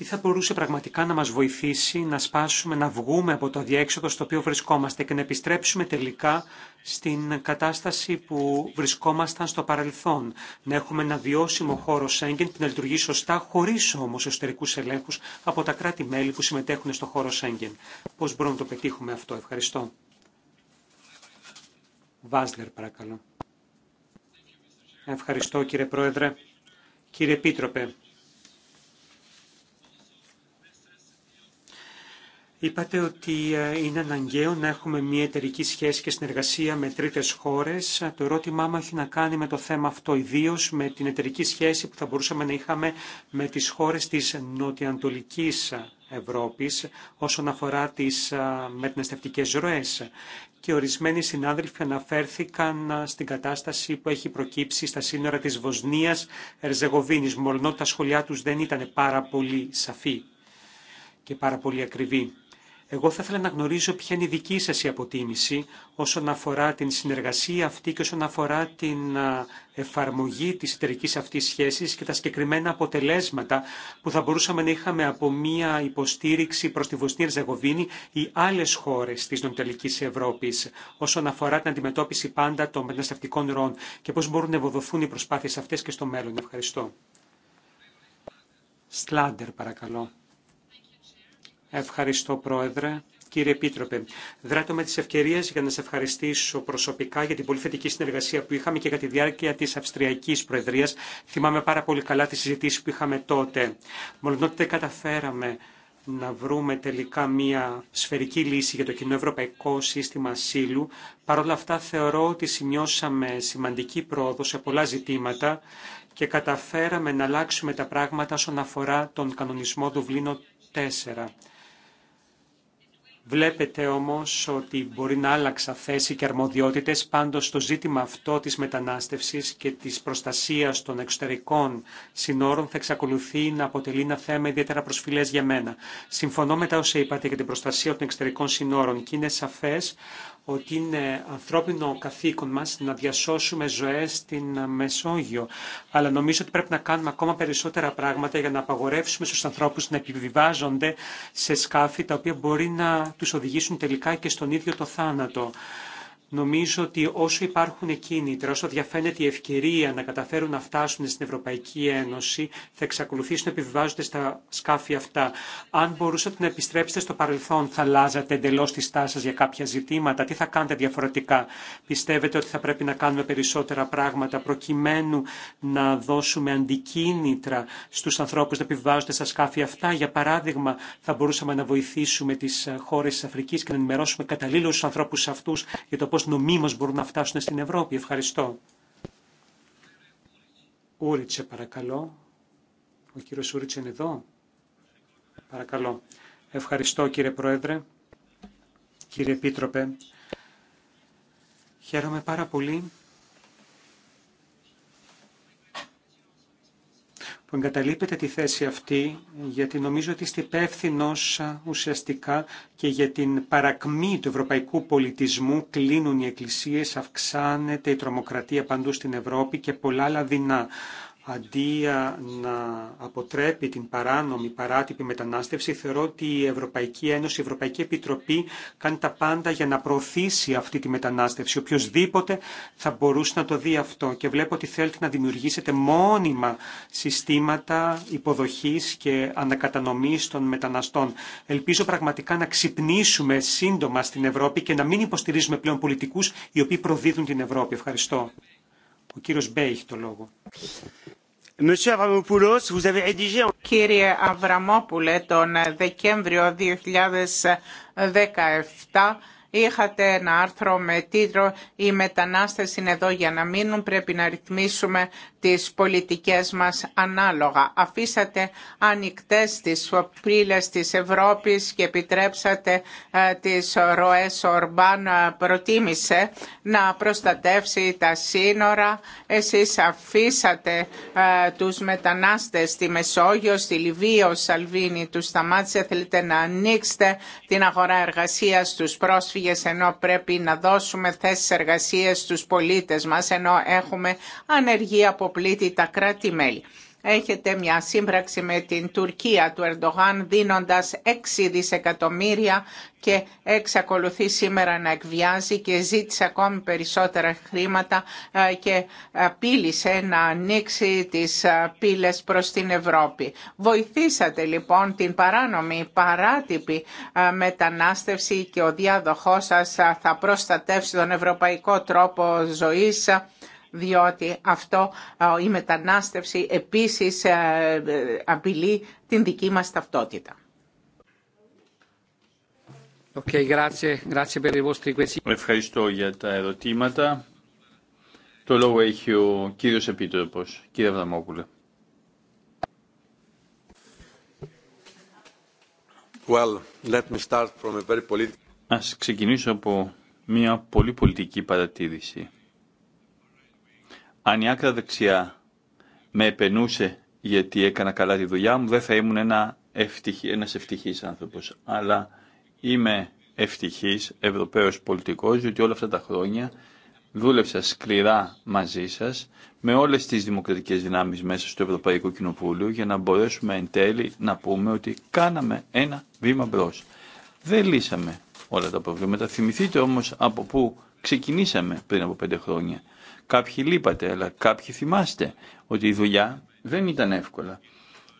τι θα μπορούσε πραγματικά να μας βοηθήσει να σπάσουμε, να βγούμε από το διέξοδο στο οποίο βρισκόμαστε και να επιστρέψουμε τελικά στην κατάσταση που βρισκόμασταν στο παρελθόν. Να έχουμε ένα βιώσιμο χώρο Σέγγεν που να λειτουργεί σωστά, χωρίς όμως εσωτερικού ελέγχους από τα κράτη-μέλη που συμμετέχουν στο χώρο Σέγγεν. Πώς μπορούμε να το πετύχουμε αυτό. Ευχαριστώ. Βάσλερ, παρακαλώ. Ευχαριστώ κύριε Πρόεδρε. Κύριε Επίτροπε, Είπατε ότι ε, είναι αναγκαίο να έχουμε μια εταιρική σχέση και συνεργασία με τρίτες χώρες. Το ερώτημά μου έχει να κάνει με το θέμα αυτό, ιδίω με την εταιρική σχέση που θα μπορούσαμε να είχαμε με τις χώρες της νοτιοανατολικής Ευρώπης όσον αφορά τις ε, μεταναστευτικές ροές. Και ορισμένοι συνάδελφοι αναφέρθηκαν ε, στην κατάσταση που έχει προκύψει στα σύνορα της Βοσνίας Ερζεγοβίνης, ότι τα σχολιά τους δεν ήταν πάρα πολύ σαφή και πάρα πολύ ακριβή. Εγώ θα ήθελα να γνωρίζω ποια είναι η δική σας η αποτίμηση όσον αφορά την συνεργασία αυτή και όσον αφορά την εφαρμογή της εταιρική αυτής σχέσης και τα συγκεκριμένα αποτελέσματα που θα μπορούσαμε να είχαμε από μία υποστήριξη προς τη Βοσνία Ζεγοβίνη ή άλλες χώρες της Νοτιοανατολικής Ευρώπης όσον αφορά την αντιμετώπιση πάντα των μεταναστευτικών ροών και πώς μπορούν να ευοδοθούν οι προσπάθειες αυτές και στο μέλλον. Ευχαριστώ. Σλάντερ, παρακαλώ. Ευχαριστώ, Πρόεδρε. Κύριε Επίτροπε, δράτω με τις ευκαιρίες για να σα ευχαριστήσω προσωπικά για την πολύ θετική συνεργασία που είχαμε και για τη διάρκεια της Αυστριακής Προεδρίας. Θυμάμαι πάρα πολύ καλά τις συζητήσεις που είχαμε τότε. Μόλον δεν καταφέραμε να βρούμε τελικά μια σφαιρική λύση για το κοινό ευρωπαϊκό σύστημα ασύλου. Παρ' όλα αυτά θεωρώ ότι σημειώσαμε σημαντική πρόοδο σε πολλά ζητήματα και καταφέραμε να αλλάξουμε τα πράγματα όσον αφορά τον κανονισμό Δουβλίνο 4. Βλέπετε όμως ότι μπορεί να άλλαξα θέση και αρμοδιότητες, πάντως το ζήτημα αυτό της μετανάστευσης και της προστασίας των εξωτερικών συνόρων θα εξακολουθεί να αποτελεί ένα θέμα ιδιαίτερα προσφυλές για μένα. Συμφωνώ τα όσα είπατε για την προστασία των εξωτερικών συνόρων και είναι σαφές ότι είναι ανθρώπινο καθήκον μας να διασώσουμε ζωές στην Μεσόγειο. Αλλά νομίζω ότι πρέπει να κάνουμε ακόμα περισσότερα πράγματα για να απαγορεύσουμε στους ανθρώπους να επιβιβάζονται σε σκάφη τα οποία μπορεί να τους οδηγήσουν τελικά και στον ίδιο το θάνατο. Νομίζω ότι όσο υπάρχουν κίνητρα, όσο διαφαίνεται η ευκαιρία να καταφέρουν να φτάσουν στην Ευρωπαϊκή Ένωση, θα εξακολουθήσουν να επιβιβάζονται στα σκάφη αυτά. Αν μπορούσατε να επιστρέψετε στο παρελθόν, θα αλλάζατε εντελώ τη στάση για κάποια ζητήματα, τι θα κάνετε διαφορετικά. Πιστεύετε ότι θα πρέπει να κάνουμε περισσότερα πράγματα προκειμένου να δώσουμε αντικίνητρα στου ανθρώπου να επιβιβάζονται στα σκάφη αυτά. Για παράδειγμα, θα μπορούσαμε να βοηθήσουμε τι ε, χώρε τη Αφρική και να ενημερώσουμε καταλήλω του ανθρώπου αυτού για το πώς νομίμως μπορούν να φτάσουν στην Ευρώπη. Ευχαριστώ. Ούριτσε παρακαλώ. Ο κύριος Ούριτσε είναι εδώ. Παρακαλώ. Ευχαριστώ κύριε Πρόεδρε, κύριε Επίτροπε. Χαίρομαι πάρα πολύ που τη θέση αυτή, γιατί νομίζω ότι είστε υπεύθυνο ουσιαστικά και για την παρακμή του ευρωπαϊκού πολιτισμού. Κλείνουν οι εκκλησίες, αυξάνεται η τρομοκρατία παντού στην Ευρώπη και πολλά άλλα δεινά αντί να αποτρέπει την παράνομη παράτυπη μετανάστευση, θεωρώ ότι η Ευρωπαϊκή Ένωση, η Ευρωπαϊκή Επιτροπή κάνει τα πάντα για να προωθήσει αυτή τη μετανάστευση. Οποιοδήποτε θα μπορούσε να το δει αυτό και βλέπω ότι θέλετε να δημιουργήσετε μόνιμα συστήματα υποδοχής και ανακατανομής των μεταναστών. Ελπίζω πραγματικά να ξυπνήσουμε σύντομα στην Ευρώπη και να μην υποστηρίζουμε πλέον πολιτικούς οι οποίοι προδίδουν την Ευρώπη. Ευχαριστώ. Ο κύριος Μπέ έχει το λόγο. Κύριε Αβραμόπουλε, τον Δεκέμβριο 2017 είχατε ένα άρθρο με τίτλο «Οι μετανάστες είναι εδώ για να μείνουν, πρέπει να ρυθμίσουμε τις πολιτικές μας ανάλογα. Αφήσατε ανοιχτές τις πύλες της Ευρώπης και επιτρέψατε ε, τις ροές. Ορμπάν ε, προτίμησε να προστατεύσει τα σύνορα. Εσείς αφήσατε ε, τους μετανάστες στη Μεσόγειο, στη Λιβύη. Ο Σαλβίνη τους σταμάτησε. Θέλετε να ανοίξετε την αγορά εργασίας στους πρόσφυγες ενώ πρέπει να δώσουμε θέσεις εργασίας στους πολίτες μας ενώ έχουμε ανεργία από τα κράτη-μέλη. Έχετε μια σύμπραξη με την Τουρκία του Ερντογάν δίνοντας 6 δισεκατομμύρια και εξακολουθεί σήμερα να εκβιάζει και ζήτησε ακόμη περισσότερα χρήματα ε, και ε, πύλησε να ανοίξει τις ε, πύλες προς την Ευρώπη. Βοηθήσατε λοιπόν την παράνομη, παράτυπη μετανάστευση και ο διάδοχός σας θα προστατεύσει τον ευρωπαϊκό τρόπο ζωής διότι αυτό η μετανάστευση επίσης ε, απειλεί την δική μας ταυτότητα. Ευχαριστώ για τα ερωτήματα. Το λόγο έχει ο κύριος Επίτροπος, κύριε Βδαμόπουλε. Well, let me start from a very political... Ας ξεκινήσω από μια πολύ πολιτική παρατήρηση. Αν η άκρα δεξιά με επενούσε γιατί έκανα καλά τη δουλειά μου, δεν θα ήμουν ένα ευτυχή, ένας ευτυχής άνθρωπος. Αλλά είμαι ευτυχής Ευρωπαίος πολιτικός, διότι όλα αυτά τα χρόνια δούλεψα σκληρά μαζί σας, με όλες τις δημοκρατικές δυνάμεις μέσα στο Ευρωπαϊκό Κοινοβούλιο, για να μπορέσουμε εν τέλει να πούμε ότι κάναμε ένα βήμα μπρο. Δεν λύσαμε όλα τα προβλήματα. Θυμηθείτε όμως από πού ξεκινήσαμε πριν από πέντε χρόνια. Κάποιοι λείπατε, αλλά κάποιοι θυμάστε ότι η δουλειά δεν ήταν εύκολα.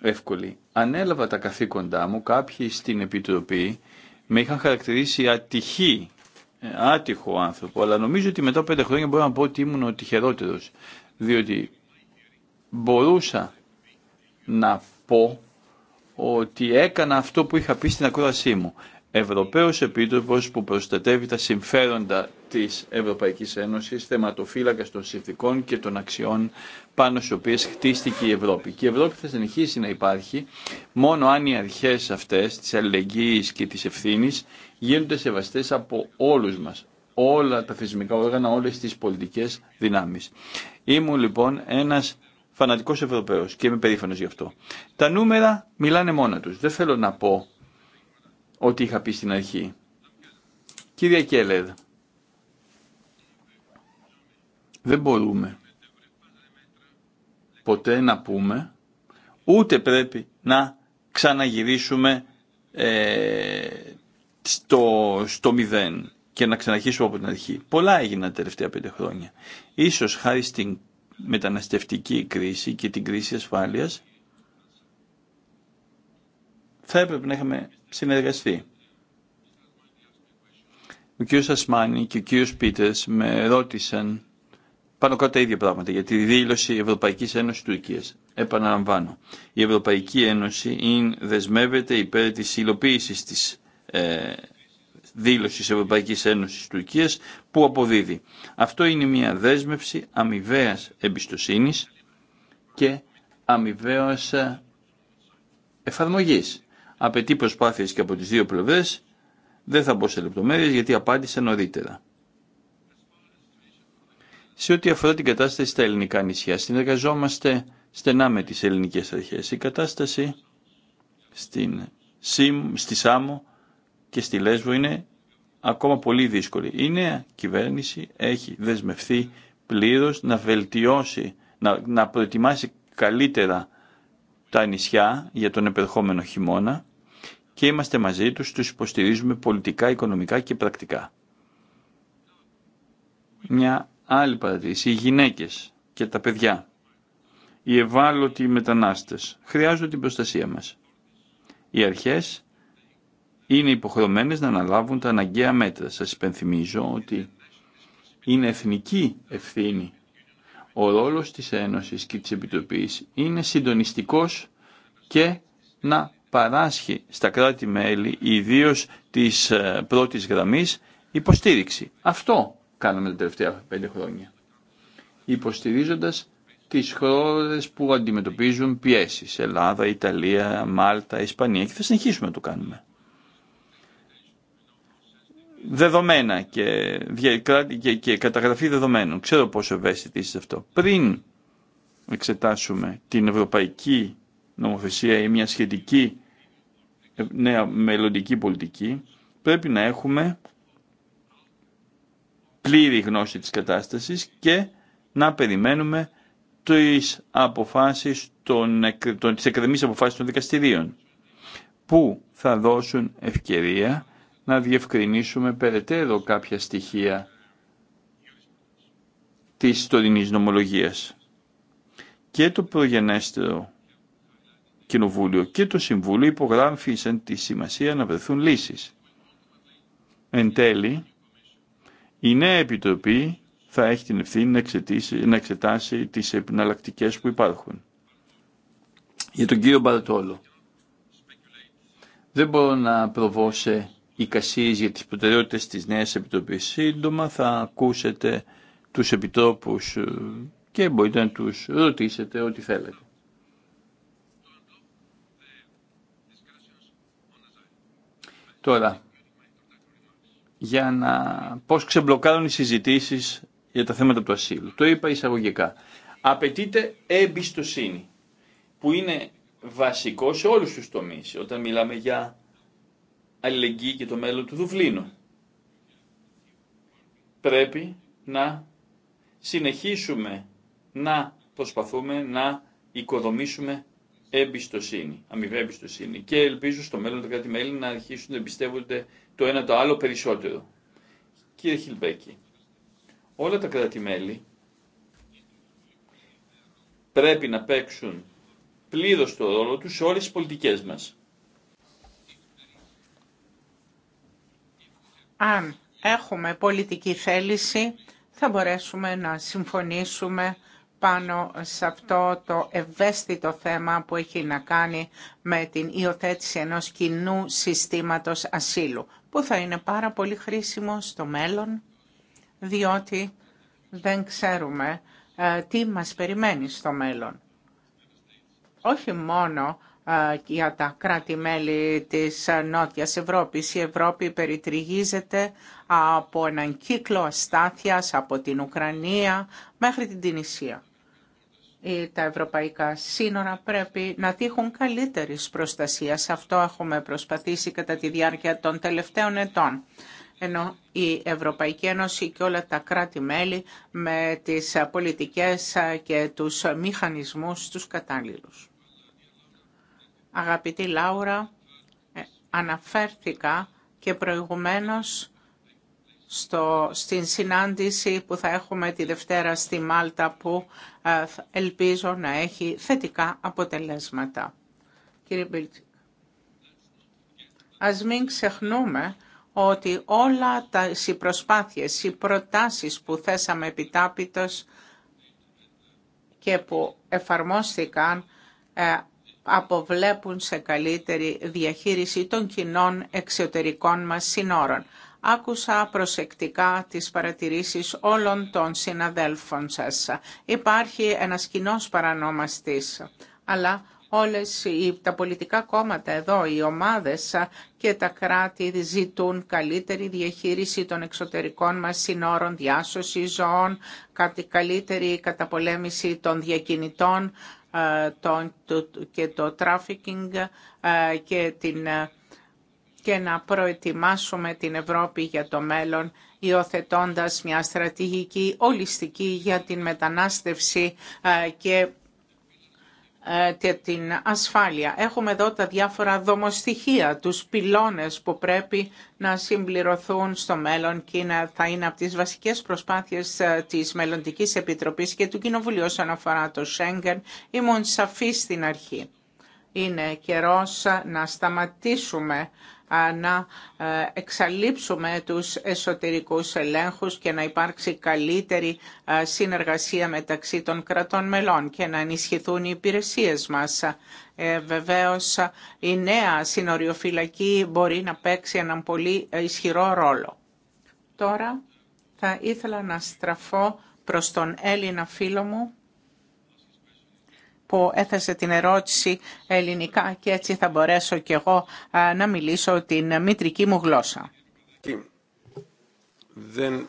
Εύκολη. Ανέλαβα τα καθήκοντά μου, κάποιοι στην Επιτροπή με είχαν χαρακτηρίσει ατυχή, ε, άτυχο άνθρωπο, αλλά νομίζω ότι μετά πέντε χρόνια μπορώ να πω ότι ήμουν ο τυχερότερος, διότι μπορούσα να πω ότι έκανα αυτό που είχα πει στην ακρόασή μου. Ευρωπαίος Επίτροπος που προστατεύει τα συμφέροντα της Ευρωπαϊκής Ένωσης, θεματοφύλακα των συνθηκών και των αξιών πάνω στις οποίες χτίστηκε η Ευρώπη. Και η Ευρώπη θα συνεχίσει να υπάρχει μόνο αν οι αρχές αυτές της αλληλεγγύης και της ευθύνης γίνονται σεβαστές από όλους μας, όλα τα θεσμικά όργανα, όλες τις πολιτικές δυνάμεις. Ήμουν λοιπόν ένας φανατικός Ευρωπαίος και είμαι περήφανος γι' αυτό. Τα νούμερα μιλάνε μόνα τους. Δεν θέλω να πω ό,τι είχα πει στην αρχή. Κύριε Κέλλερ, δεν μπορούμε ποτέ να πούμε, ούτε πρέπει να ξαναγυρίσουμε ε, στο, στο μηδέν και να ξαναρχίσουμε από την αρχή. Πολλά έγιναν τα τελευταία πέντε χρόνια. Ίσως χάρη στην μεταναστευτική κρίση και την κρίση ασφάλειας θα έπρεπε να είχαμε συνεργαστεί. Ο κύριος Ασμάνη και ο κύριος Πίτερς με ρώτησαν πάνω κάτω τα ίδια πράγματα για τη δήλωση Ευρωπαϊκής Ένωσης Τουρκίας. Επαναλαμβάνω, η Ευρωπαϊκή Ένωση δεσμεύεται υπέρ της υλοποίηση της ε, δήλωσης Ευρωπαϊκής Ένωσης Τουρκίας που αποδίδει. Αυτό είναι μια δέσμευση αμοιβαία εμπιστοσύνη και αμοιβαία ε, εφαρμογής απαιτεί προσπάθειε και από τι δύο πλευρέ. Δεν θα μπω σε λεπτομέρειε γιατί απάντησα νωρίτερα. Σε ό,τι αφορά την κατάσταση στα ελληνικά νησιά, συνεργαζόμαστε στενά με τι ελληνικέ αρχέ. Η κατάσταση στην ΣΥΜ, στη ΣΑΜΟ και στη Λέσβο είναι ακόμα πολύ δύσκολη. Η νέα κυβέρνηση έχει δεσμευθεί πλήρως να βελτιώσει, να, να προετοιμάσει καλύτερα τα νησιά για τον επερχόμενο χειμώνα και είμαστε μαζί τους, τους υποστηρίζουμε πολιτικά, οικονομικά και πρακτικά. Μια άλλη παρατήρηση, οι γυναίκες και τα παιδιά, οι ευάλωτοι μετανάστες, χρειάζονται την προστασία μας. Οι αρχές είναι υποχρεωμένες να αναλάβουν τα αναγκαία μέτρα. Σας υπενθυμίζω ότι είναι εθνική ευθύνη. Ο ρόλος της Ένωσης και της Επιτροπής είναι συντονιστικός και να παράσχει στα κράτη-μέλη, ιδίω της ε, πρώτης γραμμή υποστήριξη. Αυτό κάναμε τα τελευταία πέντε χρόνια. Υποστηρίζοντας τις χώρε που αντιμετωπίζουν πιέσει. Ελλάδα, Ιταλία, Μάλτα, Ισπανία και θα συνεχίσουμε να το κάνουμε. Δεδομένα και, και, και καταγραφή δεδομένων. Ξέρω πόσο ευαίσθητη είσαι αυτό. Πριν εξετάσουμε την ευρωπαϊκή νομοθεσία ή μια σχετική ε, νέα μελλοντική πολιτική, πρέπει να έχουμε πλήρη γνώση της κατάστασης και να περιμένουμε τις αποφάσεις των, των, τις αποφάσεις των δικαστηρίων που θα δώσουν ευκαιρία να διευκρινίσουμε περαιτέρω κάποια στοιχεία της τωρινής νομολογίας. Και το προγενέστερο και το Συμβούλιο υπογράφησαν τη σημασία να βρεθούν λύσεις. Εν τέλει, η νέα Επιτροπή θα έχει την ευθύνη να, εξετάσει τις εναλλακτικέ που υπάρχουν. Για τον κύριο Μπαρτόλο. Δεν μπορώ να προβώ σε εικασίες για τις προτεραιότητες της νέας Επιτροπής. Σύντομα θα ακούσετε τους επιτρόπους ε, και μπορείτε να τους ρωτήσετε ό,τι θέλετε. Τώρα, για να πώς ξεμπλοκάρουν οι συζητήσεις για τα θέματα του ασύλου. Το είπα εισαγωγικά. Απαιτείται εμπιστοσύνη, που είναι βασικό σε όλους τους τομείς, όταν μιλάμε για αλληλεγγύη και το μέλλον του Δουβλίνου. Πρέπει να συνεχίσουμε να προσπαθούμε να οικοδομήσουμε εμπιστοσύνη, αμοιβή εμπιστοσύνη. Και ελπίζω στο μέλλον τα κράτη-μέλη να αρχίσουν να εμπιστεύονται το ένα το άλλο περισσότερο. Κύριε Χιλμπέκη, όλα τα κράτη-μέλη πρέπει να παίξουν πλήρω το ρόλο τους σε όλες τι πολιτικές μας. Αν έχουμε πολιτική θέληση, θα μπορέσουμε να συμφωνήσουμε πάνω σε αυτό το ευαίσθητο θέμα που έχει να κάνει με την υιοθέτηση ενός κοινού συστήματος ασύλου, που θα είναι πάρα πολύ χρήσιμο στο μέλλον, διότι δεν ξέρουμε ε, τι μας περιμένει στο μέλλον. Όχι μόνο ε, για τα κράτη-μέλη της ε, Νότιας Ευρώπης. Η Ευρώπη περιτριγίζεται από έναν κύκλο αστάθειας από την Ουκρανία μέχρι την Τινησία τα ευρωπαϊκά σύνορα πρέπει να τύχουν καλύτερης προστασία. Αυτό έχουμε προσπαθήσει κατά τη διάρκεια των τελευταίων ετών ενώ η Ευρωπαϊκή Ένωση και όλα τα κράτη-μέλη με τις πολιτικές και τους μηχανισμούς τους κατάλληλους. Αγαπητή Λάουρα, ε, αναφέρθηκα και προηγουμένως στο, στην συνάντηση που θα έχουμε τη Δευτέρα στη Μάλτα που ελπίζω να έχει θετικά αποτελέσματα. Κύριε Μπίλτσικ, ας μην ξεχνούμε ότι όλα τα, οι προσπάθειες, οι προτάσεις που θέσαμε επιτάπητος και που εφαρμόστηκαν ε, αποβλέπουν σε καλύτερη διαχείριση των κοινών εξωτερικών μας συνόρων. Άκουσα προσεκτικά τις παρατηρήσεις όλων των συναδέλφων σας. Υπάρχει ένας κοινό παρανόμαστής, αλλά όλες τα πολιτικά κόμματα εδώ, οι ομάδες και τα κράτη ζητούν καλύτερη διαχείριση των εξωτερικών μας συνόρων, διάσωση ζώων, καλύτερη καταπολέμηση των διακινητών ε, και το τράφικινγκ ε, και την ε, και να προετοιμάσουμε την Ευρώπη για το μέλλον, υιοθετώντα μια στρατηγική ολιστική για την μετανάστευση ε, και ε, την ασφάλεια. Έχουμε εδώ τα διάφορα δομοστοιχεία, τους πυλώνες που πρέπει να συμπληρωθούν στο μέλλον και θα είναι από τις βασικές προσπάθειες ε, της Μελλοντικής Επιτροπής και του Κοινοβουλίου όσον αφορά το Σέγγεν. Ήμουν σαφή στην αρχή. Είναι καιρός να σταματήσουμε να ε, εξαλείψουμε τους εσωτερικούς ελέγχους και να υπάρξει καλύτερη ε, συνεργασία μεταξύ των κρατών μελών και να ενισχυθούν οι υπηρεσίες μας. Ε, βεβαίως η νέα συνοριοφυλακή μπορεί να παίξει έναν πολύ ισχυρό ρόλο. Τώρα θα ήθελα να στραφώ προς τον Έλληνα φίλο μου, που έθεσε την ερώτηση ελληνικά και έτσι θα μπορέσω κι εγώ να μιλήσω την μητρική μου γλώσσα. Δεν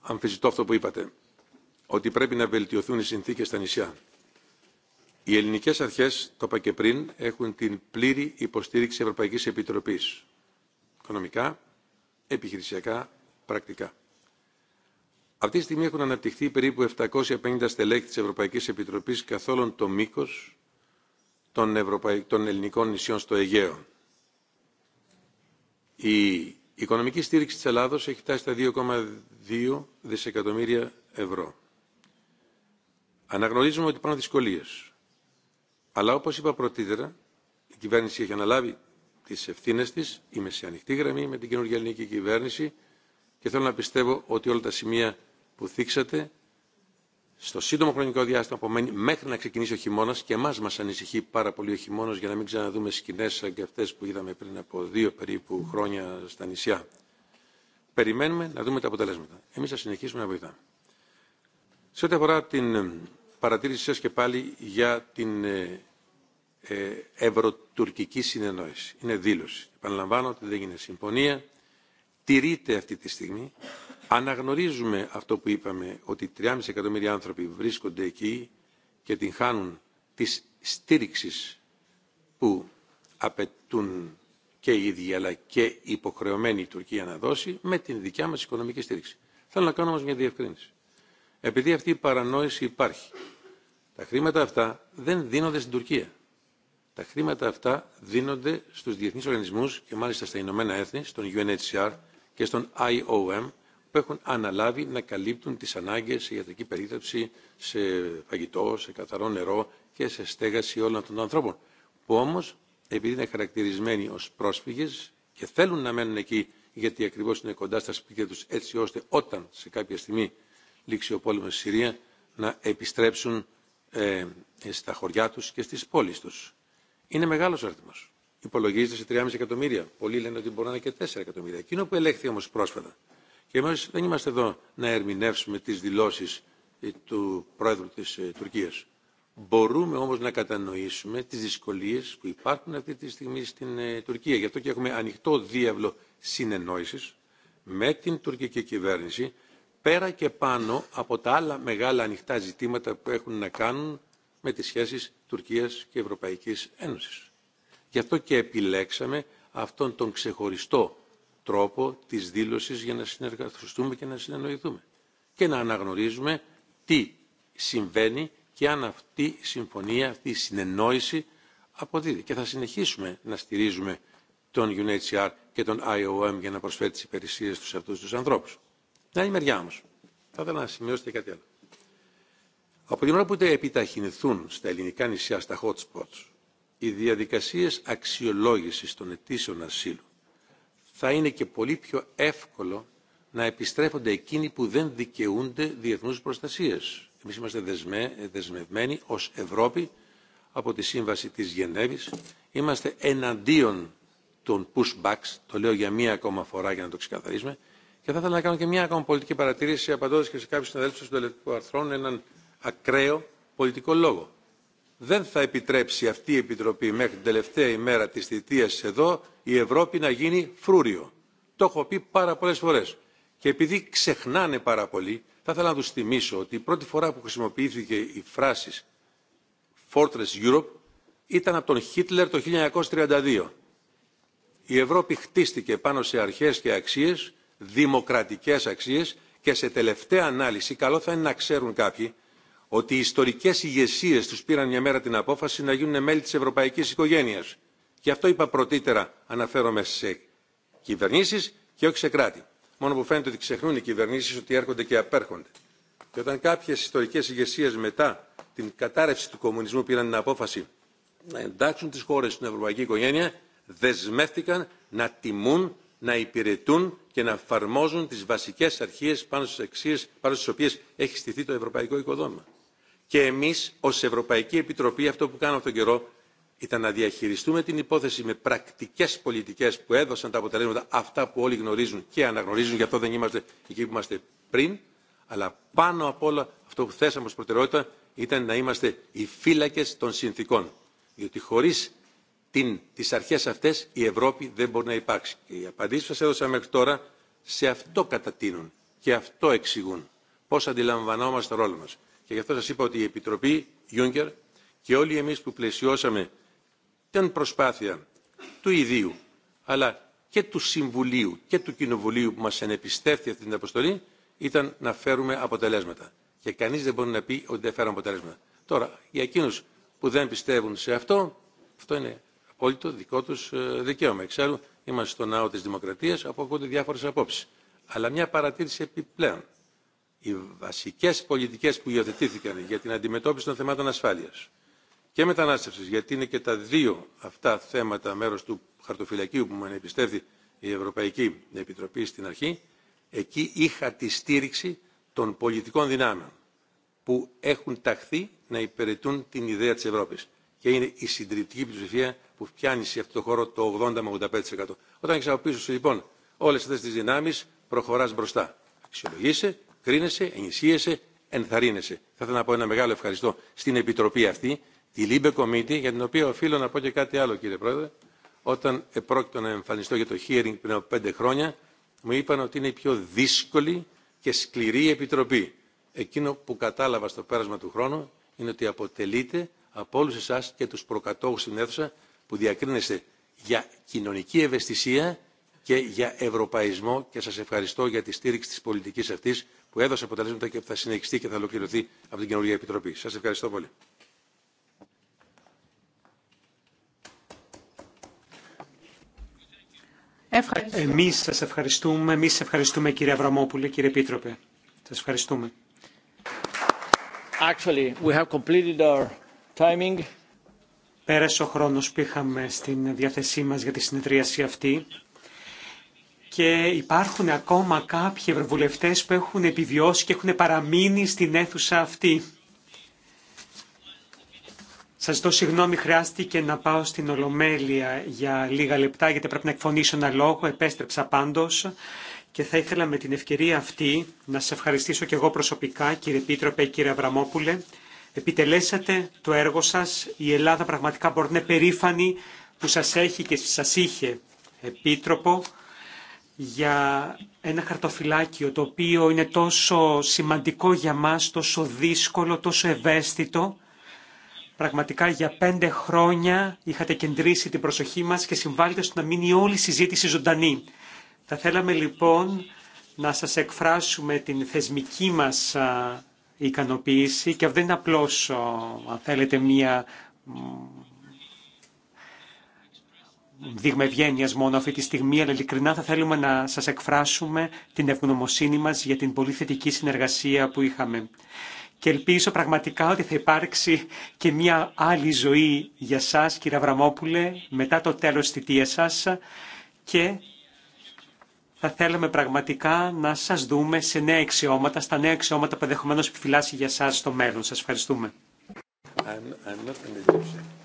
αμφισβητώ αυτό που είπατε, ότι πρέπει να βελτιωθούν οι συνθήκες στα νησιά. Οι ελληνικές αρχές, το είπα και πριν, έχουν την πλήρη υποστήριξη Ευρωπαϊκής Επιτροπής. Οικονομικά, επιχειρησιακά, πρακτικά. Αυτή τη στιγμή έχουν αναπτυχθεί περίπου 750 στελέχη της Ευρωπαϊκής Επιτροπής καθ' όλων το μήκος των, Ευρωπαϊ... των ελληνικών νησιών στο Αιγαίο. Η οικονομική στήριξη της Ελλάδος έχει φτάσει στα 2,2 δισεκατομμύρια ευρώ. Αναγνωρίζουμε ότι υπάρχουν δυσκολίες. Αλλά όπως είπα πρωτήτερα, η κυβέρνηση έχει αναλάβει τις ευθύνες της, είμαι σε ανοιχτή γραμμή με την καινούργια ελληνική κυβέρνηση και θέλω να πιστεύω ότι όλα τα σημεία που θίξατε στο σύντομο χρονικό διάστημα που μένει μέχρι να ξεκινήσει ο χειμώνα και εμά μα ανησυχεί πάρα πολύ ο χειμώνα για να μην ξαναδούμε σκηνέ σαν και αυτέ που είδαμε πριν από δύο περίπου χρόνια στα νησιά. Περιμένουμε να δούμε τα αποτελέσματα. Εμεί θα συνεχίσουμε να βοηθάμε. Σε ό,τι αφορά την ε, παρατήρησή σα και πάλι για την ε, ε, ευρωτουρκική συνεννόηση. Είναι δήλωση. Επαναλαμβάνω ότι δεν είναι συμφωνία. Τηρείται αυτή τη στιγμή. Αναγνωρίζουμε αυτό που είπαμε, ότι 3,5 εκατομμύρια άνθρωποι βρίσκονται εκεί και την χάνουν της στήριξης που απαιτούν και οι ίδιοι αλλά και υποχρεωμένοι η Τουρκία να δώσει με την δικιά μας οικονομική στήριξη. Θέλω να κάνω όμως μια διευκρίνηση. Επειδή αυτή η παρανόηση υπάρχει, τα χρήματα αυτά δεν δίνονται στην Τουρκία. Τα χρήματα αυτά δίνονται στους διεθνείς οργανισμούς και μάλιστα στα Ηνωμένα Έθνη, στον UNHCR και στον IOM που έχουν αναλάβει να καλύπτουν τις ανάγκες σε ιατρική περίπτωση σε φαγητό, σε καθαρό νερό και σε στέγαση όλων των ανθρώπων. Που όμως, επειδή είναι χαρακτηρισμένοι ως πρόσφυγες και θέλουν να μένουν εκεί γιατί ακριβώς είναι κοντά στα σπίτια τους έτσι ώστε όταν σε κάποια στιγμή λήξει ο πόλεμος στη Συρία να επιστρέψουν ε, στα χωριά τους και στις πόλεις τους. Είναι μεγάλος αριθμός. Υπολογίζεται σε 3,5 εκατομμύρια. Πολλοί λένε ότι μπορεί να είναι και 4 εκατομμύρια. Εκείνο που ελέγχθη όμως πρόσφατα και εμεί δεν είμαστε εδώ να ερμηνεύσουμε τις δηλώσει ε, του πρόεδρου της ε, Τουρκίας. Μπορούμε όμως να κατανοήσουμε τις δυσκολίες που υπάρχουν αυτή τη στιγμή στην ε, Τουρκία. Γι' αυτό και έχουμε ανοιχτό διάβλο συνεννόησης με την τουρκική κυβέρνηση πέρα και πάνω από τα άλλα μεγάλα ανοιχτά ζητήματα που έχουν να κάνουν με τις σχέσεις Τουρκίας και Ευρωπαϊκής Ένωσης. Γι' αυτό και επιλέξαμε αυτόν τον ξεχωριστό τρόπο της δήλωσης για να συνεργαστούμε και να συνεννοηθούμε και να αναγνωρίζουμε τι συμβαίνει και αν αυτή η συμφωνία, αυτή η συνεννόηση αποδίδει. Και θα συνεχίσουμε να στηρίζουμε τον UNHCR και τον IOM για να προσφέρει τις υπηρεσίες τους σε αυτούς τους ανθρώπους. Την άλλη μεριά όμως, θα ήθελα να σημειώσω κάτι άλλο. Από την ώρα που επιταχυνθούν στα ελληνικά νησιά, στα hot spots, οι διαδικασίες αξιολόγησης των αιτήσεων ασύλου θα είναι και πολύ πιο εύκολο να επιστρέφονται εκείνοι που δεν δικαιούνται διεθνούς προστασίες. Εμείς είμαστε δεσμε, δεσμευμένοι ως Ευρώπη από τη Σύμβαση της Γενέβης. Είμαστε εναντίον των pushbacks, το λέω για μία ακόμα φορά για να το ξεκαθαρίσουμε, και θα ήθελα να κάνω και μία ακόμα πολιτική παρατηρήση απαντώντας και σε κάποιους συναδέλφους των τελευταίων αρθρών έναν ακραίο πολιτικό λόγο. Δεν θα επιτρέψει αυτή η Επιτροπή μέχρι την τελευταία ημέρα της θητείας εδώ η Ευρώπη να γίνει φρούριο. Το έχω πει πάρα πολλέ φορέ. Και επειδή ξεχνάνε πάρα πολύ, θα ήθελα να του θυμίσω ότι η πρώτη φορά που χρησιμοποιήθηκε η φράση Fortress Europe ήταν από τον Χίτλερ το 1932. Η Ευρώπη χτίστηκε πάνω σε αρχές και αξίες, δημοκρατικές αξίες και σε τελευταία ανάλυση καλό θα είναι να ξέρουν κάποιοι ότι οι ιστορικές ηγεσίες τους πήραν μια μέρα την απόφαση να γίνουν μέλη της ευρωπαϊκής οικογένειας. Γι' αυτό είπα πρωτήτερα αναφέρομαι σε κυβερνήσεις και όχι σε κράτη. Μόνο που φαίνεται ότι ξεχνούν οι κυβερνήσεις ότι έρχονται και απέρχονται. Και όταν κάποιες ιστορικές ηγεσίε μετά την κατάρρευση του κομμουνισμού πήραν την απόφαση να εντάξουν τις χώρες στην ευρωπαϊκή οικογένεια, δεσμεύτηκαν να τιμούν, να υπηρετούν και να εφαρμόζουν τις βασικές αρχές πάνω στις αξίες πάνω στις οποίες έχει στηθεί το ευρωπαϊκό οικοδόμημα. Και εμείς ως Ευρωπαϊκή Επιτροπή αυτό που κάνω αυτόν τον καιρό ήταν να διαχειριστούμε την υπόθεση με πρακτικέ πολιτικέ που έδωσαν τα αποτελέσματα αυτά που όλοι γνωρίζουν και αναγνωρίζουν, γι' αυτό δεν είμαστε εκεί που είμαστε πριν, αλλά πάνω απ' όλα αυτό που θέσαμε ως προτεραιότητα ήταν να είμαστε οι φύλακε των συνθήκων. Διότι χωρί τι αρχέ αυτέ η Ευρώπη δεν μπορεί να υπάρξει. Και οι απαντήσει που σα έδωσα μέχρι τώρα σε αυτό κατατείνουν και αυτό εξηγούν πώ αντιλαμβανόμαστε το ρόλο μα. Και γι' αυτό σα είπα ότι η Επιτροπή Juncker και όλοι εμεί που πλαισιώσαμε την προσπάθεια του ιδίου αλλά και του Συμβουλίου και του Κοινοβουλίου που μας ενεπιστεύτηκε αυτή την αποστολή ήταν να φέρουμε αποτελέσματα. Και κανείς δεν μπορεί να πει ότι δεν φέραμε αποτελέσματα. Τώρα, για εκείνους που δεν πιστεύουν σε αυτό, αυτό είναι απόλυτο δικό τους ε, δικαίωμα. Εξάλλου, είμαστε στον ναό της δημοκρατίας, αποκούνται διάφορες απόψεις. Αλλά μια παρατήρηση επιπλέον. Οι βασικές πολιτικές που υιοθετήθηκαν για την αντιμετώπιση των θεμάτων ασφάλειας, και μετανάστευσης, γιατί είναι και τα δύο αυτά θέματα μέρος του χαρτοφυλακίου που μου ανεπιστεύει η Ευρωπαϊκή Επιτροπή στην αρχή, εκεί είχα τη στήριξη των πολιτικών δυνάμεων που έχουν ταχθεί να υπηρετούν την ιδέα της Ευρώπης. Και είναι η συντριπτική πλειοψηφία που πιάνει σε αυτό το χώρο το 80 με 85%. Όταν έχεις πίσω σου λοιπόν όλε αυτέ τι δυνάμει προχωράς μπροστά. Αξιολογείσαι, κρίνεσαι, ενισχύεσαι, ενθαρρύνεσαι. Θα ήθελα να πω ένα μεγάλο ευχαριστώ στην Επιτροπή αυτή, τη ΛΥΜΠΕ Κομίτη, για την οποία οφείλω να πω και κάτι άλλο, κύριε Πρόεδρε. Όταν επρόκειτο να εμφανιστώ για το hearing πριν από πέντε χρόνια, μου είπαν ότι είναι η πιο δύσκολη και σκληρή επιτροπή. Εκείνο που κατάλαβα στο πέρασμα του χρόνου είναι ότι αποτελείται από όλου εσά και του προκατόχου στην αίθουσα που διακρίνεστε για κοινωνική ευαισθησία και για ευρωπαϊσμό και σας ευχαριστώ για τη στήριξη της πολιτικής αυτής που έδωσε αποτελέσματα και θα συνεχιστεί και θα ολοκληρωθεί από την καινούργια Επιτροπή. Σας ευχαριστώ πολύ. Εμείς σας ευχαριστούμε. Εμείς σας ευχαριστούμε κύριε Αβραμόπουλε, κύριε Επίτροπε. Σας ευχαριστούμε. Actually, we have completed our timing. Πέρασε ο χρόνος που είχαμε στην διάθεσή μας για τη συνεδρίαση αυτή και υπάρχουν ακόμα κάποιοι ευρωβουλευτές που έχουν επιβιώσει και έχουν παραμείνει στην αίθουσα αυτή. Σας ζητώ συγγνώμη, χρειάστηκε να πάω στην Ολομέλεια για λίγα λεπτά, γιατί πρέπει να εκφωνήσω ένα λόγο, επέστρεψα πάντως και θα ήθελα με την ευκαιρία αυτή να σας ευχαριστήσω και εγώ προσωπικά, κύριε και κύριε Αβραμόπουλε. Επιτελέσατε το έργο σας, η Ελλάδα πραγματικά μπορεί να είναι περήφανη που σας έχει και σας είχε επίτροπο για ένα χαρτοφυλάκιο το οποίο είναι τόσο σημαντικό για μας, τόσο δύσκολο, τόσο ευαίσθητο Πραγματικά για πέντε χρόνια είχατε κεντρήσει την προσοχή μας και συμβάλλετε στο να μείνει όλη η συζήτηση ζωντανή. Θα θέλαμε λοιπόν να σας εκφράσουμε την θεσμική μας ικανοποίηση και δεν είναι απλώς, αν θέλετε, μία δείγμα ευγένεια μόνο αυτή τη στιγμή, αλλά ειλικρινά θα θέλουμε να σας εκφράσουμε την ευγνωμοσύνη μας για την πολύ θετική συνεργασία που είχαμε και ελπίζω πραγματικά ότι θα υπάρξει και μια άλλη ζωή για σας, κύριε Αβραμόπουλε, μετά το τέλος της θητείας σας και θα θέλαμε πραγματικά να σας δούμε σε νέα αξιώματα, στα νέα αξιώματα που ενδεχομένω επιφυλάσσει για σας στο μέλλον. Σας ευχαριστούμε. I'm, I'm